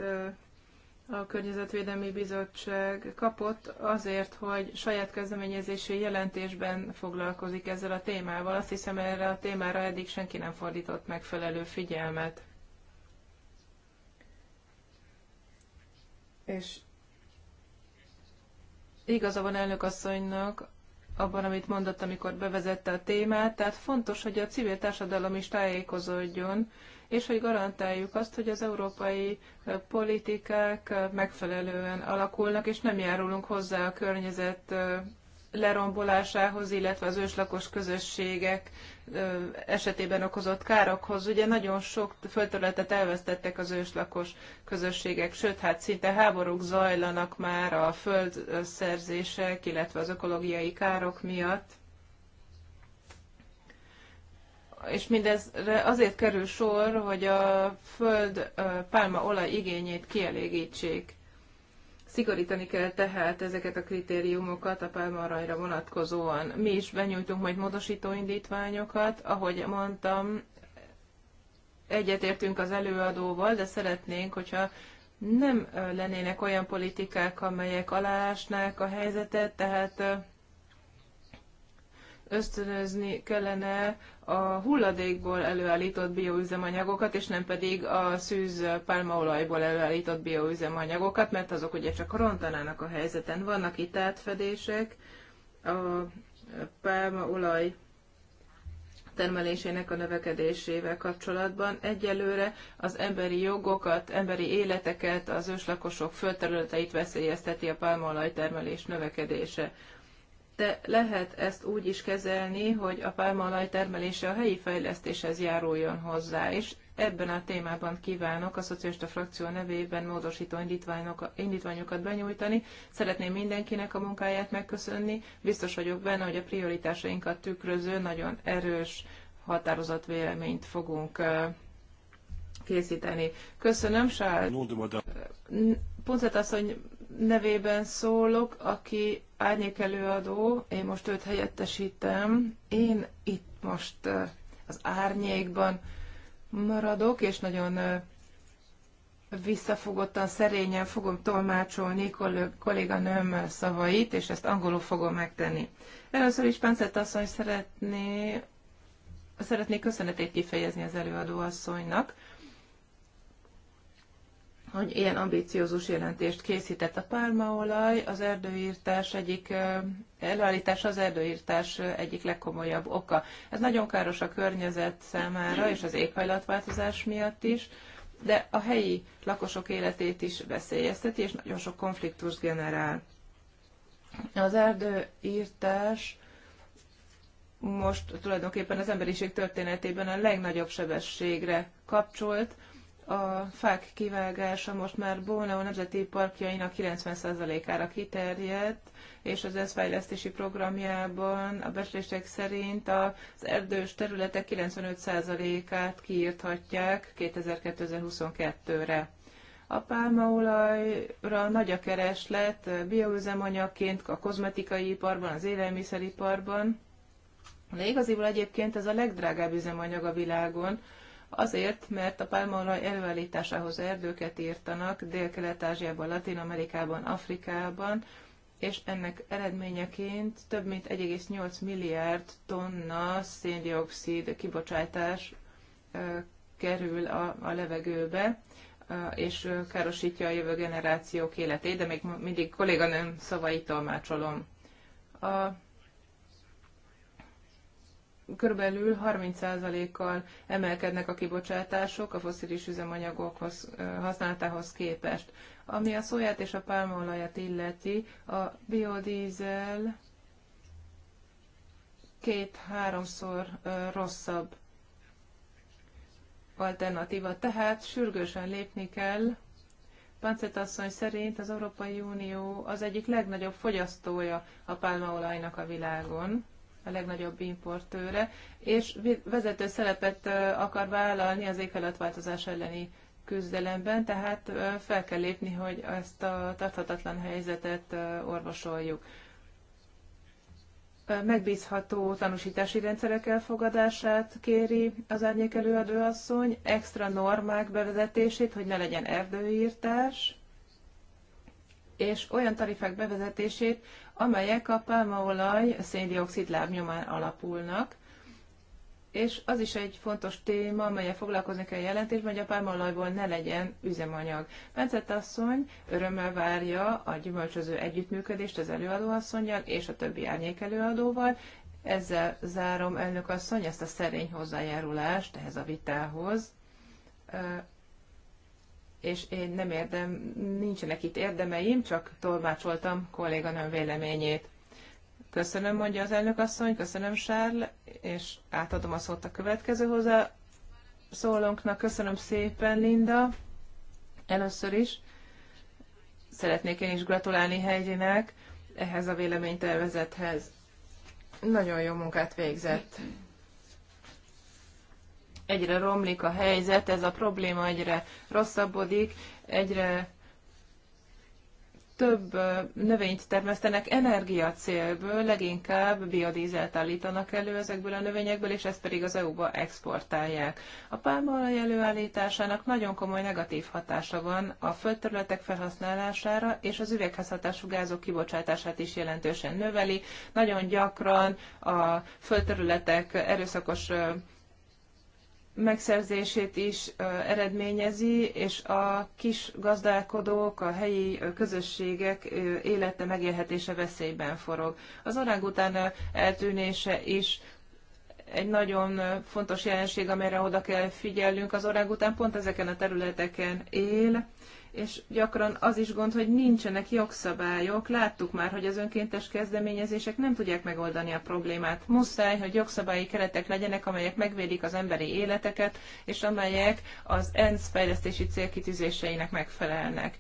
a Környezetvédelmi Bizottság kapott azért, hogy saját kezdeményezési jelentésben foglalkozik ezzel a témával. Azt hiszem, erre a témára eddig senki nem fordított megfelelő figyelmet. És igaza van elnök asszonynak abban, amit mondott, amikor bevezette a témát, tehát fontos, hogy a civil társadalom is tájékozódjon, és hogy garantáljuk azt, hogy az európai politikák megfelelően alakulnak, és nem járulunk hozzá a környezet lerombolásához, illetve az őslakos közösségek esetében okozott károkhoz. Ugye nagyon sok földterületet elvesztettek az őslakos közösségek, sőt, hát szinte háborúk zajlanak már a földszerzések, illetve az ökológiai károk miatt. És mindezre azért kerül sor, hogy a föld pálmaolaj igényét kielégítsék Szigorítani kell tehát ezeket a kritériumokat a pálmarajra vonatkozóan. Mi is benyújtunk majd módosító indítványokat, ahogy mondtam, egyetértünk az előadóval, de szeretnénk, hogyha nem lennének olyan politikák, amelyek alásnák a helyzetet, tehát ösztönözni kellene a hulladékból előállított bioüzemanyagokat, és nem pedig a szűz pálmaolajból előállított bioüzemanyagokat, mert azok ugye csak rontanának a helyzeten. Vannak itt átfedések a pálmaolaj termelésének a növekedésével kapcsolatban. Egyelőre az emberi jogokat, emberi életeket, az őslakosok földterületeit veszélyezteti a pálmaolaj termelés növekedése de lehet ezt úgy is kezelni, hogy a pálmaolaj termelése a helyi fejlesztéshez járuljon hozzá, és ebben a témában kívánok a szocialista frakció nevében módosító indítványokat benyújtani. Szeretném mindenkinek a munkáját megköszönni. Biztos vagyok benne, hogy a prioritásainkat tükröző, nagyon erős határozott véleményt fogunk készíteni. Köszönöm, Sál. Pontet asszony nevében szólok, aki árnyék előadó, én most őt helyettesítem, én itt most az árnyékban maradok, és nagyon visszafogottan, szerényen fogom tolmácsolni kolléganőm szavait, és ezt angolul fogom megtenni. Először is Páncett asszony szeretné, szeretné köszönetét kifejezni az előadó asszonynak, hogy ilyen ambíciózus jelentést készített a pálmaolaj, az erdőírtás egyik, előállítás az erdőírtás egyik legkomolyabb oka. Ez nagyon káros a környezet számára és az éghajlatváltozás miatt is, de a helyi lakosok életét is veszélyezteti, és nagyon sok konfliktus generál. Az erdőírtás most tulajdonképpen az emberiség történetében a legnagyobb sebességre kapcsolt, a fák kivágása most már Borneo nemzeti parkjainak 90%-ára kiterjedt, és az ENSZ fejlesztési programjában a beszélések szerint az erdős területek 95%-át kiírthatják 2022-re. A pálmaolajra nagy a kereslet bioüzemanyagként a kozmetikai iparban, az élelmiszeriparban, de igaziból egyébként ez a legdrágább üzemanyag a világon, Azért, mert a pálmaolaj előállításához erdőket írtanak Dél-Kelet-Ázsiában, Latin-Amerikában, Afrikában, és ennek eredményeként több mint 1,8 milliárd tonna széndiokszid kibocsátás kerül a, a levegőbe, és károsítja a jövő generációk életét, de még mindig kolléganőm szavait tolmácsolom. A körülbelül 30%-kal emelkednek a kibocsátások a foszilis üzemanyagokhoz használatához képest. Ami a szóját és a pálmaolajat illeti, a biodízel két-háromszor rosszabb alternatíva. Tehát sürgősen lépni kell. Pancet asszony szerint az Európai Unió az egyik legnagyobb fogyasztója a pálmaolajnak a világon a legnagyobb importőre, és vezető szerepet akar vállalni az éghajlatváltozás elleni küzdelemben, tehát fel kell lépni, hogy ezt a tarthatatlan helyzetet orvosoljuk. Megbízható tanúsítási rendszerek elfogadását kéri az árnyék előadóasszony, extra normák bevezetését, hogy ne legyen erdőírtás, és olyan tarifák bevezetését, amelyek a pálmaolaj széndiokszid lábnyomán alapulnak. És az is egy fontos téma, amelyel foglalkozni kell a jelentésben, hogy a pálmaolajból ne legyen üzemanyag. Pencet asszony örömmel várja a gyümölcsöző együttműködést az előadóasszonyjal és a többi árnyék előadóval. Ezzel zárom, elnök asszony, ezt a szerény hozzájárulást ehhez a vitához és én nem érdem, nincsenek itt érdemeim, csak tolmácsoltam kolléganőm véleményét. Köszönöm, mondja az elnök asszony, köszönöm, Sárl, és átadom a szót a következő hozzá szólónknak. Köszönöm szépen, Linda. Először is szeretnék én is gratulálni Heidinek ehhez a véleménytervezethez. Nagyon jó munkát végzett egyre romlik a helyzet, ez a probléma egyre rosszabbodik, egyre több növényt termesztenek energia célből, leginkább biodízelt állítanak elő ezekből a növényekből, és ezt pedig az EU-ba exportálják. A pálmaolaj előállításának nagyon komoly negatív hatása van a földterületek felhasználására, és az üvegházhatású gázok kibocsátását is jelentősen növeli. Nagyon gyakran a földterületek erőszakos megszerzését is eredményezi, és a kis gazdálkodók, a helyi közösségek élete megélhetése veszélyben forog. Az után eltűnése is egy nagyon fontos jelenség, amelyre oda kell figyelnünk. Az után pont ezeken a területeken él, és gyakran az is gond, hogy nincsenek jogszabályok. Láttuk már, hogy az önkéntes kezdeményezések nem tudják megoldani a problémát. Muszáj, hogy jogszabályi keretek legyenek, amelyek megvédik az emberi életeket, és amelyek az ENSZ fejlesztési célkitűzéseinek megfelelnek.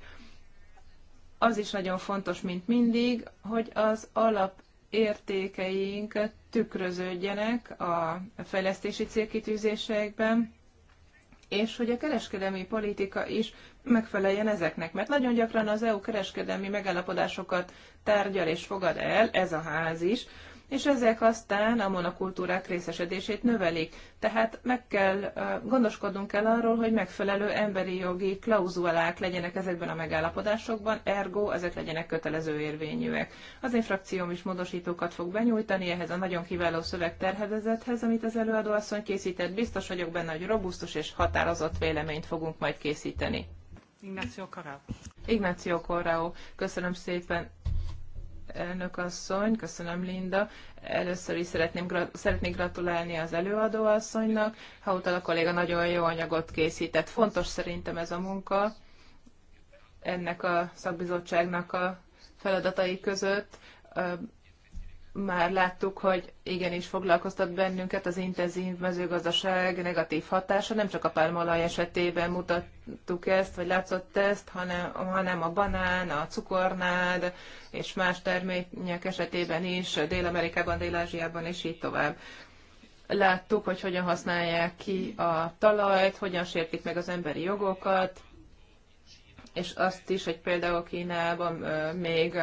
Az is nagyon fontos, mint mindig, hogy az alap értékeink tükröződjenek a fejlesztési célkitűzésekben, és hogy a kereskedelmi politika is megfeleljen ezeknek, mert nagyon gyakran az EU kereskedelmi megállapodásokat tárgyal és fogad el, ez a ház is, és ezek aztán a monokultúrák részesedését növelik. Tehát meg kell, gondoskodnunk kell arról, hogy megfelelő emberi jogi klauzulák legyenek ezekben a megállapodásokban, ergo ezek legyenek kötelező érvényűek. Az én frakcióm is módosítókat fog benyújtani ehhez a nagyon kiváló szövegterhezethez, amit az előadóasszony készített. Biztos vagyok benne, hogy robusztus és határozott véleményt fogunk majd készíteni. Ignácio Corrao. Ignácio Corrao. Köszönöm szépen elnök asszony, köszönöm Linda. Először is szeretném, szeretnék gratulálni az előadó asszonynak. utal a kolléga nagyon jó anyagot készített. Fontos szerintem ez a munka ennek a szakbizottságnak a feladatai között már láttuk, hogy igenis foglalkoztat bennünket az intenzív mezőgazdaság negatív hatása. Nem csak a pálmolaj esetében mutattuk ezt, vagy látszott ezt, hanem, hanem a banán, a cukornád és más termények esetében is, Dél-Amerikában, Dél-Ázsiában és így tovább. Láttuk, hogy hogyan használják ki a talajt, hogyan sértik meg az emberi jogokat, és azt is, hogy például Kínában még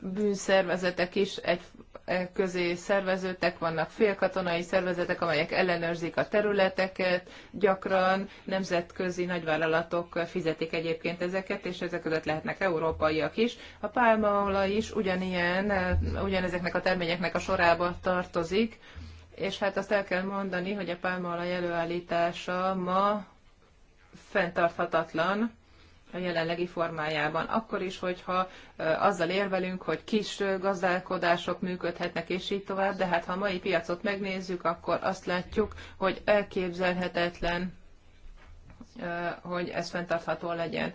bűnszervezetek is egy e, közé szerveződtek, vannak félkatonai szervezetek, amelyek ellenőrzik a területeket, gyakran nemzetközi nagyvállalatok fizetik egyébként ezeket, és ezek között lehetnek európaiak is. A pálmaola is ugyanilyen, e, ugyanezeknek a terményeknek a sorába tartozik, és hát azt el kell mondani, hogy a pálmaolaj előállítása ma fenntarthatatlan, a jelenlegi formájában. Akkor is, hogyha azzal érvelünk, hogy kis gazdálkodások működhetnek, és így tovább, de hát ha a mai piacot megnézzük, akkor azt látjuk, hogy elképzelhetetlen, hogy ez fenntartható legyen.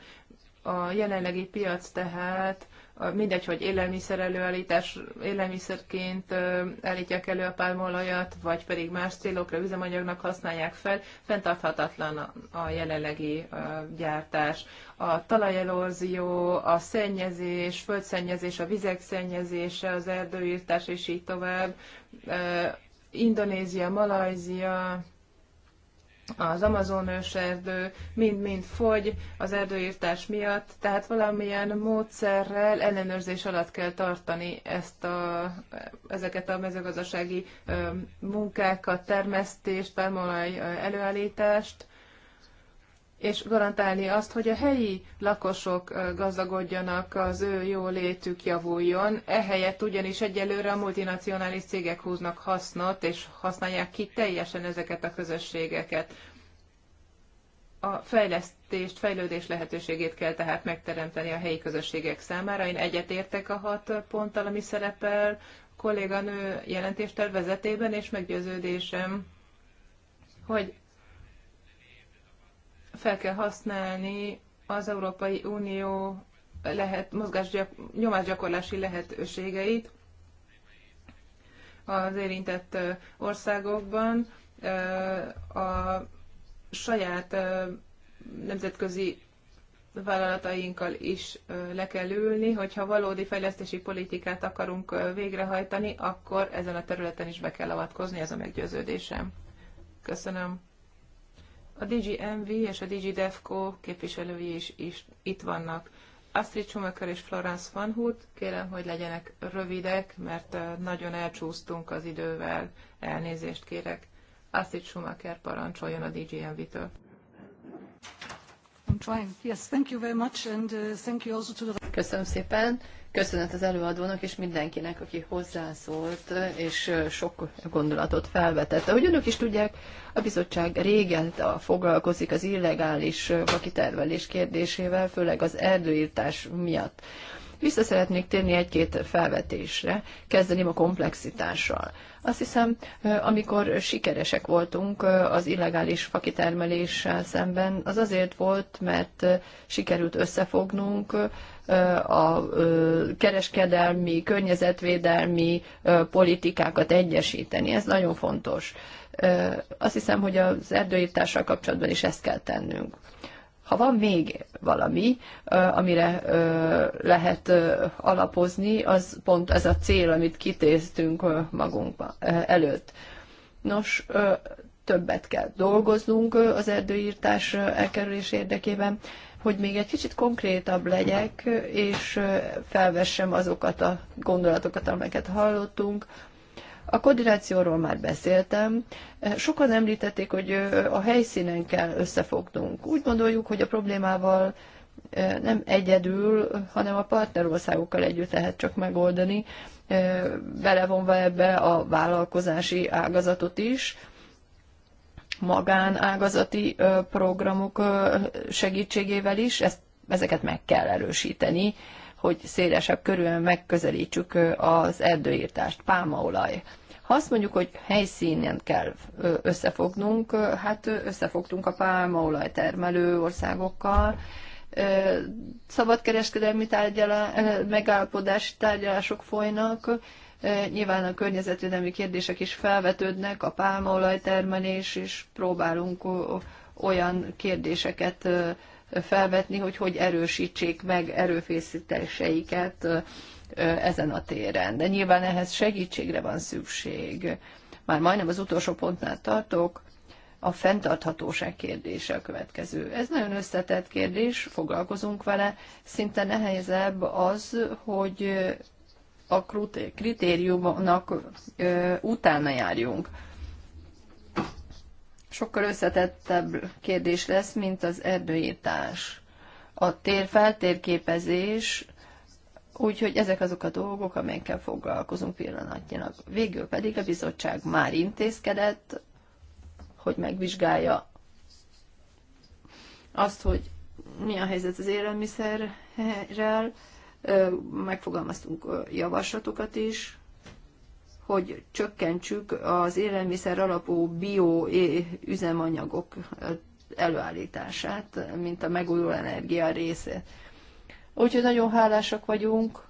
A jelenlegi piac tehát mindegy, hogy élelmiszer előállítás, élelmiszerként állítják elő a pálmolajat, vagy pedig más célokra üzemanyagnak használják fel, fenntarthatatlan a jelenlegi gyártás. A talajelorzió, a szennyezés, földszennyezés, a vizek szennyezése, az erdőírtás és így tovább. Indonézia, Malajzia, az Amazon őserdő mind-mind fogy az erdőírtás miatt, tehát valamilyen módszerrel ellenőrzés alatt kell tartani ezt a, ezeket a mezőgazdasági munkákat, termesztést, pálmolaj előállítást, és garantálni azt, hogy a helyi lakosok gazdagodjanak, az ő jó létük javuljon. Ehelyett ugyanis egyelőre a multinacionális cégek húznak hasznot, és használják ki teljesen ezeket a közösségeket. A fejlesztést, fejlődés lehetőségét kell tehát megteremteni a helyi közösségek számára. Én egyetértek a hat ponttal, ami szerepel kolléganő jelentéstervezetében, és meggyőződésem, hogy fel kell használni az Európai Unió lehet, nyomásgyakorlási lehetőségeit az érintett országokban a saját nemzetközi vállalatainkkal is le kell ülni, hogyha valódi fejlesztési politikát akarunk végrehajtani, akkor ezen a területen is be kell avatkozni, ez a meggyőződésem. Köszönöm. A DG MV és a DG DEFCO képviselői is, is itt vannak. Astrid Schumacher és Florence Van Hout, kérem, hogy legyenek rövidek, mert nagyon elcsúsztunk az idővel, elnézést kérek. Astrid Schumacher parancsoljon a DGMV-től. Köszönöm szépen. Köszönet az előadónak és mindenkinek, aki hozzászólt, és sok gondolatot felvetett. Ahogy önök is tudják, a bizottság régen foglalkozik az illegális fakitervelés kérdésével, főleg az erdőírtás miatt. Vissza szeretnék térni egy-két felvetésre, kezdeném a komplexitással. Azt hiszem, amikor sikeresek voltunk az illegális fakitermeléssel szemben, az azért volt, mert sikerült összefognunk a kereskedelmi, környezetvédelmi politikákat egyesíteni. Ez nagyon fontos. Azt hiszem, hogy az erdőírtással kapcsolatban is ezt kell tennünk. Ha van még valami, amire lehet alapozni, az pont ez a cél, amit kitéztünk magunk előtt. Nos, többet kell dolgoznunk az erdőírtás elkerülés érdekében, hogy még egy kicsit konkrétabb legyek, és felvessem azokat a gondolatokat, amelyeket hallottunk, a koordinációról már beszéltem. Sokan említették, hogy a helyszínen kell összefognunk. Úgy gondoljuk, hogy a problémával nem egyedül, hanem a partnerországokkal együtt lehet csak megoldani, belevonva ebbe a vállalkozási ágazatot is, magánágazati programok segítségével is, ezt, ezeket meg kell erősíteni, hogy szélesebb körülön megközelítsük az erdőírtást, pálmaolaj. Ha azt mondjuk, hogy helyszínen kell összefognunk, hát összefogtunk a pálmaolaj termelő országokkal, szabadkereskedelmi tárgyalá- megállapodási tárgyalások folynak, nyilván a környezetvédelmi kérdések is felvetődnek, a pálmaolaj termelés, és próbálunk olyan kérdéseket felvetni, hogy hogy erősítsék meg erőfészítéseiket ezen a téren. De nyilván ehhez segítségre van szükség. Már majdnem az utolsó pontnál tartok, a fenntarthatóság kérdése a következő. Ez nagyon összetett kérdés, foglalkozunk vele. Szinte nehezebb az, hogy a kritériumnak utána járjunk. Sokkal összetettebb kérdés lesz, mint az erdőírtás. A térfeltérképezés Úgyhogy ezek azok a dolgok, amelyekkel foglalkozunk pillanatnyilag. Végül pedig a bizottság már intézkedett, hogy megvizsgálja azt, hogy mi a helyzet az élelmiszerrel, megfogalmaztunk javaslatokat is, hogy csökkentsük az élelmiszer alapú bio üzemanyagok előállítását, mint a megújuló energia része. Úgyhogy nagyon hálásak vagyunk,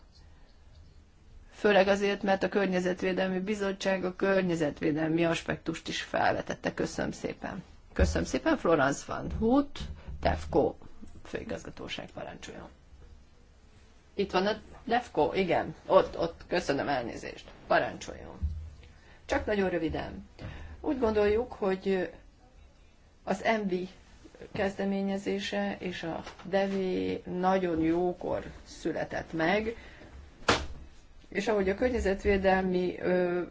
főleg azért, mert a Környezetvédelmi Bizottság a környezetvédelmi aspektust is felvetette. Köszönöm szépen. Köszönöm szépen, Florence van Hout, DEFCO főigazgatóság parancsoljon. Itt van a DEFCO, igen, ott, ott, köszönöm elnézést, parancsoljon. Csak nagyon röviden. Úgy gondoljuk, hogy az MV kezdeményezése, és a Devi nagyon jókor született meg, és ahogy a környezetvédelmi ö,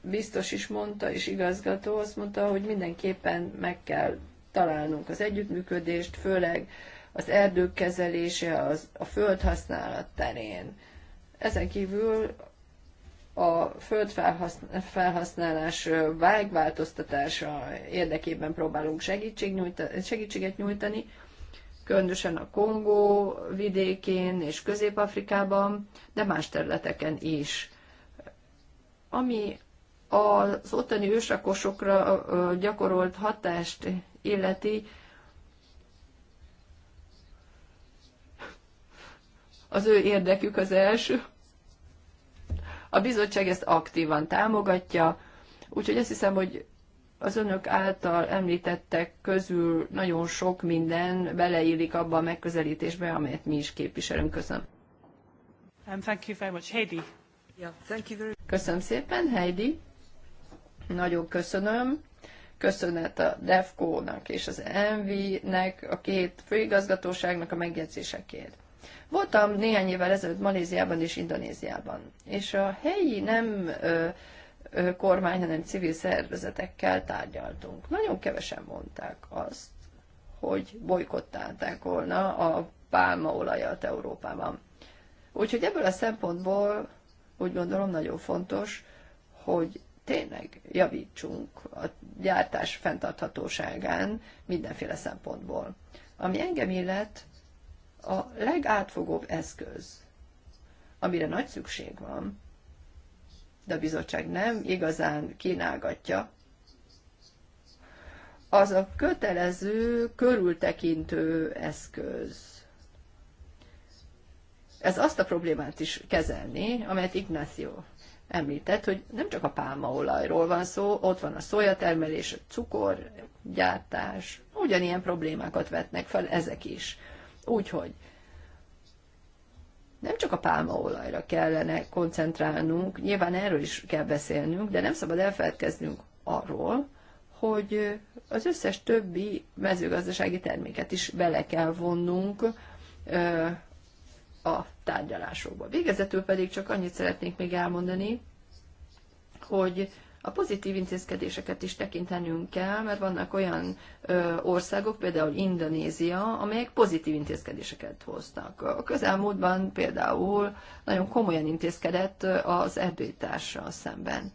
biztos is mondta, és igazgató azt mondta, hogy mindenképpen meg kell találnunk az együttműködést, főleg az erdők kezelése, az, a földhasználat terén. Ezen kívül a földfelhasználás vágváltoztatása érdekében próbálunk segítséget nyújtani, különösen a Kongó vidékén és Közép-Afrikában, de más területeken is. Ami az ottani ősrakosokra gyakorolt hatást illeti, az ő érdekük az első, a bizottság ezt aktívan támogatja, úgyhogy azt hiszem, hogy az önök által említettek közül nagyon sok minden beleillik abba a megközelítésbe, amelyet mi is képviselünk. Köszönöm. Um, thank you very much. Heidi. Yeah, thank you very... Köszönöm szépen, Heidi. Nagyon köszönöm. Köszönet a DEFCO-nak és az ENVI-nek, a két főigazgatóságnak a megjegyzésekért. Voltam néhány évvel ezelőtt Maléziában és Indonéziában, és a helyi nem ö, ö, kormány, hanem civil szervezetekkel tárgyaltunk. Nagyon kevesen mondták azt, hogy bolykottálták volna a pálmaolajat Európában. Úgyhogy ebből a szempontból úgy gondolom nagyon fontos, hogy tényleg javítsunk a gyártás fenntarthatóságán mindenféle szempontból. Ami engem illet, a legátfogóbb eszköz, amire nagy szükség van, de a bizottság nem igazán kínálgatja, az a kötelező, körültekintő eszköz. Ez azt a problémát is kezelni, amelyet Ignacio említett, hogy nem csak a pálmaolajról van szó, ott van a szójatermelés, a cukorgyártás, ugyanilyen problémákat vetnek fel ezek is. Úgyhogy nem csak a pálmaolajra kellene koncentrálnunk, nyilván erről is kell beszélnünk, de nem szabad elfeledkeznünk arról, hogy az összes többi mezőgazdasági terméket is bele kell vonnunk a tárgyalásokba. Végezetül pedig csak annyit szeretnék még elmondani, hogy a pozitív intézkedéseket is tekintenünk kell, mert vannak olyan ö, országok, például Indonézia, amelyek pozitív intézkedéseket hoztak. A közelmúltban például nagyon komolyan intézkedett az erdőtársal szemben.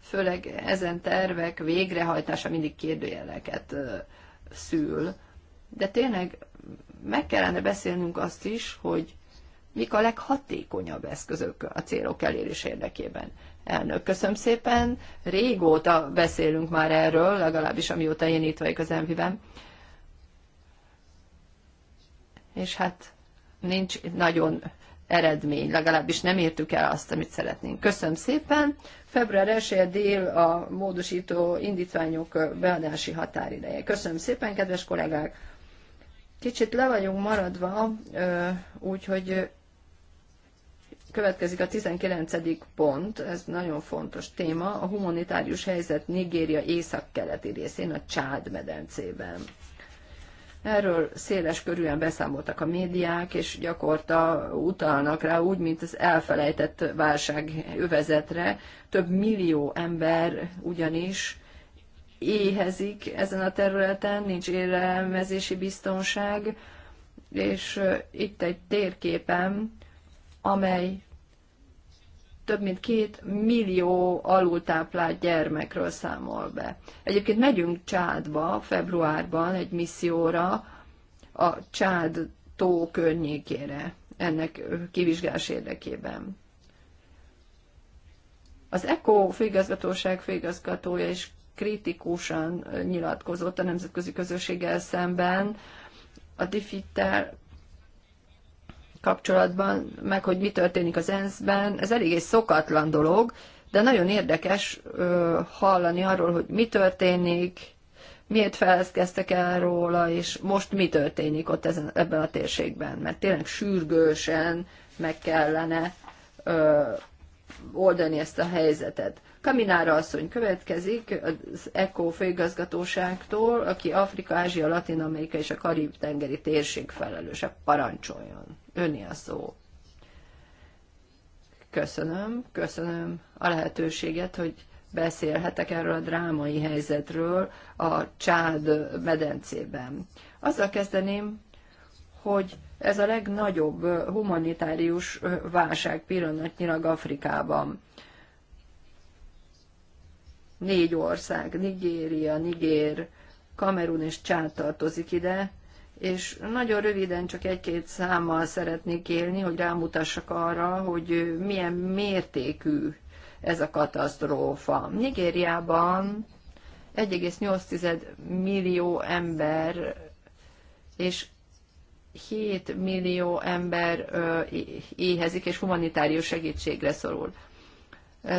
Főleg ezen tervek végrehajtása mindig kérdőjeleket ö, szül. De tényleg meg kellene beszélnünk azt is, hogy mik a leghatékonyabb eszközök a célok elérés érdekében. Elnök, köszönöm szépen. Régóta beszélünk már erről, legalábbis amióta én itt vagyok az MV-ben. És hát nincs nagyon eredmény, legalábbis nem értük el azt, amit szeretnénk. Köszönöm szépen. Február 1 dél a módosító indítványok beadási határideje. Köszönöm szépen, kedves kollégák! Kicsit le vagyunk maradva, úgyhogy következik a 19. pont, ez nagyon fontos téma, a humanitárius helyzet Nigéria északkeleti részén, a Csád medencében. Erről széles körűen beszámoltak a médiák, és gyakorta utalnak rá úgy, mint az elfelejtett válság övezetre. Több millió ember ugyanis éhezik ezen a területen, nincs élelmezési biztonság, és itt egy térképem, amely több mint két millió alultáplált gyermekről számol be. Egyébként megyünk Csádba februárban egy misszióra a Csád tó környékére ennek kivizsgás érdekében. Az ECO főigazgatóság főigazgatója is kritikusan nyilatkozott a nemzetközi közösséggel szemben, a Difitter kapcsolatban, meg hogy mi történik az ENSZ-ben, ez elég egy szokatlan dolog, de nagyon érdekes ö, hallani arról, hogy mi történik, miért felezkeztek el róla, és most mi történik ott ezen, ebben a térségben, mert tényleg sürgősen meg kellene ö, oldani ezt a helyzetet. Kaminára asszony következik az ECO főigazgatóságtól, aki Afrika, Ázsia, Latin Amerika és a Karib tengeri térség felelőse. Parancsoljon. Öni a szó. Köszönöm, köszönöm a lehetőséget, hogy beszélhetek erről a drámai helyzetről a Csád medencében. Azzal kezdeném, hogy ez a legnagyobb humanitárius válság pillanatnyilag Afrikában. Négy ország, Nigéria, Nigér, Kamerun és Csád tartozik ide, és nagyon röviden csak egy-két számmal szeretnék élni, hogy rámutassak arra, hogy milyen mértékű ez a katasztrófa. Nigériában 1,8 millió ember és 7 millió ember éhezik, és humanitárius segítségre szorul.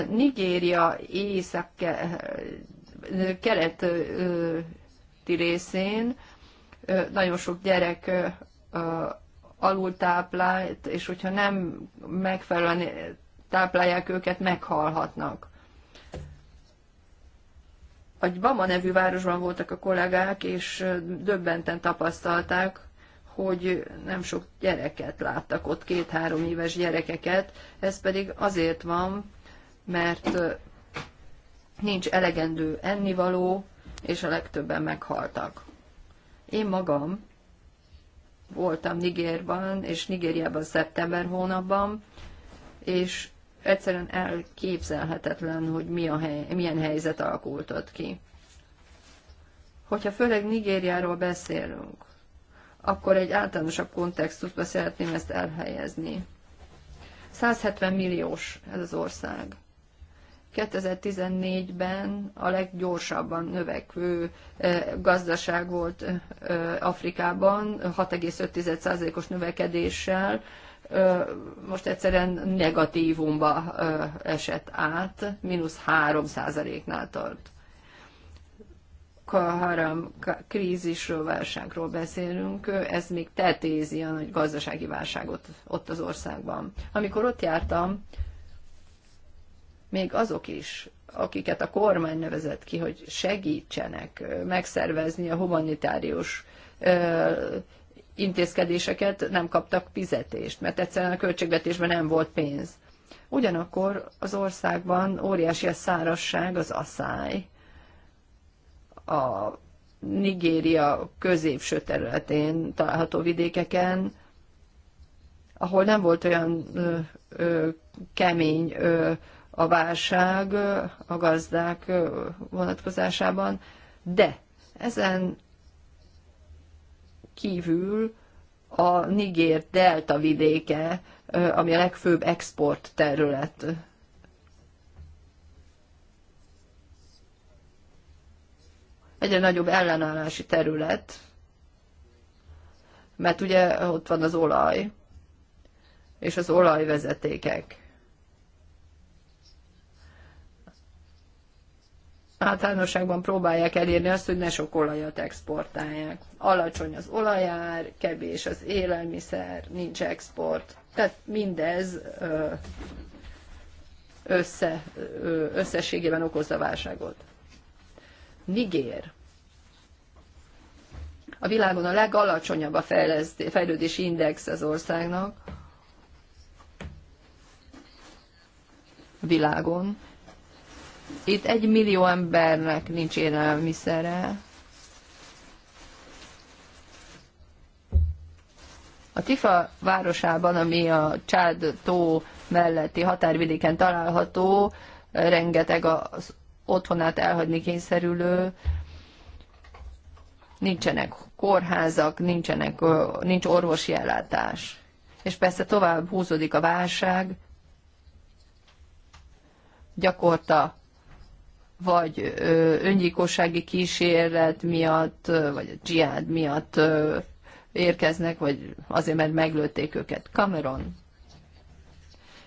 Nigéria észak keleti részén nagyon sok gyerek alultáplált, és hogyha nem megfelelően táplálják őket, meghalhatnak. A Bama nevű városban voltak a kollégák, és döbbenten tapasztalták, hogy nem sok gyereket láttak ott, két-három éves gyerekeket. Ez pedig azért van, mert nincs elegendő ennivaló, és a legtöbben meghaltak. Én magam voltam Nigérban, és Nigériában szeptember hónapban, és egyszerűen elképzelhetetlen, hogy mi a hely, milyen helyzet alakult ott ki. Hogyha főleg Nigériáról beszélünk, akkor egy általánosabb kontextusba szeretném ezt elhelyezni. 170 milliós ez az ország. 2014-ben a leggyorsabban növekvő eh, gazdaság volt eh, eh, Afrikában, 6,5%-os növekedéssel, most egyszerűen negatívumba esett át, mínusz 3%-nál tart. Kaharam krízisről, válságról beszélünk, ez még tetézi a nagy gazdasági válságot ott az országban. Amikor ott jártam, még azok is, akiket a kormány nevezett ki, hogy segítsenek megszervezni a humanitárius intézkedéseket, nem kaptak fizetést, mert egyszerűen a költségvetésben nem volt pénz. Ugyanakkor az országban óriási a szárasság, az asszály, a Nigéria középső területén található vidékeken, ahol nem volt olyan ö, ö, kemény ö, a válság a gazdák vonatkozásában, de ezen kívül a Niger delta vidéke, ami a legfőbb export terület. Egyre nagyobb ellenállási terület, mert ugye ott van az olaj, és az olajvezetékek. általánosságban próbálják elérni azt, hogy ne sok olajat exportálják. Alacsony az olajár, kevés az élelmiszer, nincs export. Tehát mindez össze, összességében okozza válságot. Nigér. A világon a legalacsonyabb a fejlődési index az országnak. Világon itt egy millió embernek nincs élelmiszere. A Tifa városában, ami a Csád tó melletti határvidéken található, rengeteg az otthonát elhagyni kényszerülő, nincsenek kórházak, nincsenek, nincs orvosi ellátás. És persze tovább húzódik a válság, gyakorta vagy öngyilkossági kísérlet miatt, vagy a dzsihád miatt érkeznek, vagy azért, mert meglőtték őket. Cameron.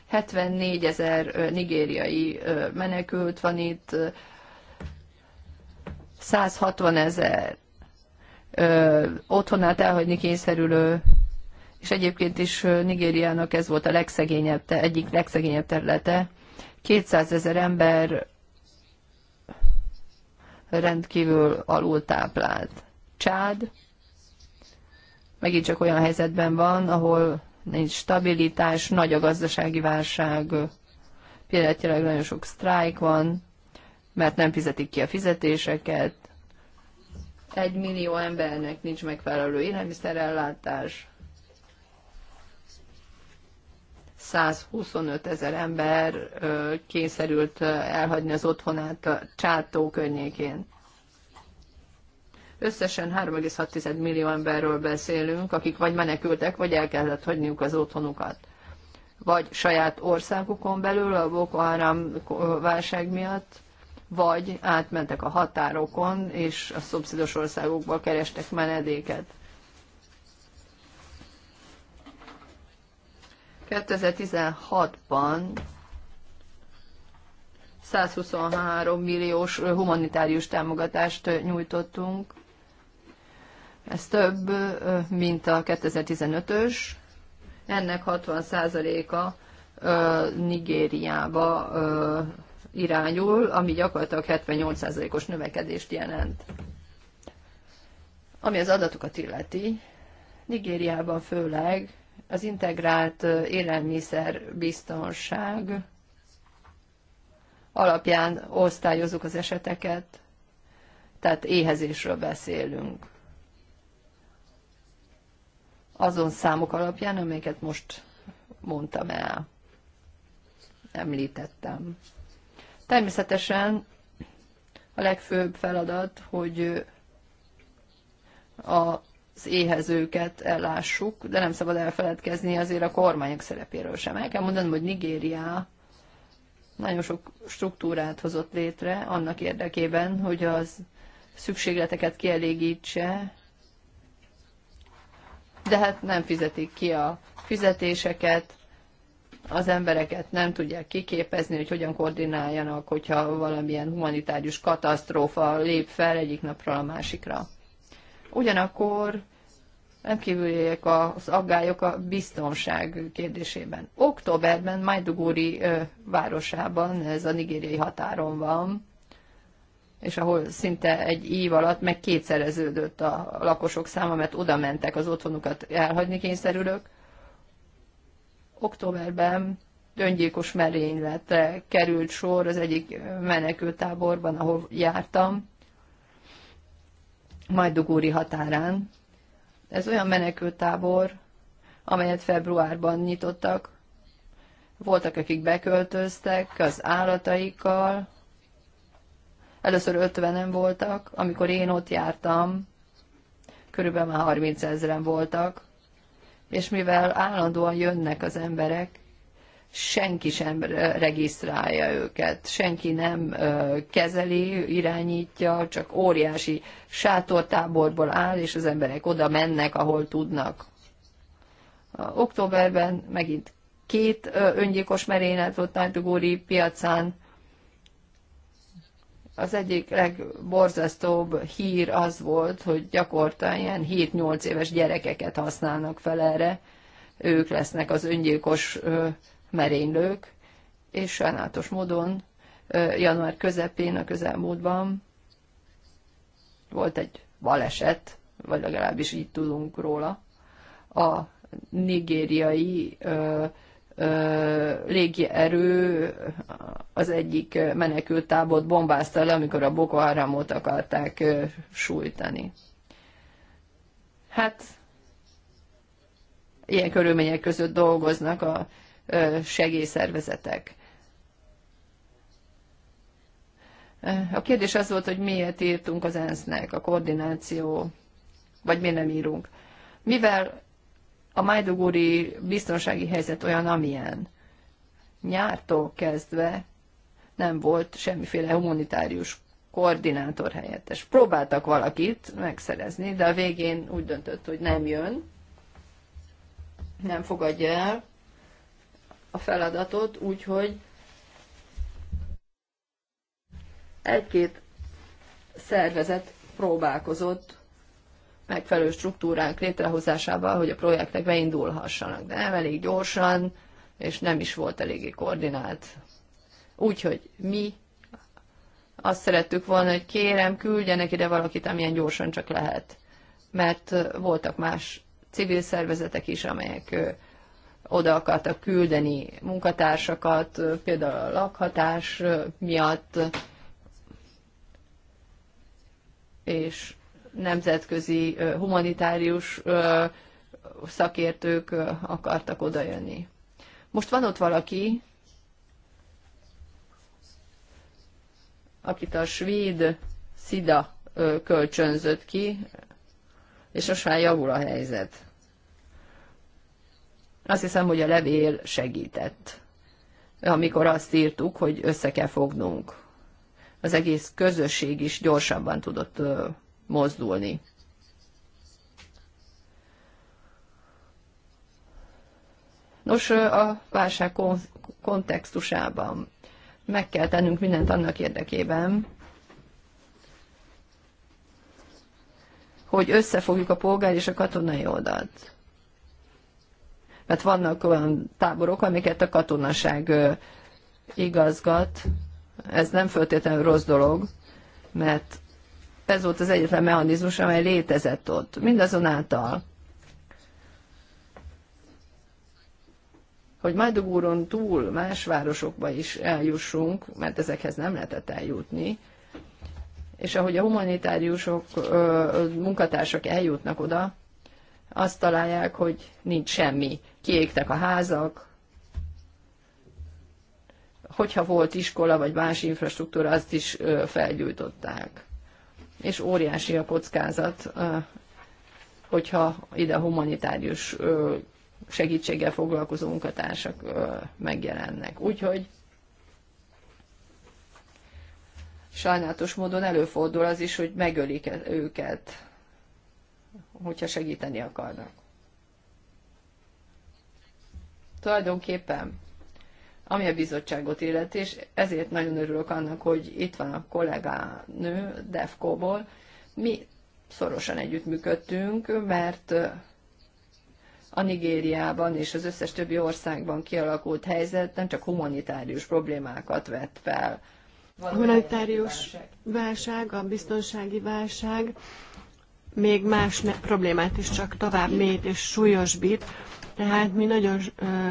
74 ezer nigériai menekült van itt, 160 ezer otthonát elhagyni kényszerülő, és egyébként is Nigériának ez volt a legszegényebb, egyik legszegényebb területe. 200 ezer ember rendkívül alultáplált. Csád megint csak olyan helyzetben van, ahol nincs stabilitás, nagy a gazdasági válság, pillanatilag nagyon sok sztrájk van, mert nem fizetik ki a fizetéseket, egy millió embernek nincs megfelelő élelmiszerellátás, 125 ezer ember kényszerült elhagyni az otthonát a Csátó környékén. Összesen 3,6 millió emberről beszélünk, akik vagy menekültek, vagy el kellett hagyniuk az otthonukat. Vagy saját országukon belül a Boko Haram válság miatt, vagy átmentek a határokon, és a szomszédos országokba kerestek menedéket. 2016-ban 123 milliós humanitárius támogatást nyújtottunk. Ez több, mint a 2015-ös. Ennek 60%-a Nigériába irányul, ami gyakorlatilag 78%-os növekedést jelent. Ami az adatokat illeti, Nigériában főleg az integrált élelmiszer biztonság alapján osztályozunk az eseteket, tehát éhezésről beszélünk. Azon számok alapján, amiket most mondtam el, említettem. Természetesen a legfőbb feladat, hogy a az éhezőket ellássuk, de nem szabad elfeledkezni azért a kormányok szerepéről sem. El kell mondanom, hogy Nigéria nagyon sok struktúrát hozott létre annak érdekében, hogy az szükségleteket kielégítse, de hát nem fizetik ki a fizetéseket, az embereket nem tudják kiképezni, hogy hogyan koordináljanak, hogyha valamilyen humanitárius katasztrófa lép fel egyik napról a másikra. Ugyanakkor kívüljék az aggályok a biztonság kérdésében. Októberben Majduguri városában, ez a nigériai határon van, és ahol szinte egy év alatt meg kétszereződött a lakosok száma, mert oda mentek az otthonukat elhagyni kényszerülők. Októberben öngyilkos merényletre került sor az egyik menekültáborban, ahol jártam. Majdugóri határán. Ez olyan menekültábor, amelyet februárban nyitottak. Voltak, akik beköltöztek az állataikkal. Először 50 voltak, amikor én ott jártam, körülbelül már 30 ezeren voltak, és mivel állandóan jönnek az emberek, senki sem regisztrálja őket, senki nem kezeli, irányítja, csak óriási sátortáborból áll, és az emberek oda mennek, ahol tudnak. Októberben megint két öngyilkos merénylet volt Nagydugóri piacán. Az egyik legborzasztóbb hír az volt, hogy gyakorlatilag ilyen 7-8 éves gyerekeket használnak fel erre. Ők lesznek az öngyilkos merénylők, és sajnálatos módon január közepén, a közelmúltban volt egy baleset, vagy legalábbis így tudunk róla, a nigériai ö, ö, légierő az egyik menekültábot bombázta le, amikor a Boko Haramot akarták ö, sújtani. Hát ilyen körülmények között dolgoznak a segélyszervezetek. A kérdés az volt, hogy miért írtunk az ENSZ-nek, a koordináció, vagy miért nem írunk. Mivel a Majdugóri biztonsági helyzet olyan, amilyen. Nyártól kezdve nem volt semmiféle humanitárius koordinátor helyettes. Próbáltak valakit megszerezni, de a végén úgy döntött, hogy nem jön, nem fogadja el, a feladatot, úgyhogy egy-két szervezet próbálkozott megfelelő struktúránk létrehozásával, hogy a projektek beindulhassanak, de nem elég gyorsan, és nem is volt eléggé koordinált. Úgyhogy mi azt szerettük volna, hogy kérem, küldjenek ide valakit, amilyen gyorsan csak lehet. Mert voltak más civil szervezetek is, amelyek oda akartak küldeni munkatársakat, például a lakhatás miatt, és nemzetközi humanitárius szakértők akartak odajönni. Most van ott valaki, akit a svéd szida kölcsönzött ki, és most már javul a helyzet. Azt hiszem, hogy a levél segített, amikor azt írtuk, hogy össze kell fognunk. Az egész közösség is gyorsabban tudott mozdulni. Nos, a válság kontextusában meg kell tennünk mindent annak érdekében, hogy összefogjuk a polgár és a katonai oldalt mert vannak olyan táborok, amiket a katonaság igazgat. Ez nem föltétlenül rossz dolog, mert ez volt az egyetlen mechanizmus, amely létezett ott. Mindazonáltal, hogy Majdugúron túl más városokba is eljussunk, mert ezekhez nem lehetett eljutni, és ahogy a humanitáriusok, munkatársak eljutnak oda, azt találják, hogy nincs semmi kiégtek a házak, hogyha volt iskola vagy más infrastruktúra, azt is felgyújtották. És óriási a kockázat, hogyha ide humanitárius segítséggel foglalkozó munkatársak megjelennek. Úgyhogy sajnálatos módon előfordul az is, hogy megölik őket, hogyha segíteni akarnak tulajdonképpen, ami a bizottságot illeti, és ezért nagyon örülök annak, hogy itt van a kollégánő Defkóból. ból Mi szorosan együttműködtünk, mert a Nigériában és az összes többi országban kialakult helyzet nem csak humanitárius problémákat vett fel. A humanitárius válság, a biztonsági válság még más problémát is csak tovább mélyít és súlyosbít, tehát mi nagyon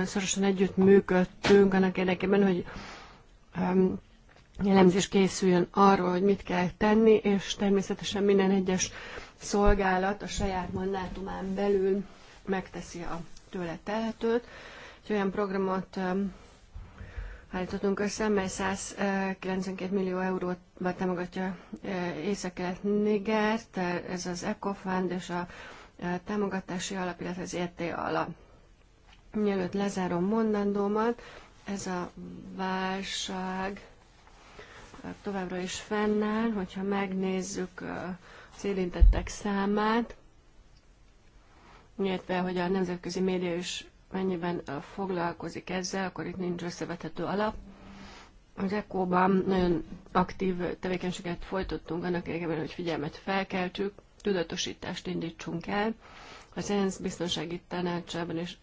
szorosan együtt működtünk annak érdekében, hogy elemzés készüljön arról, hogy mit kell tenni, és természetesen minden egyes szolgálat a saját mandátumán belül megteszi a tőle tehetőt. Egy olyan programot állítottunk össze, mely 192 millió eurót támogatja észak Nigert, ez az ECOFund és a támogatási alap, illetve az ETA alap. Mielőtt lezárom mondandómat, ez a válság továbbra is fennáll, hogyha megnézzük az érintettek számát, illetve hogy a nemzetközi média is mennyiben foglalkozik ezzel, akkor itt nincs összevethető alap. Az ECO-ban nagyon aktív tevékenységet folytottunk annak érdekében, hogy figyelmet felkeltsük, tudatosítást indítsunk el. Az ENSZ biztonsági tanácsában és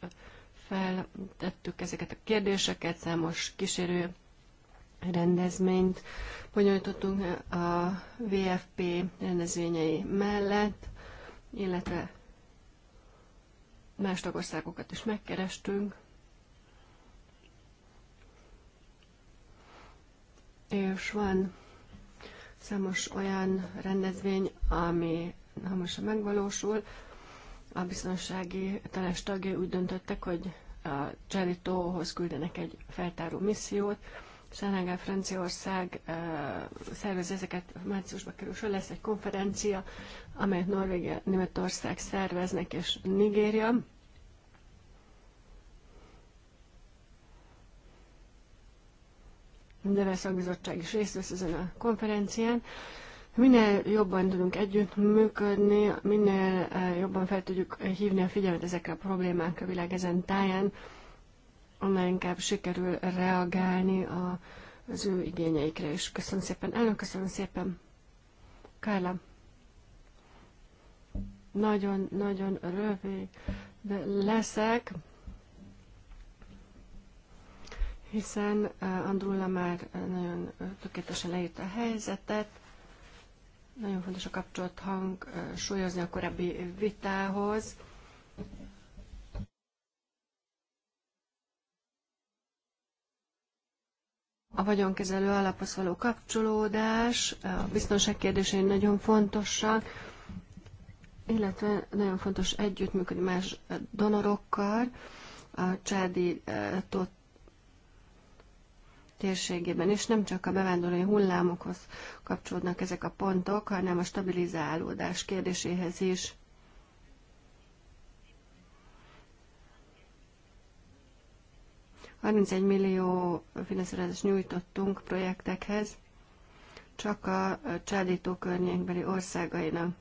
feltettük ezeket a kérdéseket, számos kísérő rendezményt bonyolítottunk a VFP rendezvényei mellett, illetve más tagországokat is megkerestünk. És van számos olyan rendezvény, ami hamarosan megvalósul, a biztonsági tanács tagjai úgy döntöttek, hogy a Cseritóhoz küldenek egy feltáró missziót. Szenegál Franciaország szervez ezeket, márciusban kerül sor, lesz egy konferencia, amelyet Norvégia, Németország szerveznek, és Nigéria. Devel szakbizottság is részt vesz ezen a konferencián. Minél jobban tudunk együtt működni, minél eh, jobban fel tudjuk hívni a figyelmet ezekre a problémákra a világ ezen táján, annál inkább sikerül reagálni a, az ő igényeikre is. Köszönöm szépen. Elnök, köszönöm szépen. Kárla. Nagyon-nagyon rövid leszek, hiszen eh, Andrulla már eh, nagyon tökéletesen leírta a helyzetet. Nagyon fontos a kapcsolat hang súlyozni a korábbi vitához. A vagyonkezelő alaphoz való kapcsolódás, a biztonság kérdései nagyon fontosak, illetve nagyon fontos együttműködni más donorokkal. A csádi tot térségében, és nem csak a bevándorlói hullámokhoz kapcsolódnak ezek a pontok, hanem a stabilizálódás kérdéséhez is. egy millió finanszírozást nyújtottunk projektekhez, csak a csádító környékbeli országainak.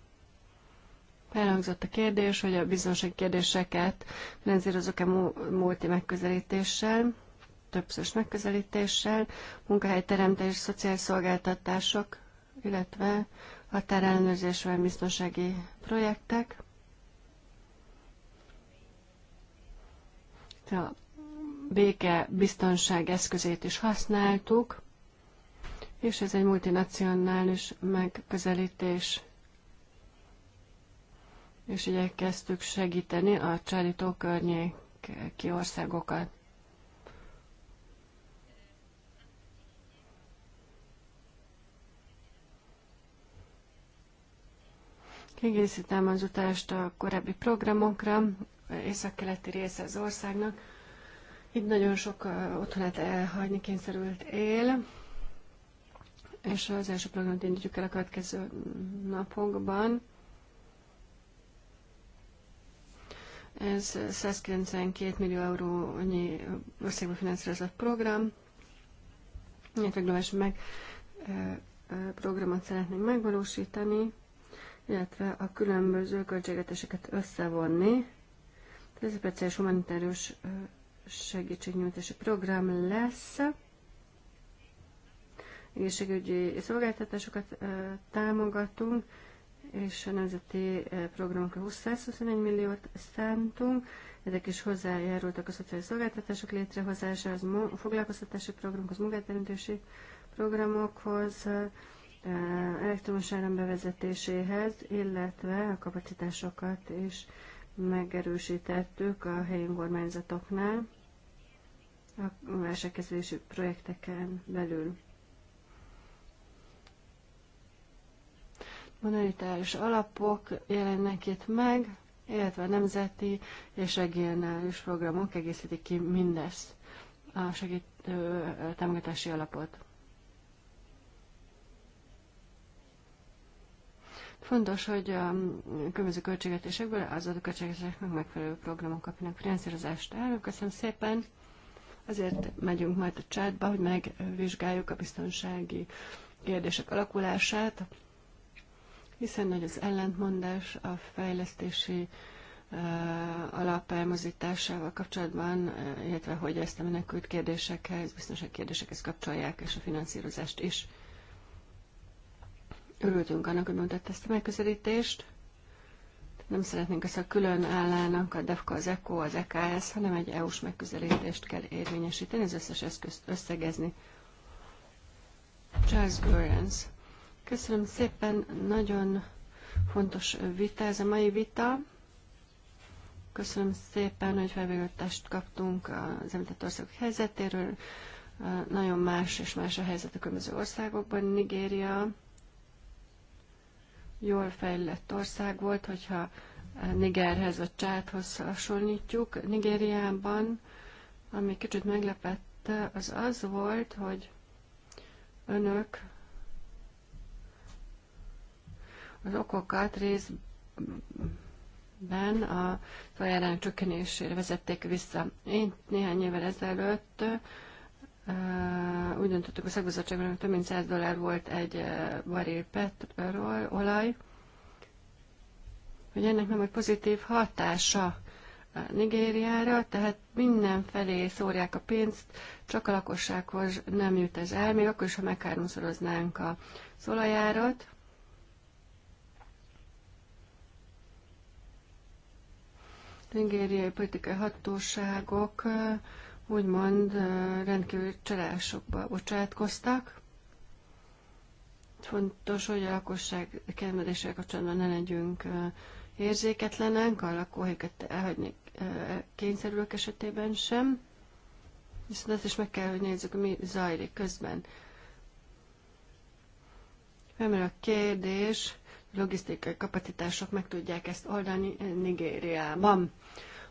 Elhangzott a kérdés, hogy a bizonyos kérdéseket finanszírozok-e múlti megközelítéssel többszörös megközelítéssel, munkahelyteremtés, szociális szolgáltatások, illetve vagy biztonsági projektek. A béke biztonság eszközét is használtuk, és ez egy multinacionális megközelítés és igyekeztük segíteni a csalító környék kiországokat. Kiegészítem az utást a korábbi programokra, északkeleti része az országnak. Itt nagyon sok otthonát elhagyni kényszerült él, és az első programot indítjuk el a következő napokban. Ez 192 millió eurónyi országba finanszírozott program. Egy meg programot szeretnénk megvalósítani illetve a különböző költségetéseket összevonni. Ez egy speciális humanitárius segítségnyújtási program lesz. Egészségügyi szolgáltatásokat támogatunk, és a nemzeti programokra 20 milliót szántunk. Ezek is hozzájárultak a szociális szolgáltatások létrehozásához, a foglalkoztatási programokhoz, munkáteremtési programokhoz, elektromos áram bevezetéséhez, illetve a kapacitásokat is megerősítettük a helyi önkormányzatoknál a versekezési projekteken belül. Monetáris alapok jelennek itt meg, illetve a nemzeti és regionális programok egészítik ki mindezt a segítő támogatási alapot. Fontos, hogy a különböző költségetésekből az adott költségvetéseknek megfelelő programok kapjanak finanszírozást. Elnök, köszönöm szépen. Azért megyünk majd a csátba, hogy megvizsgáljuk a biztonsági kérdések alakulását, hiszen nagy az ellentmondás a fejlesztési alapelmozításával kapcsolatban, illetve hogy ezt a menekült kérdésekhez, biztonsági kérdésekhez kapcsolják, és a finanszírozást is. Örültünk annak, hogy mondtad ezt a megközelítést. Nem szeretnénk ezt a külön állának, a DEFKA, az ECO, az EKS, hanem egy EU-s megközelítést kell érvényesíteni, az összes eszközt összegezni. Charles Görens. Köszönöm szépen, nagyon fontos vita ez a mai vita. Köszönöm szépen, hogy felvégőtest kaptunk az említett országok helyzetéről. Nagyon más és más a helyzet a különböző országokban. Nigéria jól fejlett ország volt, hogyha Nigerhez vagy Csáthoz hasonlítjuk. Nigériában, ami kicsit meglepette, az az volt, hogy önök az okokat részben a tojárán csökkenésére vezették vissza. Én néhány évvel ezelőtt úgy döntöttük a szakbizottságban, hogy több mint 100 dollár volt egy baril petrol, olaj, hogy ennek nem egy pozitív hatása Nigériára, tehát mindenfelé szórják a pénzt, csak a lakossághoz nem jut ez el, még akkor is, ha megkárnoszoroznánk a szolajárat. Nigériai politikai hatóságok úgymond rendkívül csalásokba bocsátkoztak. Fontos, hogy a lakosság kelmedéssel kapcsolatban ne legyünk érzéketlenek, a lakóhelyeket elhagyni kényszerülők esetében sem. Viszont azt is meg kell, hogy nézzük, mi zajlik közben. Felmerül a kérdés, logisztikai kapacitások meg tudják ezt oldani Nigériában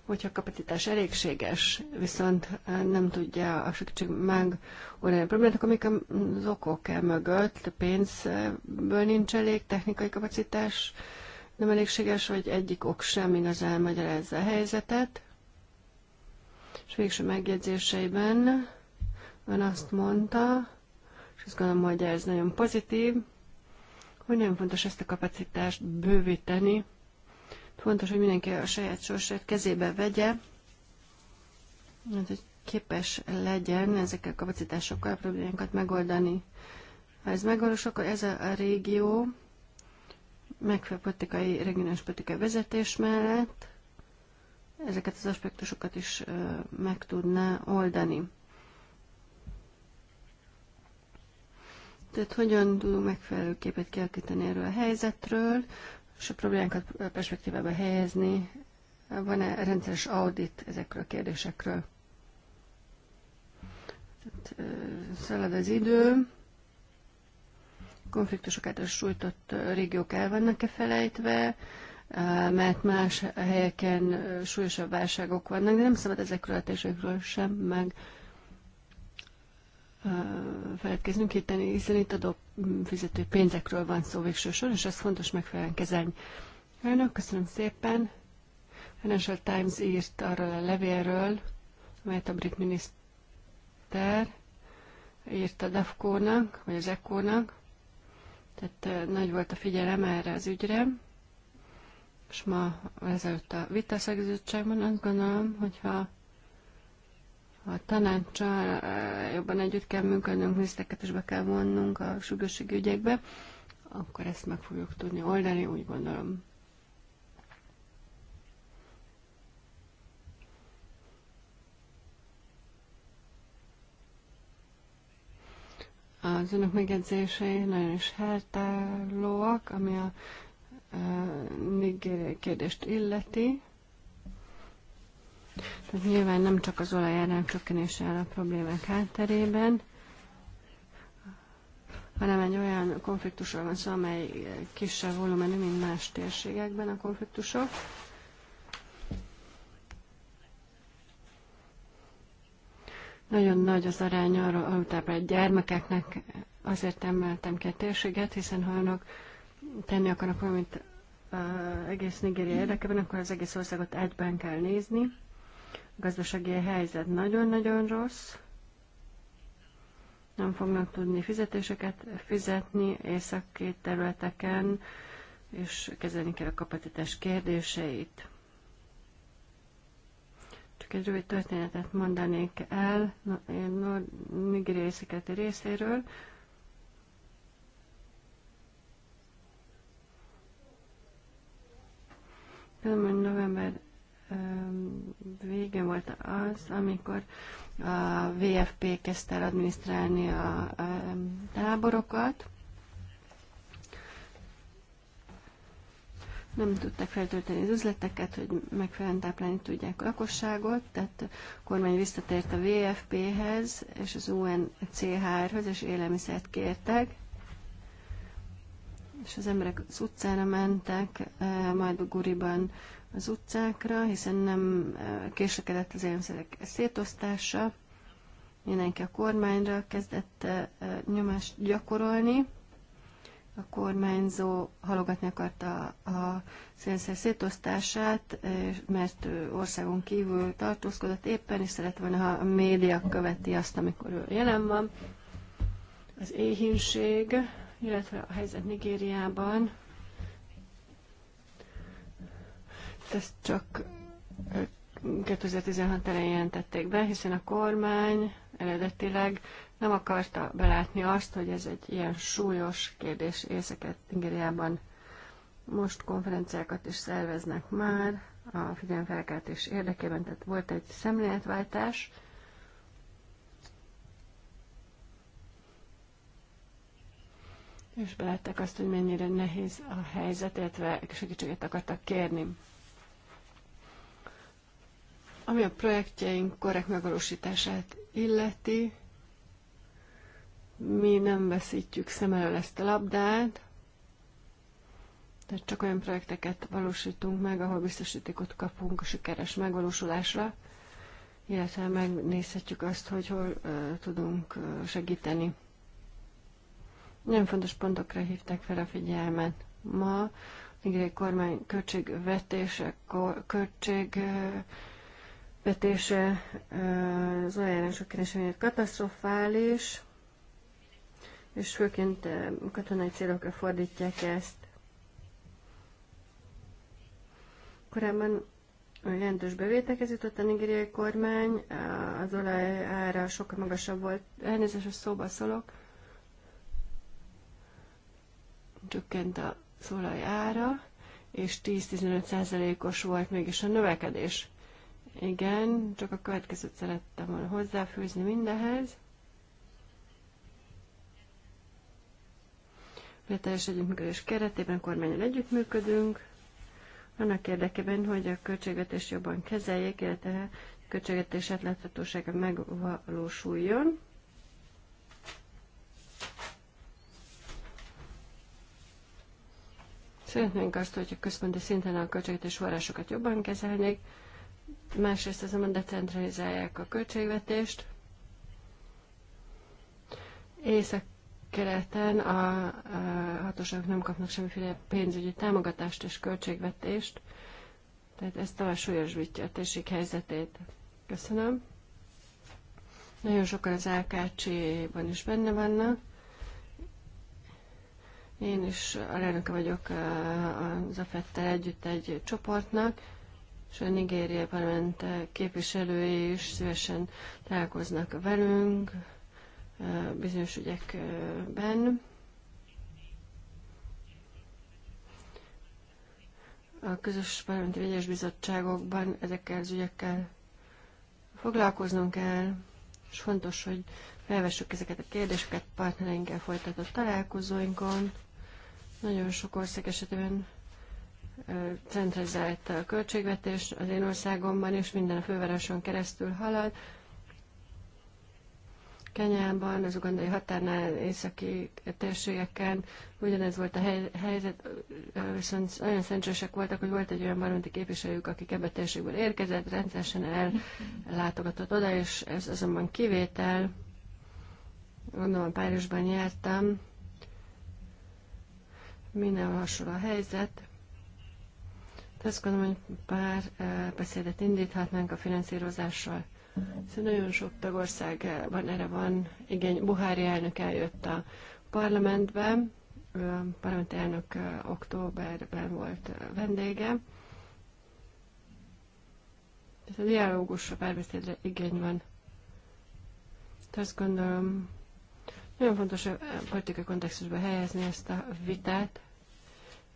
hogyha a kapacitás elégséges, viszont nem tudja a segítség megoldani a problémát, akkor még az okok el mögött, pénzből nincs elég, technikai kapacitás nem elégséges, vagy egyik ok sem igazán magyarázza a helyzetet. És végső megjegyzéseiben ön azt mondta, és azt gondolom, hogy ez nagyon pozitív, hogy nagyon fontos ezt a kapacitást bővíteni, Fontos, hogy mindenki a saját sorsát kezébe vegye, hogy képes legyen ezekkel a kapacitásokkal a problémákat megoldani. Ha ez megvalós, akkor ez a, a régió megfelelő politikai, regionális politikai vezetés mellett ezeket az aspektusokat is meg tudná oldani. Tehát hogyan tudunk megfelelő képet kialakítani erről a helyzetről, és a problémákat perspektívába helyezni. Van-e rendszeres audit ezekről a kérdésekről? Tehát, szalad az idő, konfliktusok által sújtott régiók el vannak-e felejtve, mert más helyeken súlyosabb válságok vannak, de nem szabad ezekről a térségekről sem meg feledkeznünk, hiszen itt adó fizető pénzekről van szó végső sor, és ez fontos megfelelően kezelni. Önök, köszönöm szépen. Financial Times írt arról a levélről, amelyet a brit miniszter írt a DAFCO-nak, vagy az ECO-nak. Tehát nagy volt a figyelem erre az ügyre. És ma ezelőtt a vitaszakbizottságban azt gondolom, hogyha a tanácssal eh, jobban együtt kell működnünk, minisztereket is be kell vonnunk a sürgősségi ügyekbe, akkor ezt meg fogjuk tudni oldani, úgy gondolom. Az önök megjegyzései nagyon is helytállóak, ami a, eh, a, a kérdést illeti. Tehát nyilván nem csak az olajárán csökkenése áll a problémák hátterében, hanem egy olyan konfliktusról van szó, amely kisebb volumenű, mint más térségekben a konfliktusok. Nagyon nagy az arány arra alultáplált gyermekeknek, azért emeltem ki a térséget, hiszen ha önök tenni akarnak valamit egész Nigéria érdekében, akkor az egész országot egyben kell nézni gazdasági helyzet nagyon-nagyon rossz, nem fognak tudni fizetéseket fizetni északi területeken, és kezelni kell a kapacitás kérdéseit. Csak egy rövid történetet mondanék el a északeti részéről. November vége volt az, amikor a VFP kezdte el adminisztrálni a táborokat. Nem tudták feltölteni az üzleteket, hogy megfelelően táplálni tudják a lakosságot, tehát a kormány visszatért a VFP-hez és az unchr hoz és élelmiszert kértek és az emberek az utcára mentek, majd a Guriban az utcákra, hiszen nem késlekedett az élelmiszerek szétosztása. Mindenki a kormányra kezdett nyomást gyakorolni. A kormányzó halogatni akarta a szélszer szétosztását, mert országon kívül tartózkodott éppen, és szeret volna, ha a média követi azt, amikor ő jelen van. Az éhínség, illetve a helyzet Nigériában ezt csak 2016 elején jelentették be, hiszen a kormány eredetileg nem akarta belátni azt, hogy ez egy ilyen súlyos kérdés észeket Nigériában. Most konferenciákat is szerveznek már a figyelmfelkeltés érdekében, tehát volt egy szemléletváltás. És belátták azt, hogy mennyire nehéz a helyzet, illetve segítséget akartak kérni. Ami a projektjeink korrekt megvalósítását illeti, mi nem veszítjük szem elől ezt a labdát, tehát csak olyan projekteket valósítunk meg, ahol biztosítékot kapunk a sikeres megvalósulásra, illetve megnézhetjük azt, hogy hol uh, tudunk uh, segíteni. Nagyon fontos pontokra hívták fel a figyelmet. Ma a kormány költségvetése, költség uh, megkövetése az ajánlások kereseményét katasztrofális, és főként katonai célokra fordítják ezt. Korábban jelentős bevételhez jutott a nigériai kormány, az olaj ára sokkal magasabb volt. Elnézést, hogy szóba szólok. Csökkent az olaj ára, és 10-15 százalékos volt mégis a növekedés. Igen, csak a következőt szerettem volna hozzáfűzni mindehez. teljes együttműködés keretében kormányon együttműködünk, annak érdekében, hogy a költségvetés jobban kezeljék, illetve a költségvetés átláthatósága megvalósuljon. Szeretnénk azt, hogy a központi szinten a költségvetés forrásokat jobban kezelnék, másrészt azonban decentralizálják a költségvetést. Észak-keleten a, a hatóságok nem kapnak semmiféle pénzügyi támogatást és költségvetést, tehát ez tovább súlyosbítja a térség helyzetét. Köszönöm. Nagyon sokan az AKC-ban is benne vannak. Én is a vagyok eh, az afet együtt egy csoportnak, és a Nigéria parlament képviselői is szívesen találkoznak velünk bizonyos ügyekben. A közös parlamenti vegyes bizottságokban ezekkel az ügyekkel foglalkoznunk kell, és fontos, hogy felvessük ezeket a kérdéseket partnereinkkel folytatott találkozóinkon. Nagyon sok ország esetében centralizált a költségvetés az én országomban, és minden a fővároson keresztül halad. Kenyában, az ugandai határnál, északi térségeken ugyanez volt a hely, helyzet, viszont olyan szentsősek voltak, hogy volt egy olyan baronti képviselők, aki ebbe a térségből érkezett, rendszeresen ellátogatott oda, és ez azonban kivétel. Gondolom Párizsban jártam, Minden hasonló a helyzet. Azt gondolom, hogy pár eh, beszédet indíthatnánk a finanszírozással. Szóval nagyon sok tagországban eh, erre van igény. Buhári elnök eljött a parlamentbe, a elnök eh, októberben volt vendége. Ez a a párbeszédre igény van. De azt gondolom, nagyon fontos a politikai kontextusba helyezni ezt a vitát,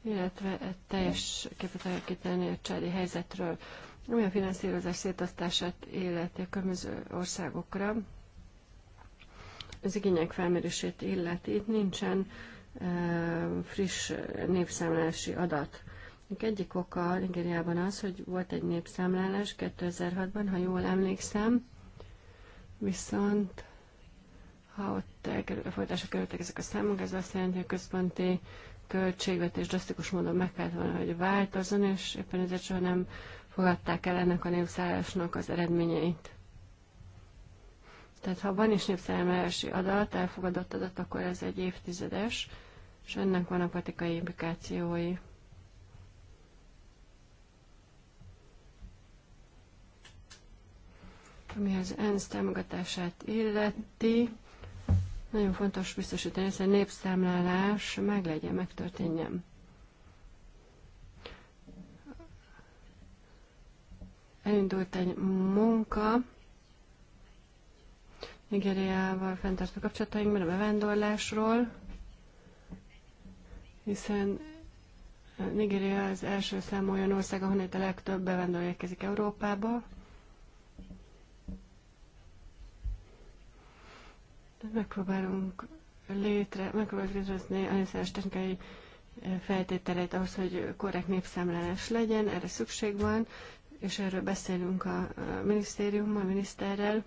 illetve egy teljes képet alakítani a csádi helyzetről, ami a finanszírozás szétosztását életi a különböző országokra. Az igények felmérését illeti. Itt nincsen e, friss népszámlálási adat. Egyik oka Nigériában az, hogy volt egy népszámlálás 2006-ban, ha jól emlékszem, viszont ha ott folytásra kerültek ezek a számok, ez azt jelenti, hogy a központi költségvetés drasztikus módon meg kellett volna, hogy változzon, és éppen ezért soha nem fogadták el ennek a népszállásnak az eredményeit. Tehát ha van is népszállási adat, elfogadott adat, akkor ez egy évtizedes, és ennek a patikai implikációi. Ami az ENSZ támogatását illeti, nagyon fontos biztosítani, hogy a népszámlálás meglegyen, megtörténjen. Elindult egy munka, Nigériával fenntartó kapcsolatainkban a bevándorlásról, hiszen Nigéria az első számú olyan ország, ahonnan a legtöbb bevándorló érkezik Európába. Megpróbálunk létre, megpróbáljuk létrehozni anyaszás technikai eh, feltételeit ahhoz, hogy korrekt népszámlálás legyen, erre szükség van, és erről beszélünk a minisztériummal, a miniszterrel.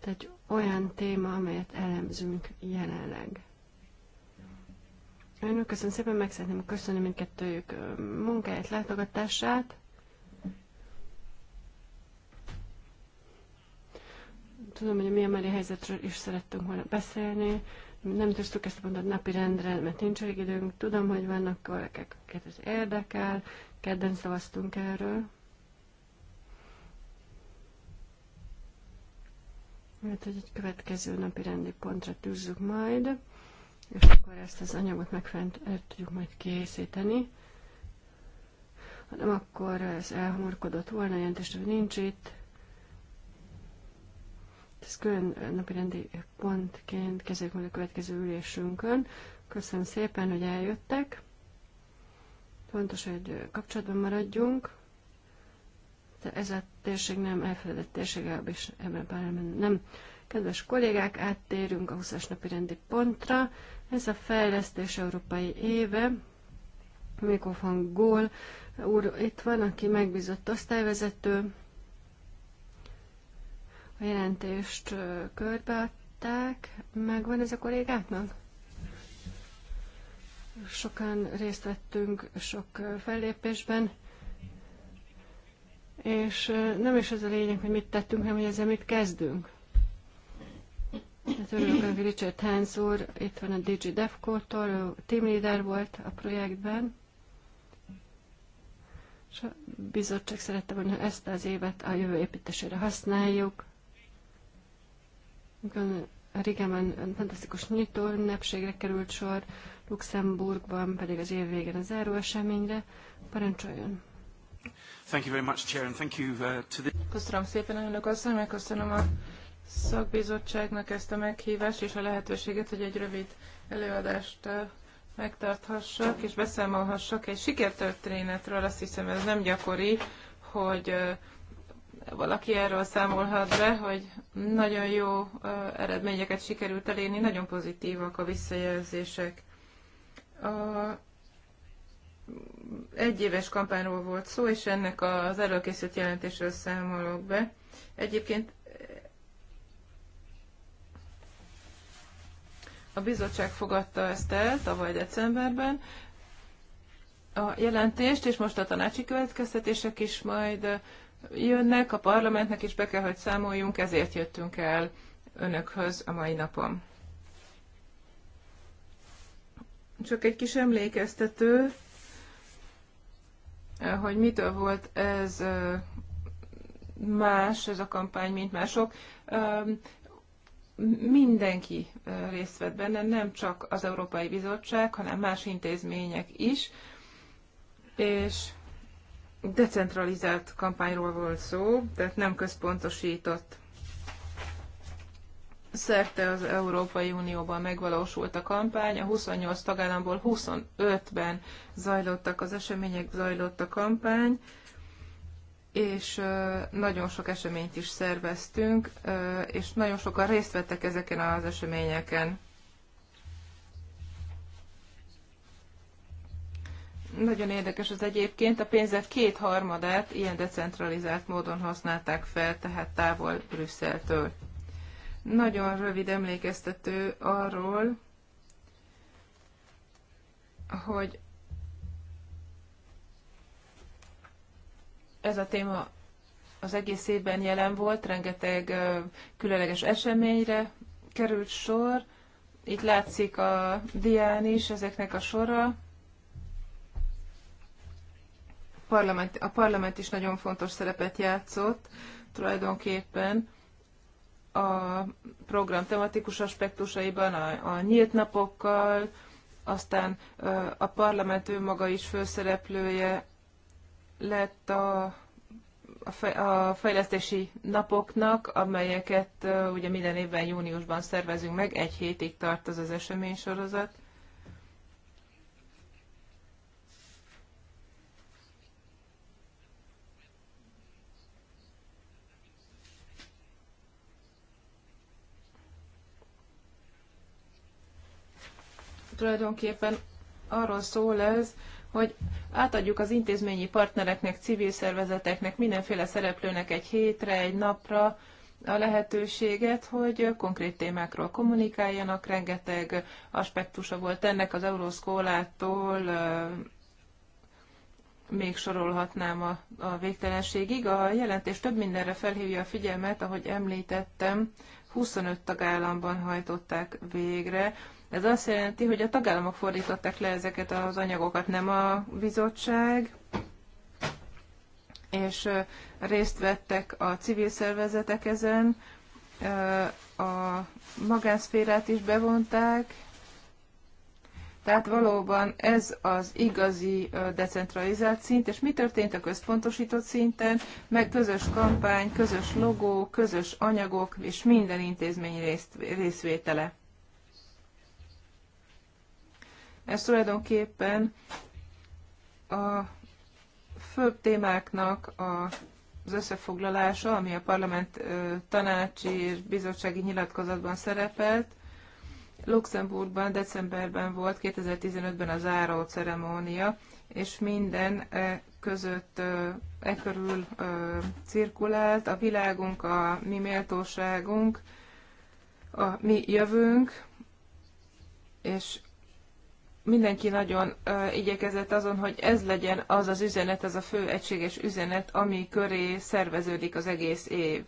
Tehát olyan téma, amelyet elemzünk jelenleg. Önök köszönöm szépen, meg szeretném köszönni mindkettőjük munkáját, látogatását. Tudom, hogy a Miamari helyzetről is szerettünk volna beszélni. Nem tudtuk ezt a napi rendre, mert nincs elég időnk. Tudom, hogy vannak kollégák, akiket ez érdekel. Kedden szavaztunk erről. Mert hogy egy következő napi rendi pontra tűzzük majd, és akkor ezt az anyagot megfelelően tudjuk majd készíteni. Ha nem, akkor ez elhamorkodott volna, jelentést, hogy nincs itt. Ez külön napirendi pontként kezdjük meg a következő ülésünkön. Köszönöm szépen, hogy eljöttek. Fontos, hogy kapcsolatban maradjunk. De ez a térség nem elfeledett térség, és ebben a nem. Kedves kollégák, áttérünk a 20-as napi rendi pontra. Ez a fejlesztés európai éve. Mikofan Gól úr itt van, aki megbízott osztályvezető. A jelentést körbeadták. Megvan ez a kollégáknak? Sokan részt vettünk sok fellépésben, és nem is ez a lényeg, hogy mit tettünk, hanem hogy ezzel mit kezdünk. Hát örülök, hogy Richard Hans úr itt van a DG Defco-tól, ő team leader volt a projektben, és a bizottság szerette volna, ezt az évet a jövő építésére használjuk. Rigában fantasztikus nyitó ünnepségre került sor, Luxemburgban pedig az év végén a záró eseményre. Parancsoljon! Thank you very much, Chair, and thank you, uh, to the... Köszönöm szépen, önök asszony, megköszönöm a szakbizottságnak ezt a meghívást és a lehetőséget, hogy egy rövid előadást uh, megtarthassak és beszámolhassak egy sikertörténetről. Azt hiszem, ez nem gyakori, hogy uh, valaki erről számolhat be, hogy nagyon jó eredményeket sikerült elérni, nagyon pozitívak a visszajelzések. A egyéves kampányról volt szó, és ennek az előkészült jelentésről számolok be. Egyébként a bizottság fogadta ezt el tavaly decemberben, a jelentést, és most a tanácsi következtetések is majd jönnek, a parlamentnek is be kell, hogy számoljunk, ezért jöttünk el önökhöz a mai napon. Csak egy kis emlékeztető, eh, hogy mitől volt ez eh, más, ez a kampány, mint mások eh, mindenki részt vett benne, nem csak az Európai Bizottság, hanem más intézmények is, és decentralizált kampányról volt szó, tehát nem központosított szerte az Európai Unióban megvalósult a kampány. A 28 tagállamból 25-ben zajlottak az események, zajlott a kampány, és nagyon sok eseményt is szerveztünk, és nagyon sokan részt vettek ezeken az eseményeken. Nagyon érdekes az egyébként, a pénzek kétharmadát ilyen decentralizált módon használták fel, tehát távol Brüsszeltől. Nagyon rövid emlékeztető arról, hogy ez a téma az egész évben jelen volt, rengeteg különleges eseményre került sor. Itt látszik a dián is ezeknek a sora, parlament, a parlament is nagyon fontos szerepet játszott tulajdonképpen a program tematikus aspektusaiban, a, a nyílt napokkal, aztán a parlament önmaga is főszereplője lett a, a fejlesztési napoknak, amelyeket ugye minden évben júniusban szervezünk meg, egy hétig tart az az eseménysorozat. tulajdonképpen arról szól ez, hogy átadjuk az intézményi partnereknek, civil szervezeteknek, mindenféle szereplőnek egy hétre, egy napra a lehetőséget, hogy konkrét témákról kommunikáljanak. Rengeteg aspektusa volt ennek az Euroszkolától, még sorolhatnám a, a végtelenségig. A jelentés több mindenre felhívja a figyelmet, ahogy említettem, 25 tagállamban hajtották végre ez azt jelenti, hogy a tagállamok fordították le ezeket az anyagokat, nem a bizottság, és részt vettek a civil szervezetek ezen, a magánszférát is bevonták, tehát valóban ez az igazi decentralizált szint, és mi történt a központosított szinten, meg közös kampány, közös logó, közös anyagok és minden intézmény részt, részvétele. Ez tulajdonképpen a főbb témáknak a az összefoglalása, ami a parlament tanácsi és bizottsági nyilatkozatban szerepelt. Luxemburgban decemberben volt 2015-ben a záró ceremónia, és minden e között e körül cirkulált a világunk, a mi méltóságunk, a mi jövőnk, és mindenki nagyon igyekezett azon, hogy ez legyen az az üzenet, az a fő egységes üzenet, ami köré szerveződik az egész év.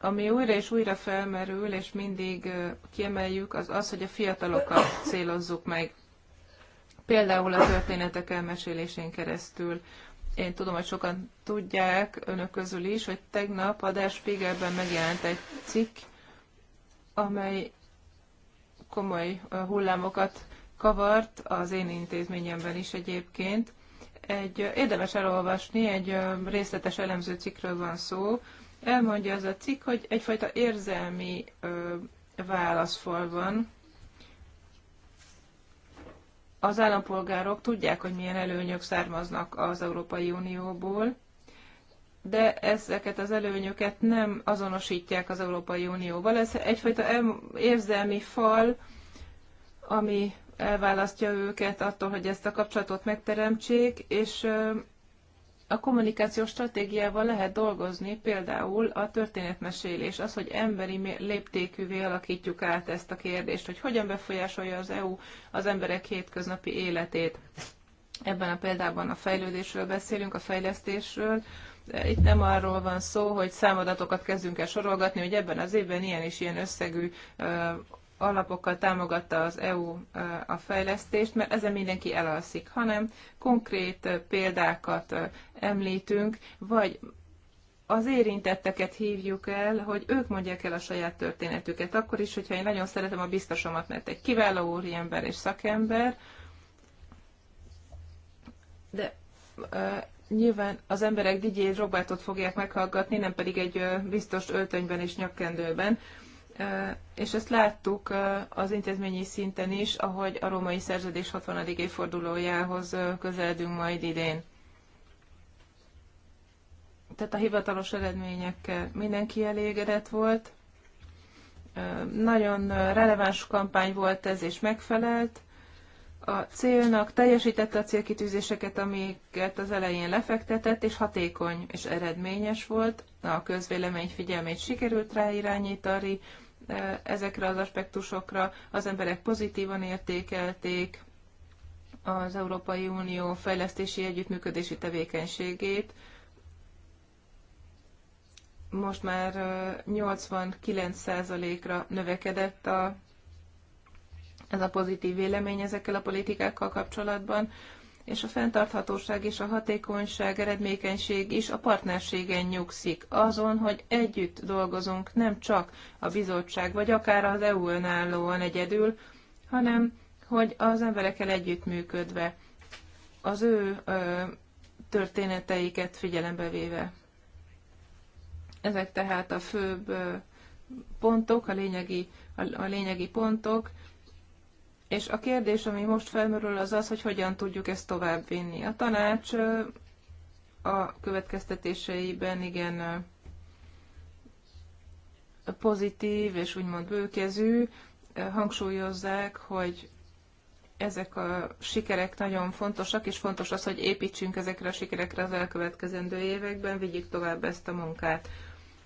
Ami újra és újra felmerül, és mindig kiemeljük, az az, hogy a fiatalokat célozzuk meg. Például a történetek elmesélésén keresztül. Én tudom, hogy sokan tudják önök közül is, hogy tegnap a Der Spiegelben megjelent egy cikk, amely komoly hullámokat kavart, az én intézményemben is egyébként. Egy, érdemes elolvasni, egy részletes elemző cikkről van szó. Elmondja az a cikk, hogy egyfajta érzelmi ö, válaszfal van. Az állampolgárok tudják, hogy milyen előnyök származnak az Európai Unióból, de ezeket az előnyöket nem azonosítják az Európai Unióval. Ez egyfajta érzelmi fal, ami elválasztja őket attól, hogy ezt a kapcsolatot megteremtsék, és a kommunikációs stratégiával lehet dolgozni, például a történetmesélés, az, hogy emberi léptékűvé alakítjuk át ezt a kérdést, hogy hogyan befolyásolja az EU az emberek hétköznapi életét. Ebben a példában a fejlődésről beszélünk, a fejlesztésről. Itt nem arról van szó, hogy számadatokat kezdünk el sorolgatni, hogy ebben az évben ilyen és ilyen összegű alapokkal támogatta az EU eh, a fejlesztést, mert ezen mindenki elalszik, hanem konkrét eh, példákat eh, említünk, vagy az érintetteket hívjuk el, hogy ők mondják el a saját történetüket. Akkor is, hogyha én nagyon szeretem a biztosomat, mert egy kiváló úriember és szakember, de uh, nyilván az emberek DJ Robertot fogják meghallgatni, nem pedig egy uh, biztos öltönyben és nyakkendőben. Uh, és ezt láttuk az intézményi szinten is, ahogy a római szerződés 60. évfordulójához közeledünk majd idén. Tehát a hivatalos eredményekkel mindenki elégedett volt. Nagyon releváns kampány volt ez, és megfelelt a célnak, teljesítette a célkitűzéseket, amiket az elején lefektetett, és hatékony és eredményes volt. A közvélemény figyelmét sikerült ráirányítani eh, ezekre az aspektusokra, az emberek pozitívan értékelték az Európai Unió fejlesztési együttműködési tevékenységét, most már 89%-ra eh, növekedett a ez a pozitív vélemény ezekkel a politikákkal kapcsolatban, és a fenntarthatóság és a hatékonyság, eredmékenység is a partnerségen nyugszik. Azon, hogy együtt dolgozunk, nem csak a bizottság, vagy akár az EU önállóan egyedül, hanem hogy az emberekkel együttműködve, az ő ö, történeteiket figyelembe véve. Ezek tehát a főbb pontok, a lényegi, a, a lényegi pontok, és a kérdés, ami most felmerül, az az, hogy hogyan tudjuk ezt továbbvinni. A tanács a következtetéseiben igen pozitív és úgymond bőkezű, hangsúlyozzák, hogy ezek a sikerek nagyon fontosak, és fontos az, hogy építsünk ezekre a sikerekre az elkövetkezendő években, vigyük tovább ezt a munkát.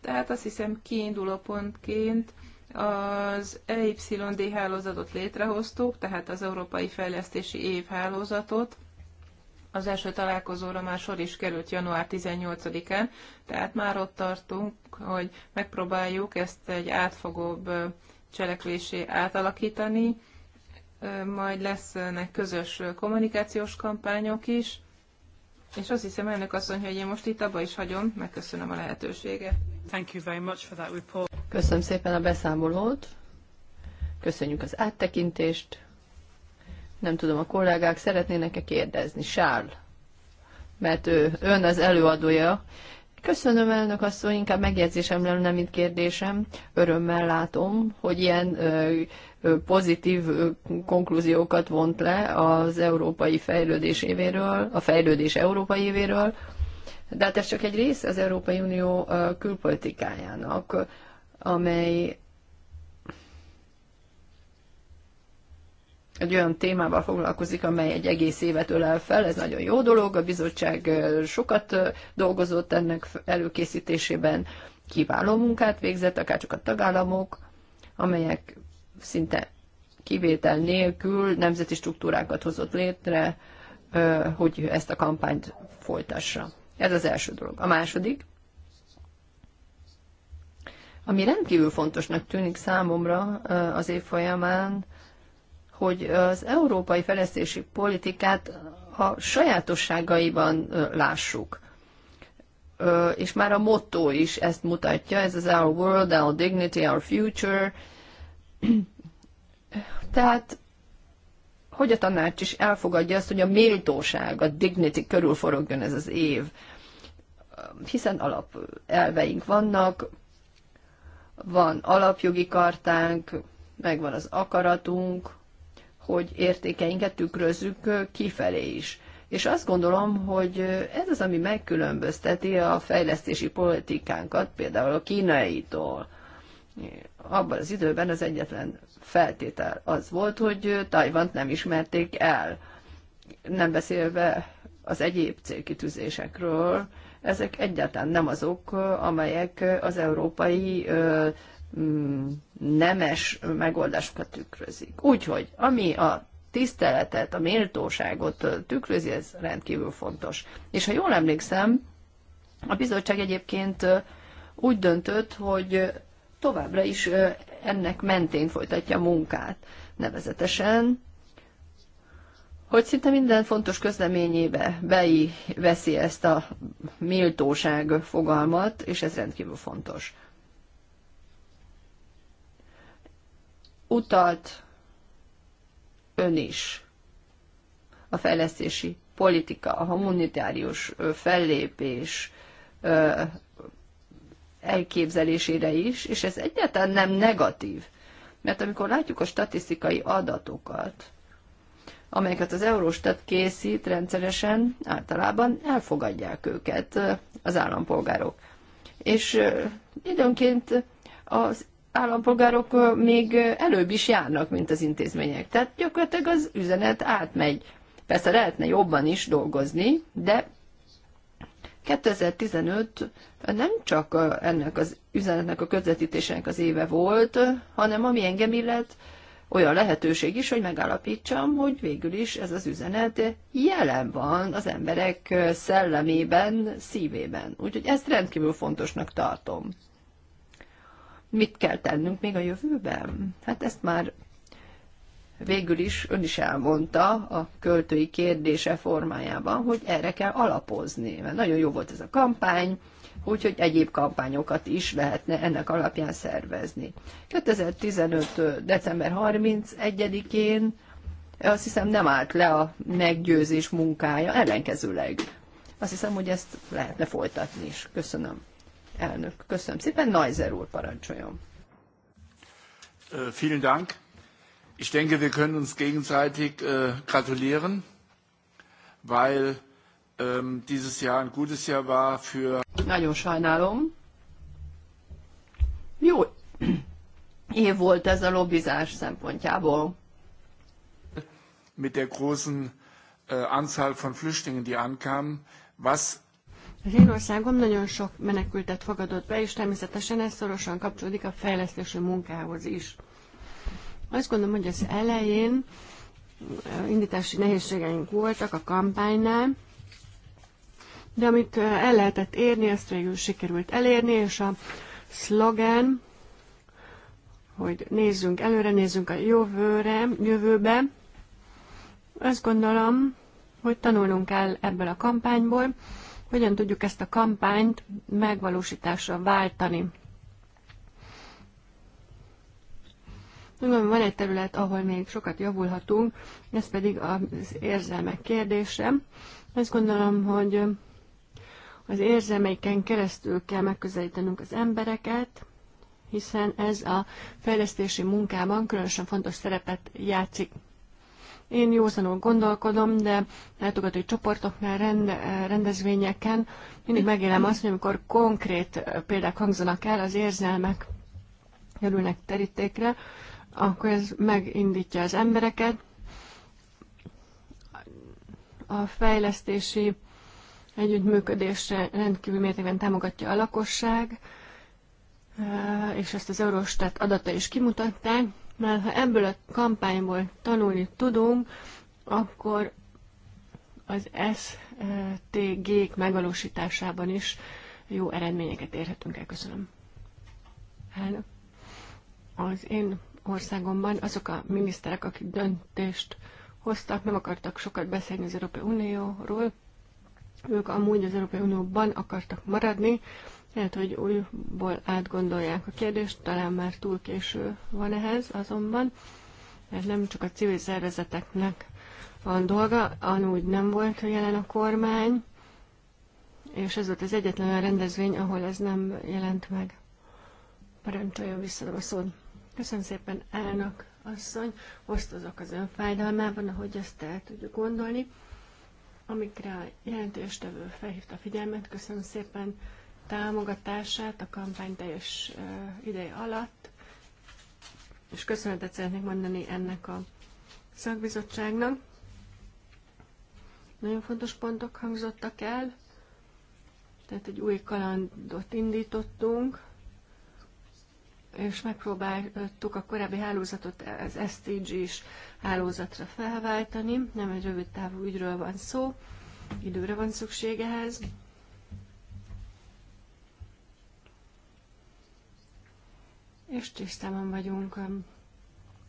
Tehát azt hiszem kiinduló pontként az EYD hálózatot létrehoztuk, tehát az Európai Fejlesztési Év hálózatot. Az első találkozóra már sor is került január 18-án, tehát már ott tartunk, hogy megpróbáljuk ezt egy átfogóbb cselekvésé átalakítani. Majd lesznek közös kommunikációs kampányok is, és azt hiszem, elnök asszony, hogy én most itt abba is hagyom, megköszönöm a lehetőséget. Thank you very much for that report. Köszönöm szépen a beszámolót, köszönjük az áttekintést. Nem tudom, a kollégák szeretnének-e kérdezni? Sárl, mert ő, ön az előadója. Köszönöm, elnök asszony, inkább megjegyzésem lenne, mint kérdésem. Örömmel látom, hogy ilyen ö, pozitív konklúziókat vont le az európai fejlődés évéről, a fejlődés európai évéről, de hát ez csak egy rész az Európai Unió külpolitikájának, amely egy olyan témával foglalkozik, amely egy egész évet ölel fel, ez nagyon jó dolog, a bizottság sokat dolgozott ennek előkészítésében, kiváló munkát végzett, akárcsak a tagállamok, amelyek szinte kivétel nélkül nemzeti struktúrákat hozott létre, hogy ezt a kampányt folytassa. Ez az első dolog. A második, ami rendkívül fontosnak tűnik számomra az év folyamán, hogy az európai fejlesztési politikát a sajátosságaiban lássuk. És már a motto is ezt mutatja, ez az Our World, Our Dignity, Our Future – tehát, hogy a tanács is elfogadja azt, hogy a méltóság, a dignity körül forogjon ez az év, hiszen alapelveink vannak, van alapjogi kartánk, megvan az akaratunk, hogy értékeinket tükrözzük kifelé is. És azt gondolom, hogy ez az, ami megkülönbözteti a fejlesztési politikánkat, például a kínaitól abban az időben az egyetlen feltétel az volt, hogy Tajvant nem ismerték el. Nem beszélve az egyéb célkitűzésekről, ezek egyáltalán nem azok, amelyek az európai mm, nemes megoldásokat tükrözik. Úgyhogy, ami a tiszteletet, a méltóságot tükrözi, ez rendkívül fontos. És ha jól emlékszem, a bizottság egyébként úgy döntött, hogy továbbra is ennek mentén folytatja a munkát, nevezetesen, hogy szinte minden fontos közleményébe bei veszi ezt a méltóság fogalmat, és ez rendkívül fontos. Utalt ön is a fejlesztési politika, a humanitárius fellépés elképzelésére is, és ez egyáltalán nem negatív. Mert amikor látjuk a statisztikai adatokat, amelyeket az Eurostat készít rendszeresen, általában elfogadják őket az állampolgárok. És időnként az állampolgárok még előbb is járnak, mint az intézmények. Tehát gyakorlatilag az üzenet átmegy. Persze lehetne jobban is dolgozni, de 2015 nem csak ennek az üzenetnek a közvetítésének az éve volt, hanem ami engem illet, olyan lehetőség is, hogy megállapítsam, hogy végül is ez az üzenet jelen van az emberek szellemében, szívében. Úgyhogy ezt rendkívül fontosnak tartom. Mit kell tennünk még a jövőben? Hát ezt már végül is ön is elmondta a költői kérdése formájában, hogy erre kell alapozni, mert nagyon jó volt ez a kampány, úgyhogy egyéb kampányokat is lehetne ennek alapján szervezni. 2015. december 31-én azt hiszem nem állt le a meggyőzés munkája, ellenkezőleg. Azt hiszem, hogy ezt lehetne folytatni is. Köszönöm, elnök. Köszönöm szépen. Najzer úr, parancsoljon. Vielen Dank. Ich denke, wir können uns gegenseitig äh, gratulieren, weil ähm, dieses Jahr ein gutes Jahr war für. Nagyon sajnálom. Jó év volt ez a lobbizás szempontjából. Mit der großen äh, Anzahl von Flüchtlingen, die ankamen, was az én országom nagyon sok menekültet fogadott be, és természetesen ez szorosan kapcsolódik a fejlesztési munkához is. Azt gondolom, hogy az elején eh, indítási nehézségeink voltak a kampánynál, de amit eh, el lehetett érni, ezt végül sikerült elérni, és a szlogen, hogy nézzünk előre, nézzünk a jövőre, jövőbe, azt gondolom, hogy tanulnunk kell ebből a kampányból, hogyan tudjuk ezt a kampányt megvalósításra váltani. Mondom, van egy terület, ahol még sokat javulhatunk, ez pedig az érzelmek kérdése. Azt gondolom, hogy az érzelmeiken keresztül kell megközelítenünk az embereket, hiszen ez a fejlesztési munkában különösen fontos szerepet játszik. Én józanul gondolkodom, de látogatói csoportoknál, rende, rendezvényeken mindig megélem azt, hogy amikor konkrét példák hangzanak el, az érzelmek kerülnek terítékre, akkor ez megindítja az embereket. A fejlesztési együttműködésre rendkívül mértékben támogatja a lakosság, eh, és ezt az Eurostat adata is kimutatták, mert ha ebből a kampányból tanulni tudunk, akkor az STG-k megvalósításában is jó eredményeket érhetünk el. Köszönöm. Elnök. Az én országomban azok a miniszterek, akik döntést hoztak, nem akartak sokat beszélni az Európai Unióról, ők amúgy az Európai Unióban akartak maradni, lehet, hogy újból átgondolják a kérdést, talán már túl késő van ehhez azonban, mert nem csak a civil szervezeteknek van dolga, anúgy nem volt jelen a kormány, és ez volt az egyetlen olyan rendezvény, ahol ez nem jelent meg. Parancsoljon vissza a szót. Köszönöm szépen, elnök asszony. Osztozok az ön fájdalmában, ahogy ezt el tudjuk gondolni. Amikre a jelentéstevő felhívta a figyelmet, köszönöm szépen támogatását a kampány teljes ideje alatt, és köszönetet szeretnék mondani ennek a szakbizottságnak. Nagyon fontos pontok hangzottak el, tehát egy új kalandot indítottunk, és megpróbáltuk a korábbi hálózatot az STG-s hálózatra felváltani. Nem egy rövid távú ügyről van szó, időre van szükség ehhez. És tisztában vagyunk um,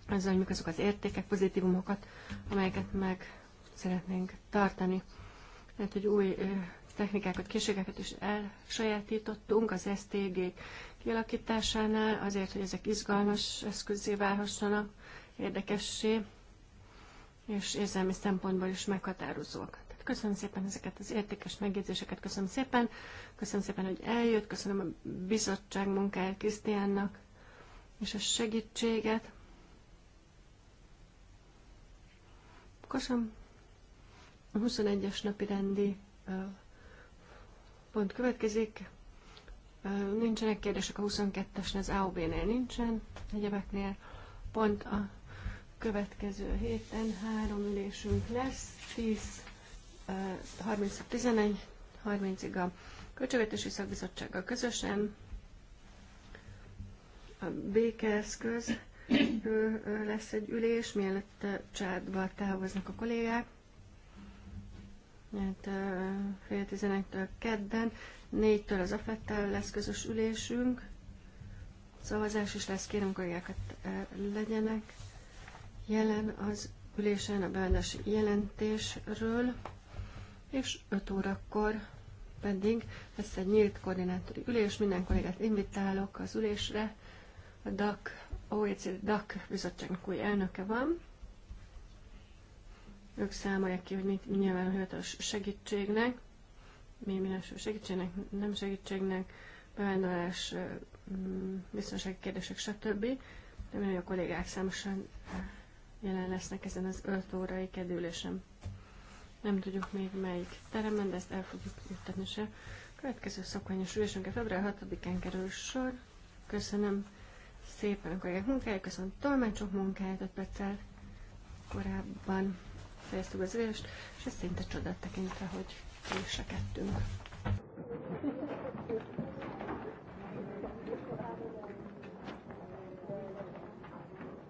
azzal, hogy mik azok az értékek, pozitívumokat, amelyeket meg szeretnénk tartani. Mert hogy új technikákat, készségeket is elsajátítottunk, az STG kialakításánál, azért, hogy ezek izgalmas eszközé válhassanak, érdekessé, és érzelmi szempontból is meghatározóak. Tehát köszönöm szépen ezeket az értékes megjegyzéseket, köszönöm szépen, köszönöm szépen, hogy eljött, köszönöm a bizottság munkáját Krisztiánnak, és a segítséget. Köszönöm. A 21-es napi rendi pont következik. Nincsenek kérdések a 22-esnél, az AOB-nél nincsen, egyebeknél. Pont a következő héten három ülésünk lesz, 10, 30 11, 30-ig a Költségvetési Szakbizottsággal közösen. A békeeszköz lesz egy ülés, mielőtt csádba távoznak a kollégák. Mert hát, fél től kedden Négytől az afettel lesz közös ülésünk. Szavazás is lesz, kérem kollégákat e, legyenek. Jelen az ülésen a beadási jelentésről, és 5 órakor pedig lesz egy nyílt koordinátori ülés, minden kollégát invitálok az ülésre, a DAC, e OECD DAC bizottságnak új elnöke van, ők számolják ki, hogy mit nyilván hivatalos segítségnek milyen minősül segítségnek, nem segítségnek, bevándorlás, mm, biztonsági kérdések, stb. de hogy a kollégák számosan jelen lesznek ezen az 5 órai kedülésem. Nem tudjuk még melyik teremben, de ezt el fogjuk juttatni se. Következő szokványos a február 6-án kerül sor. Köszönöm szépen a kollégák munkáját, köszönöm tolmácsok munkáját, 5 perccel korábban fejeztük az ülést, és ez szinte csodát tekintve, hogy és kettőnk.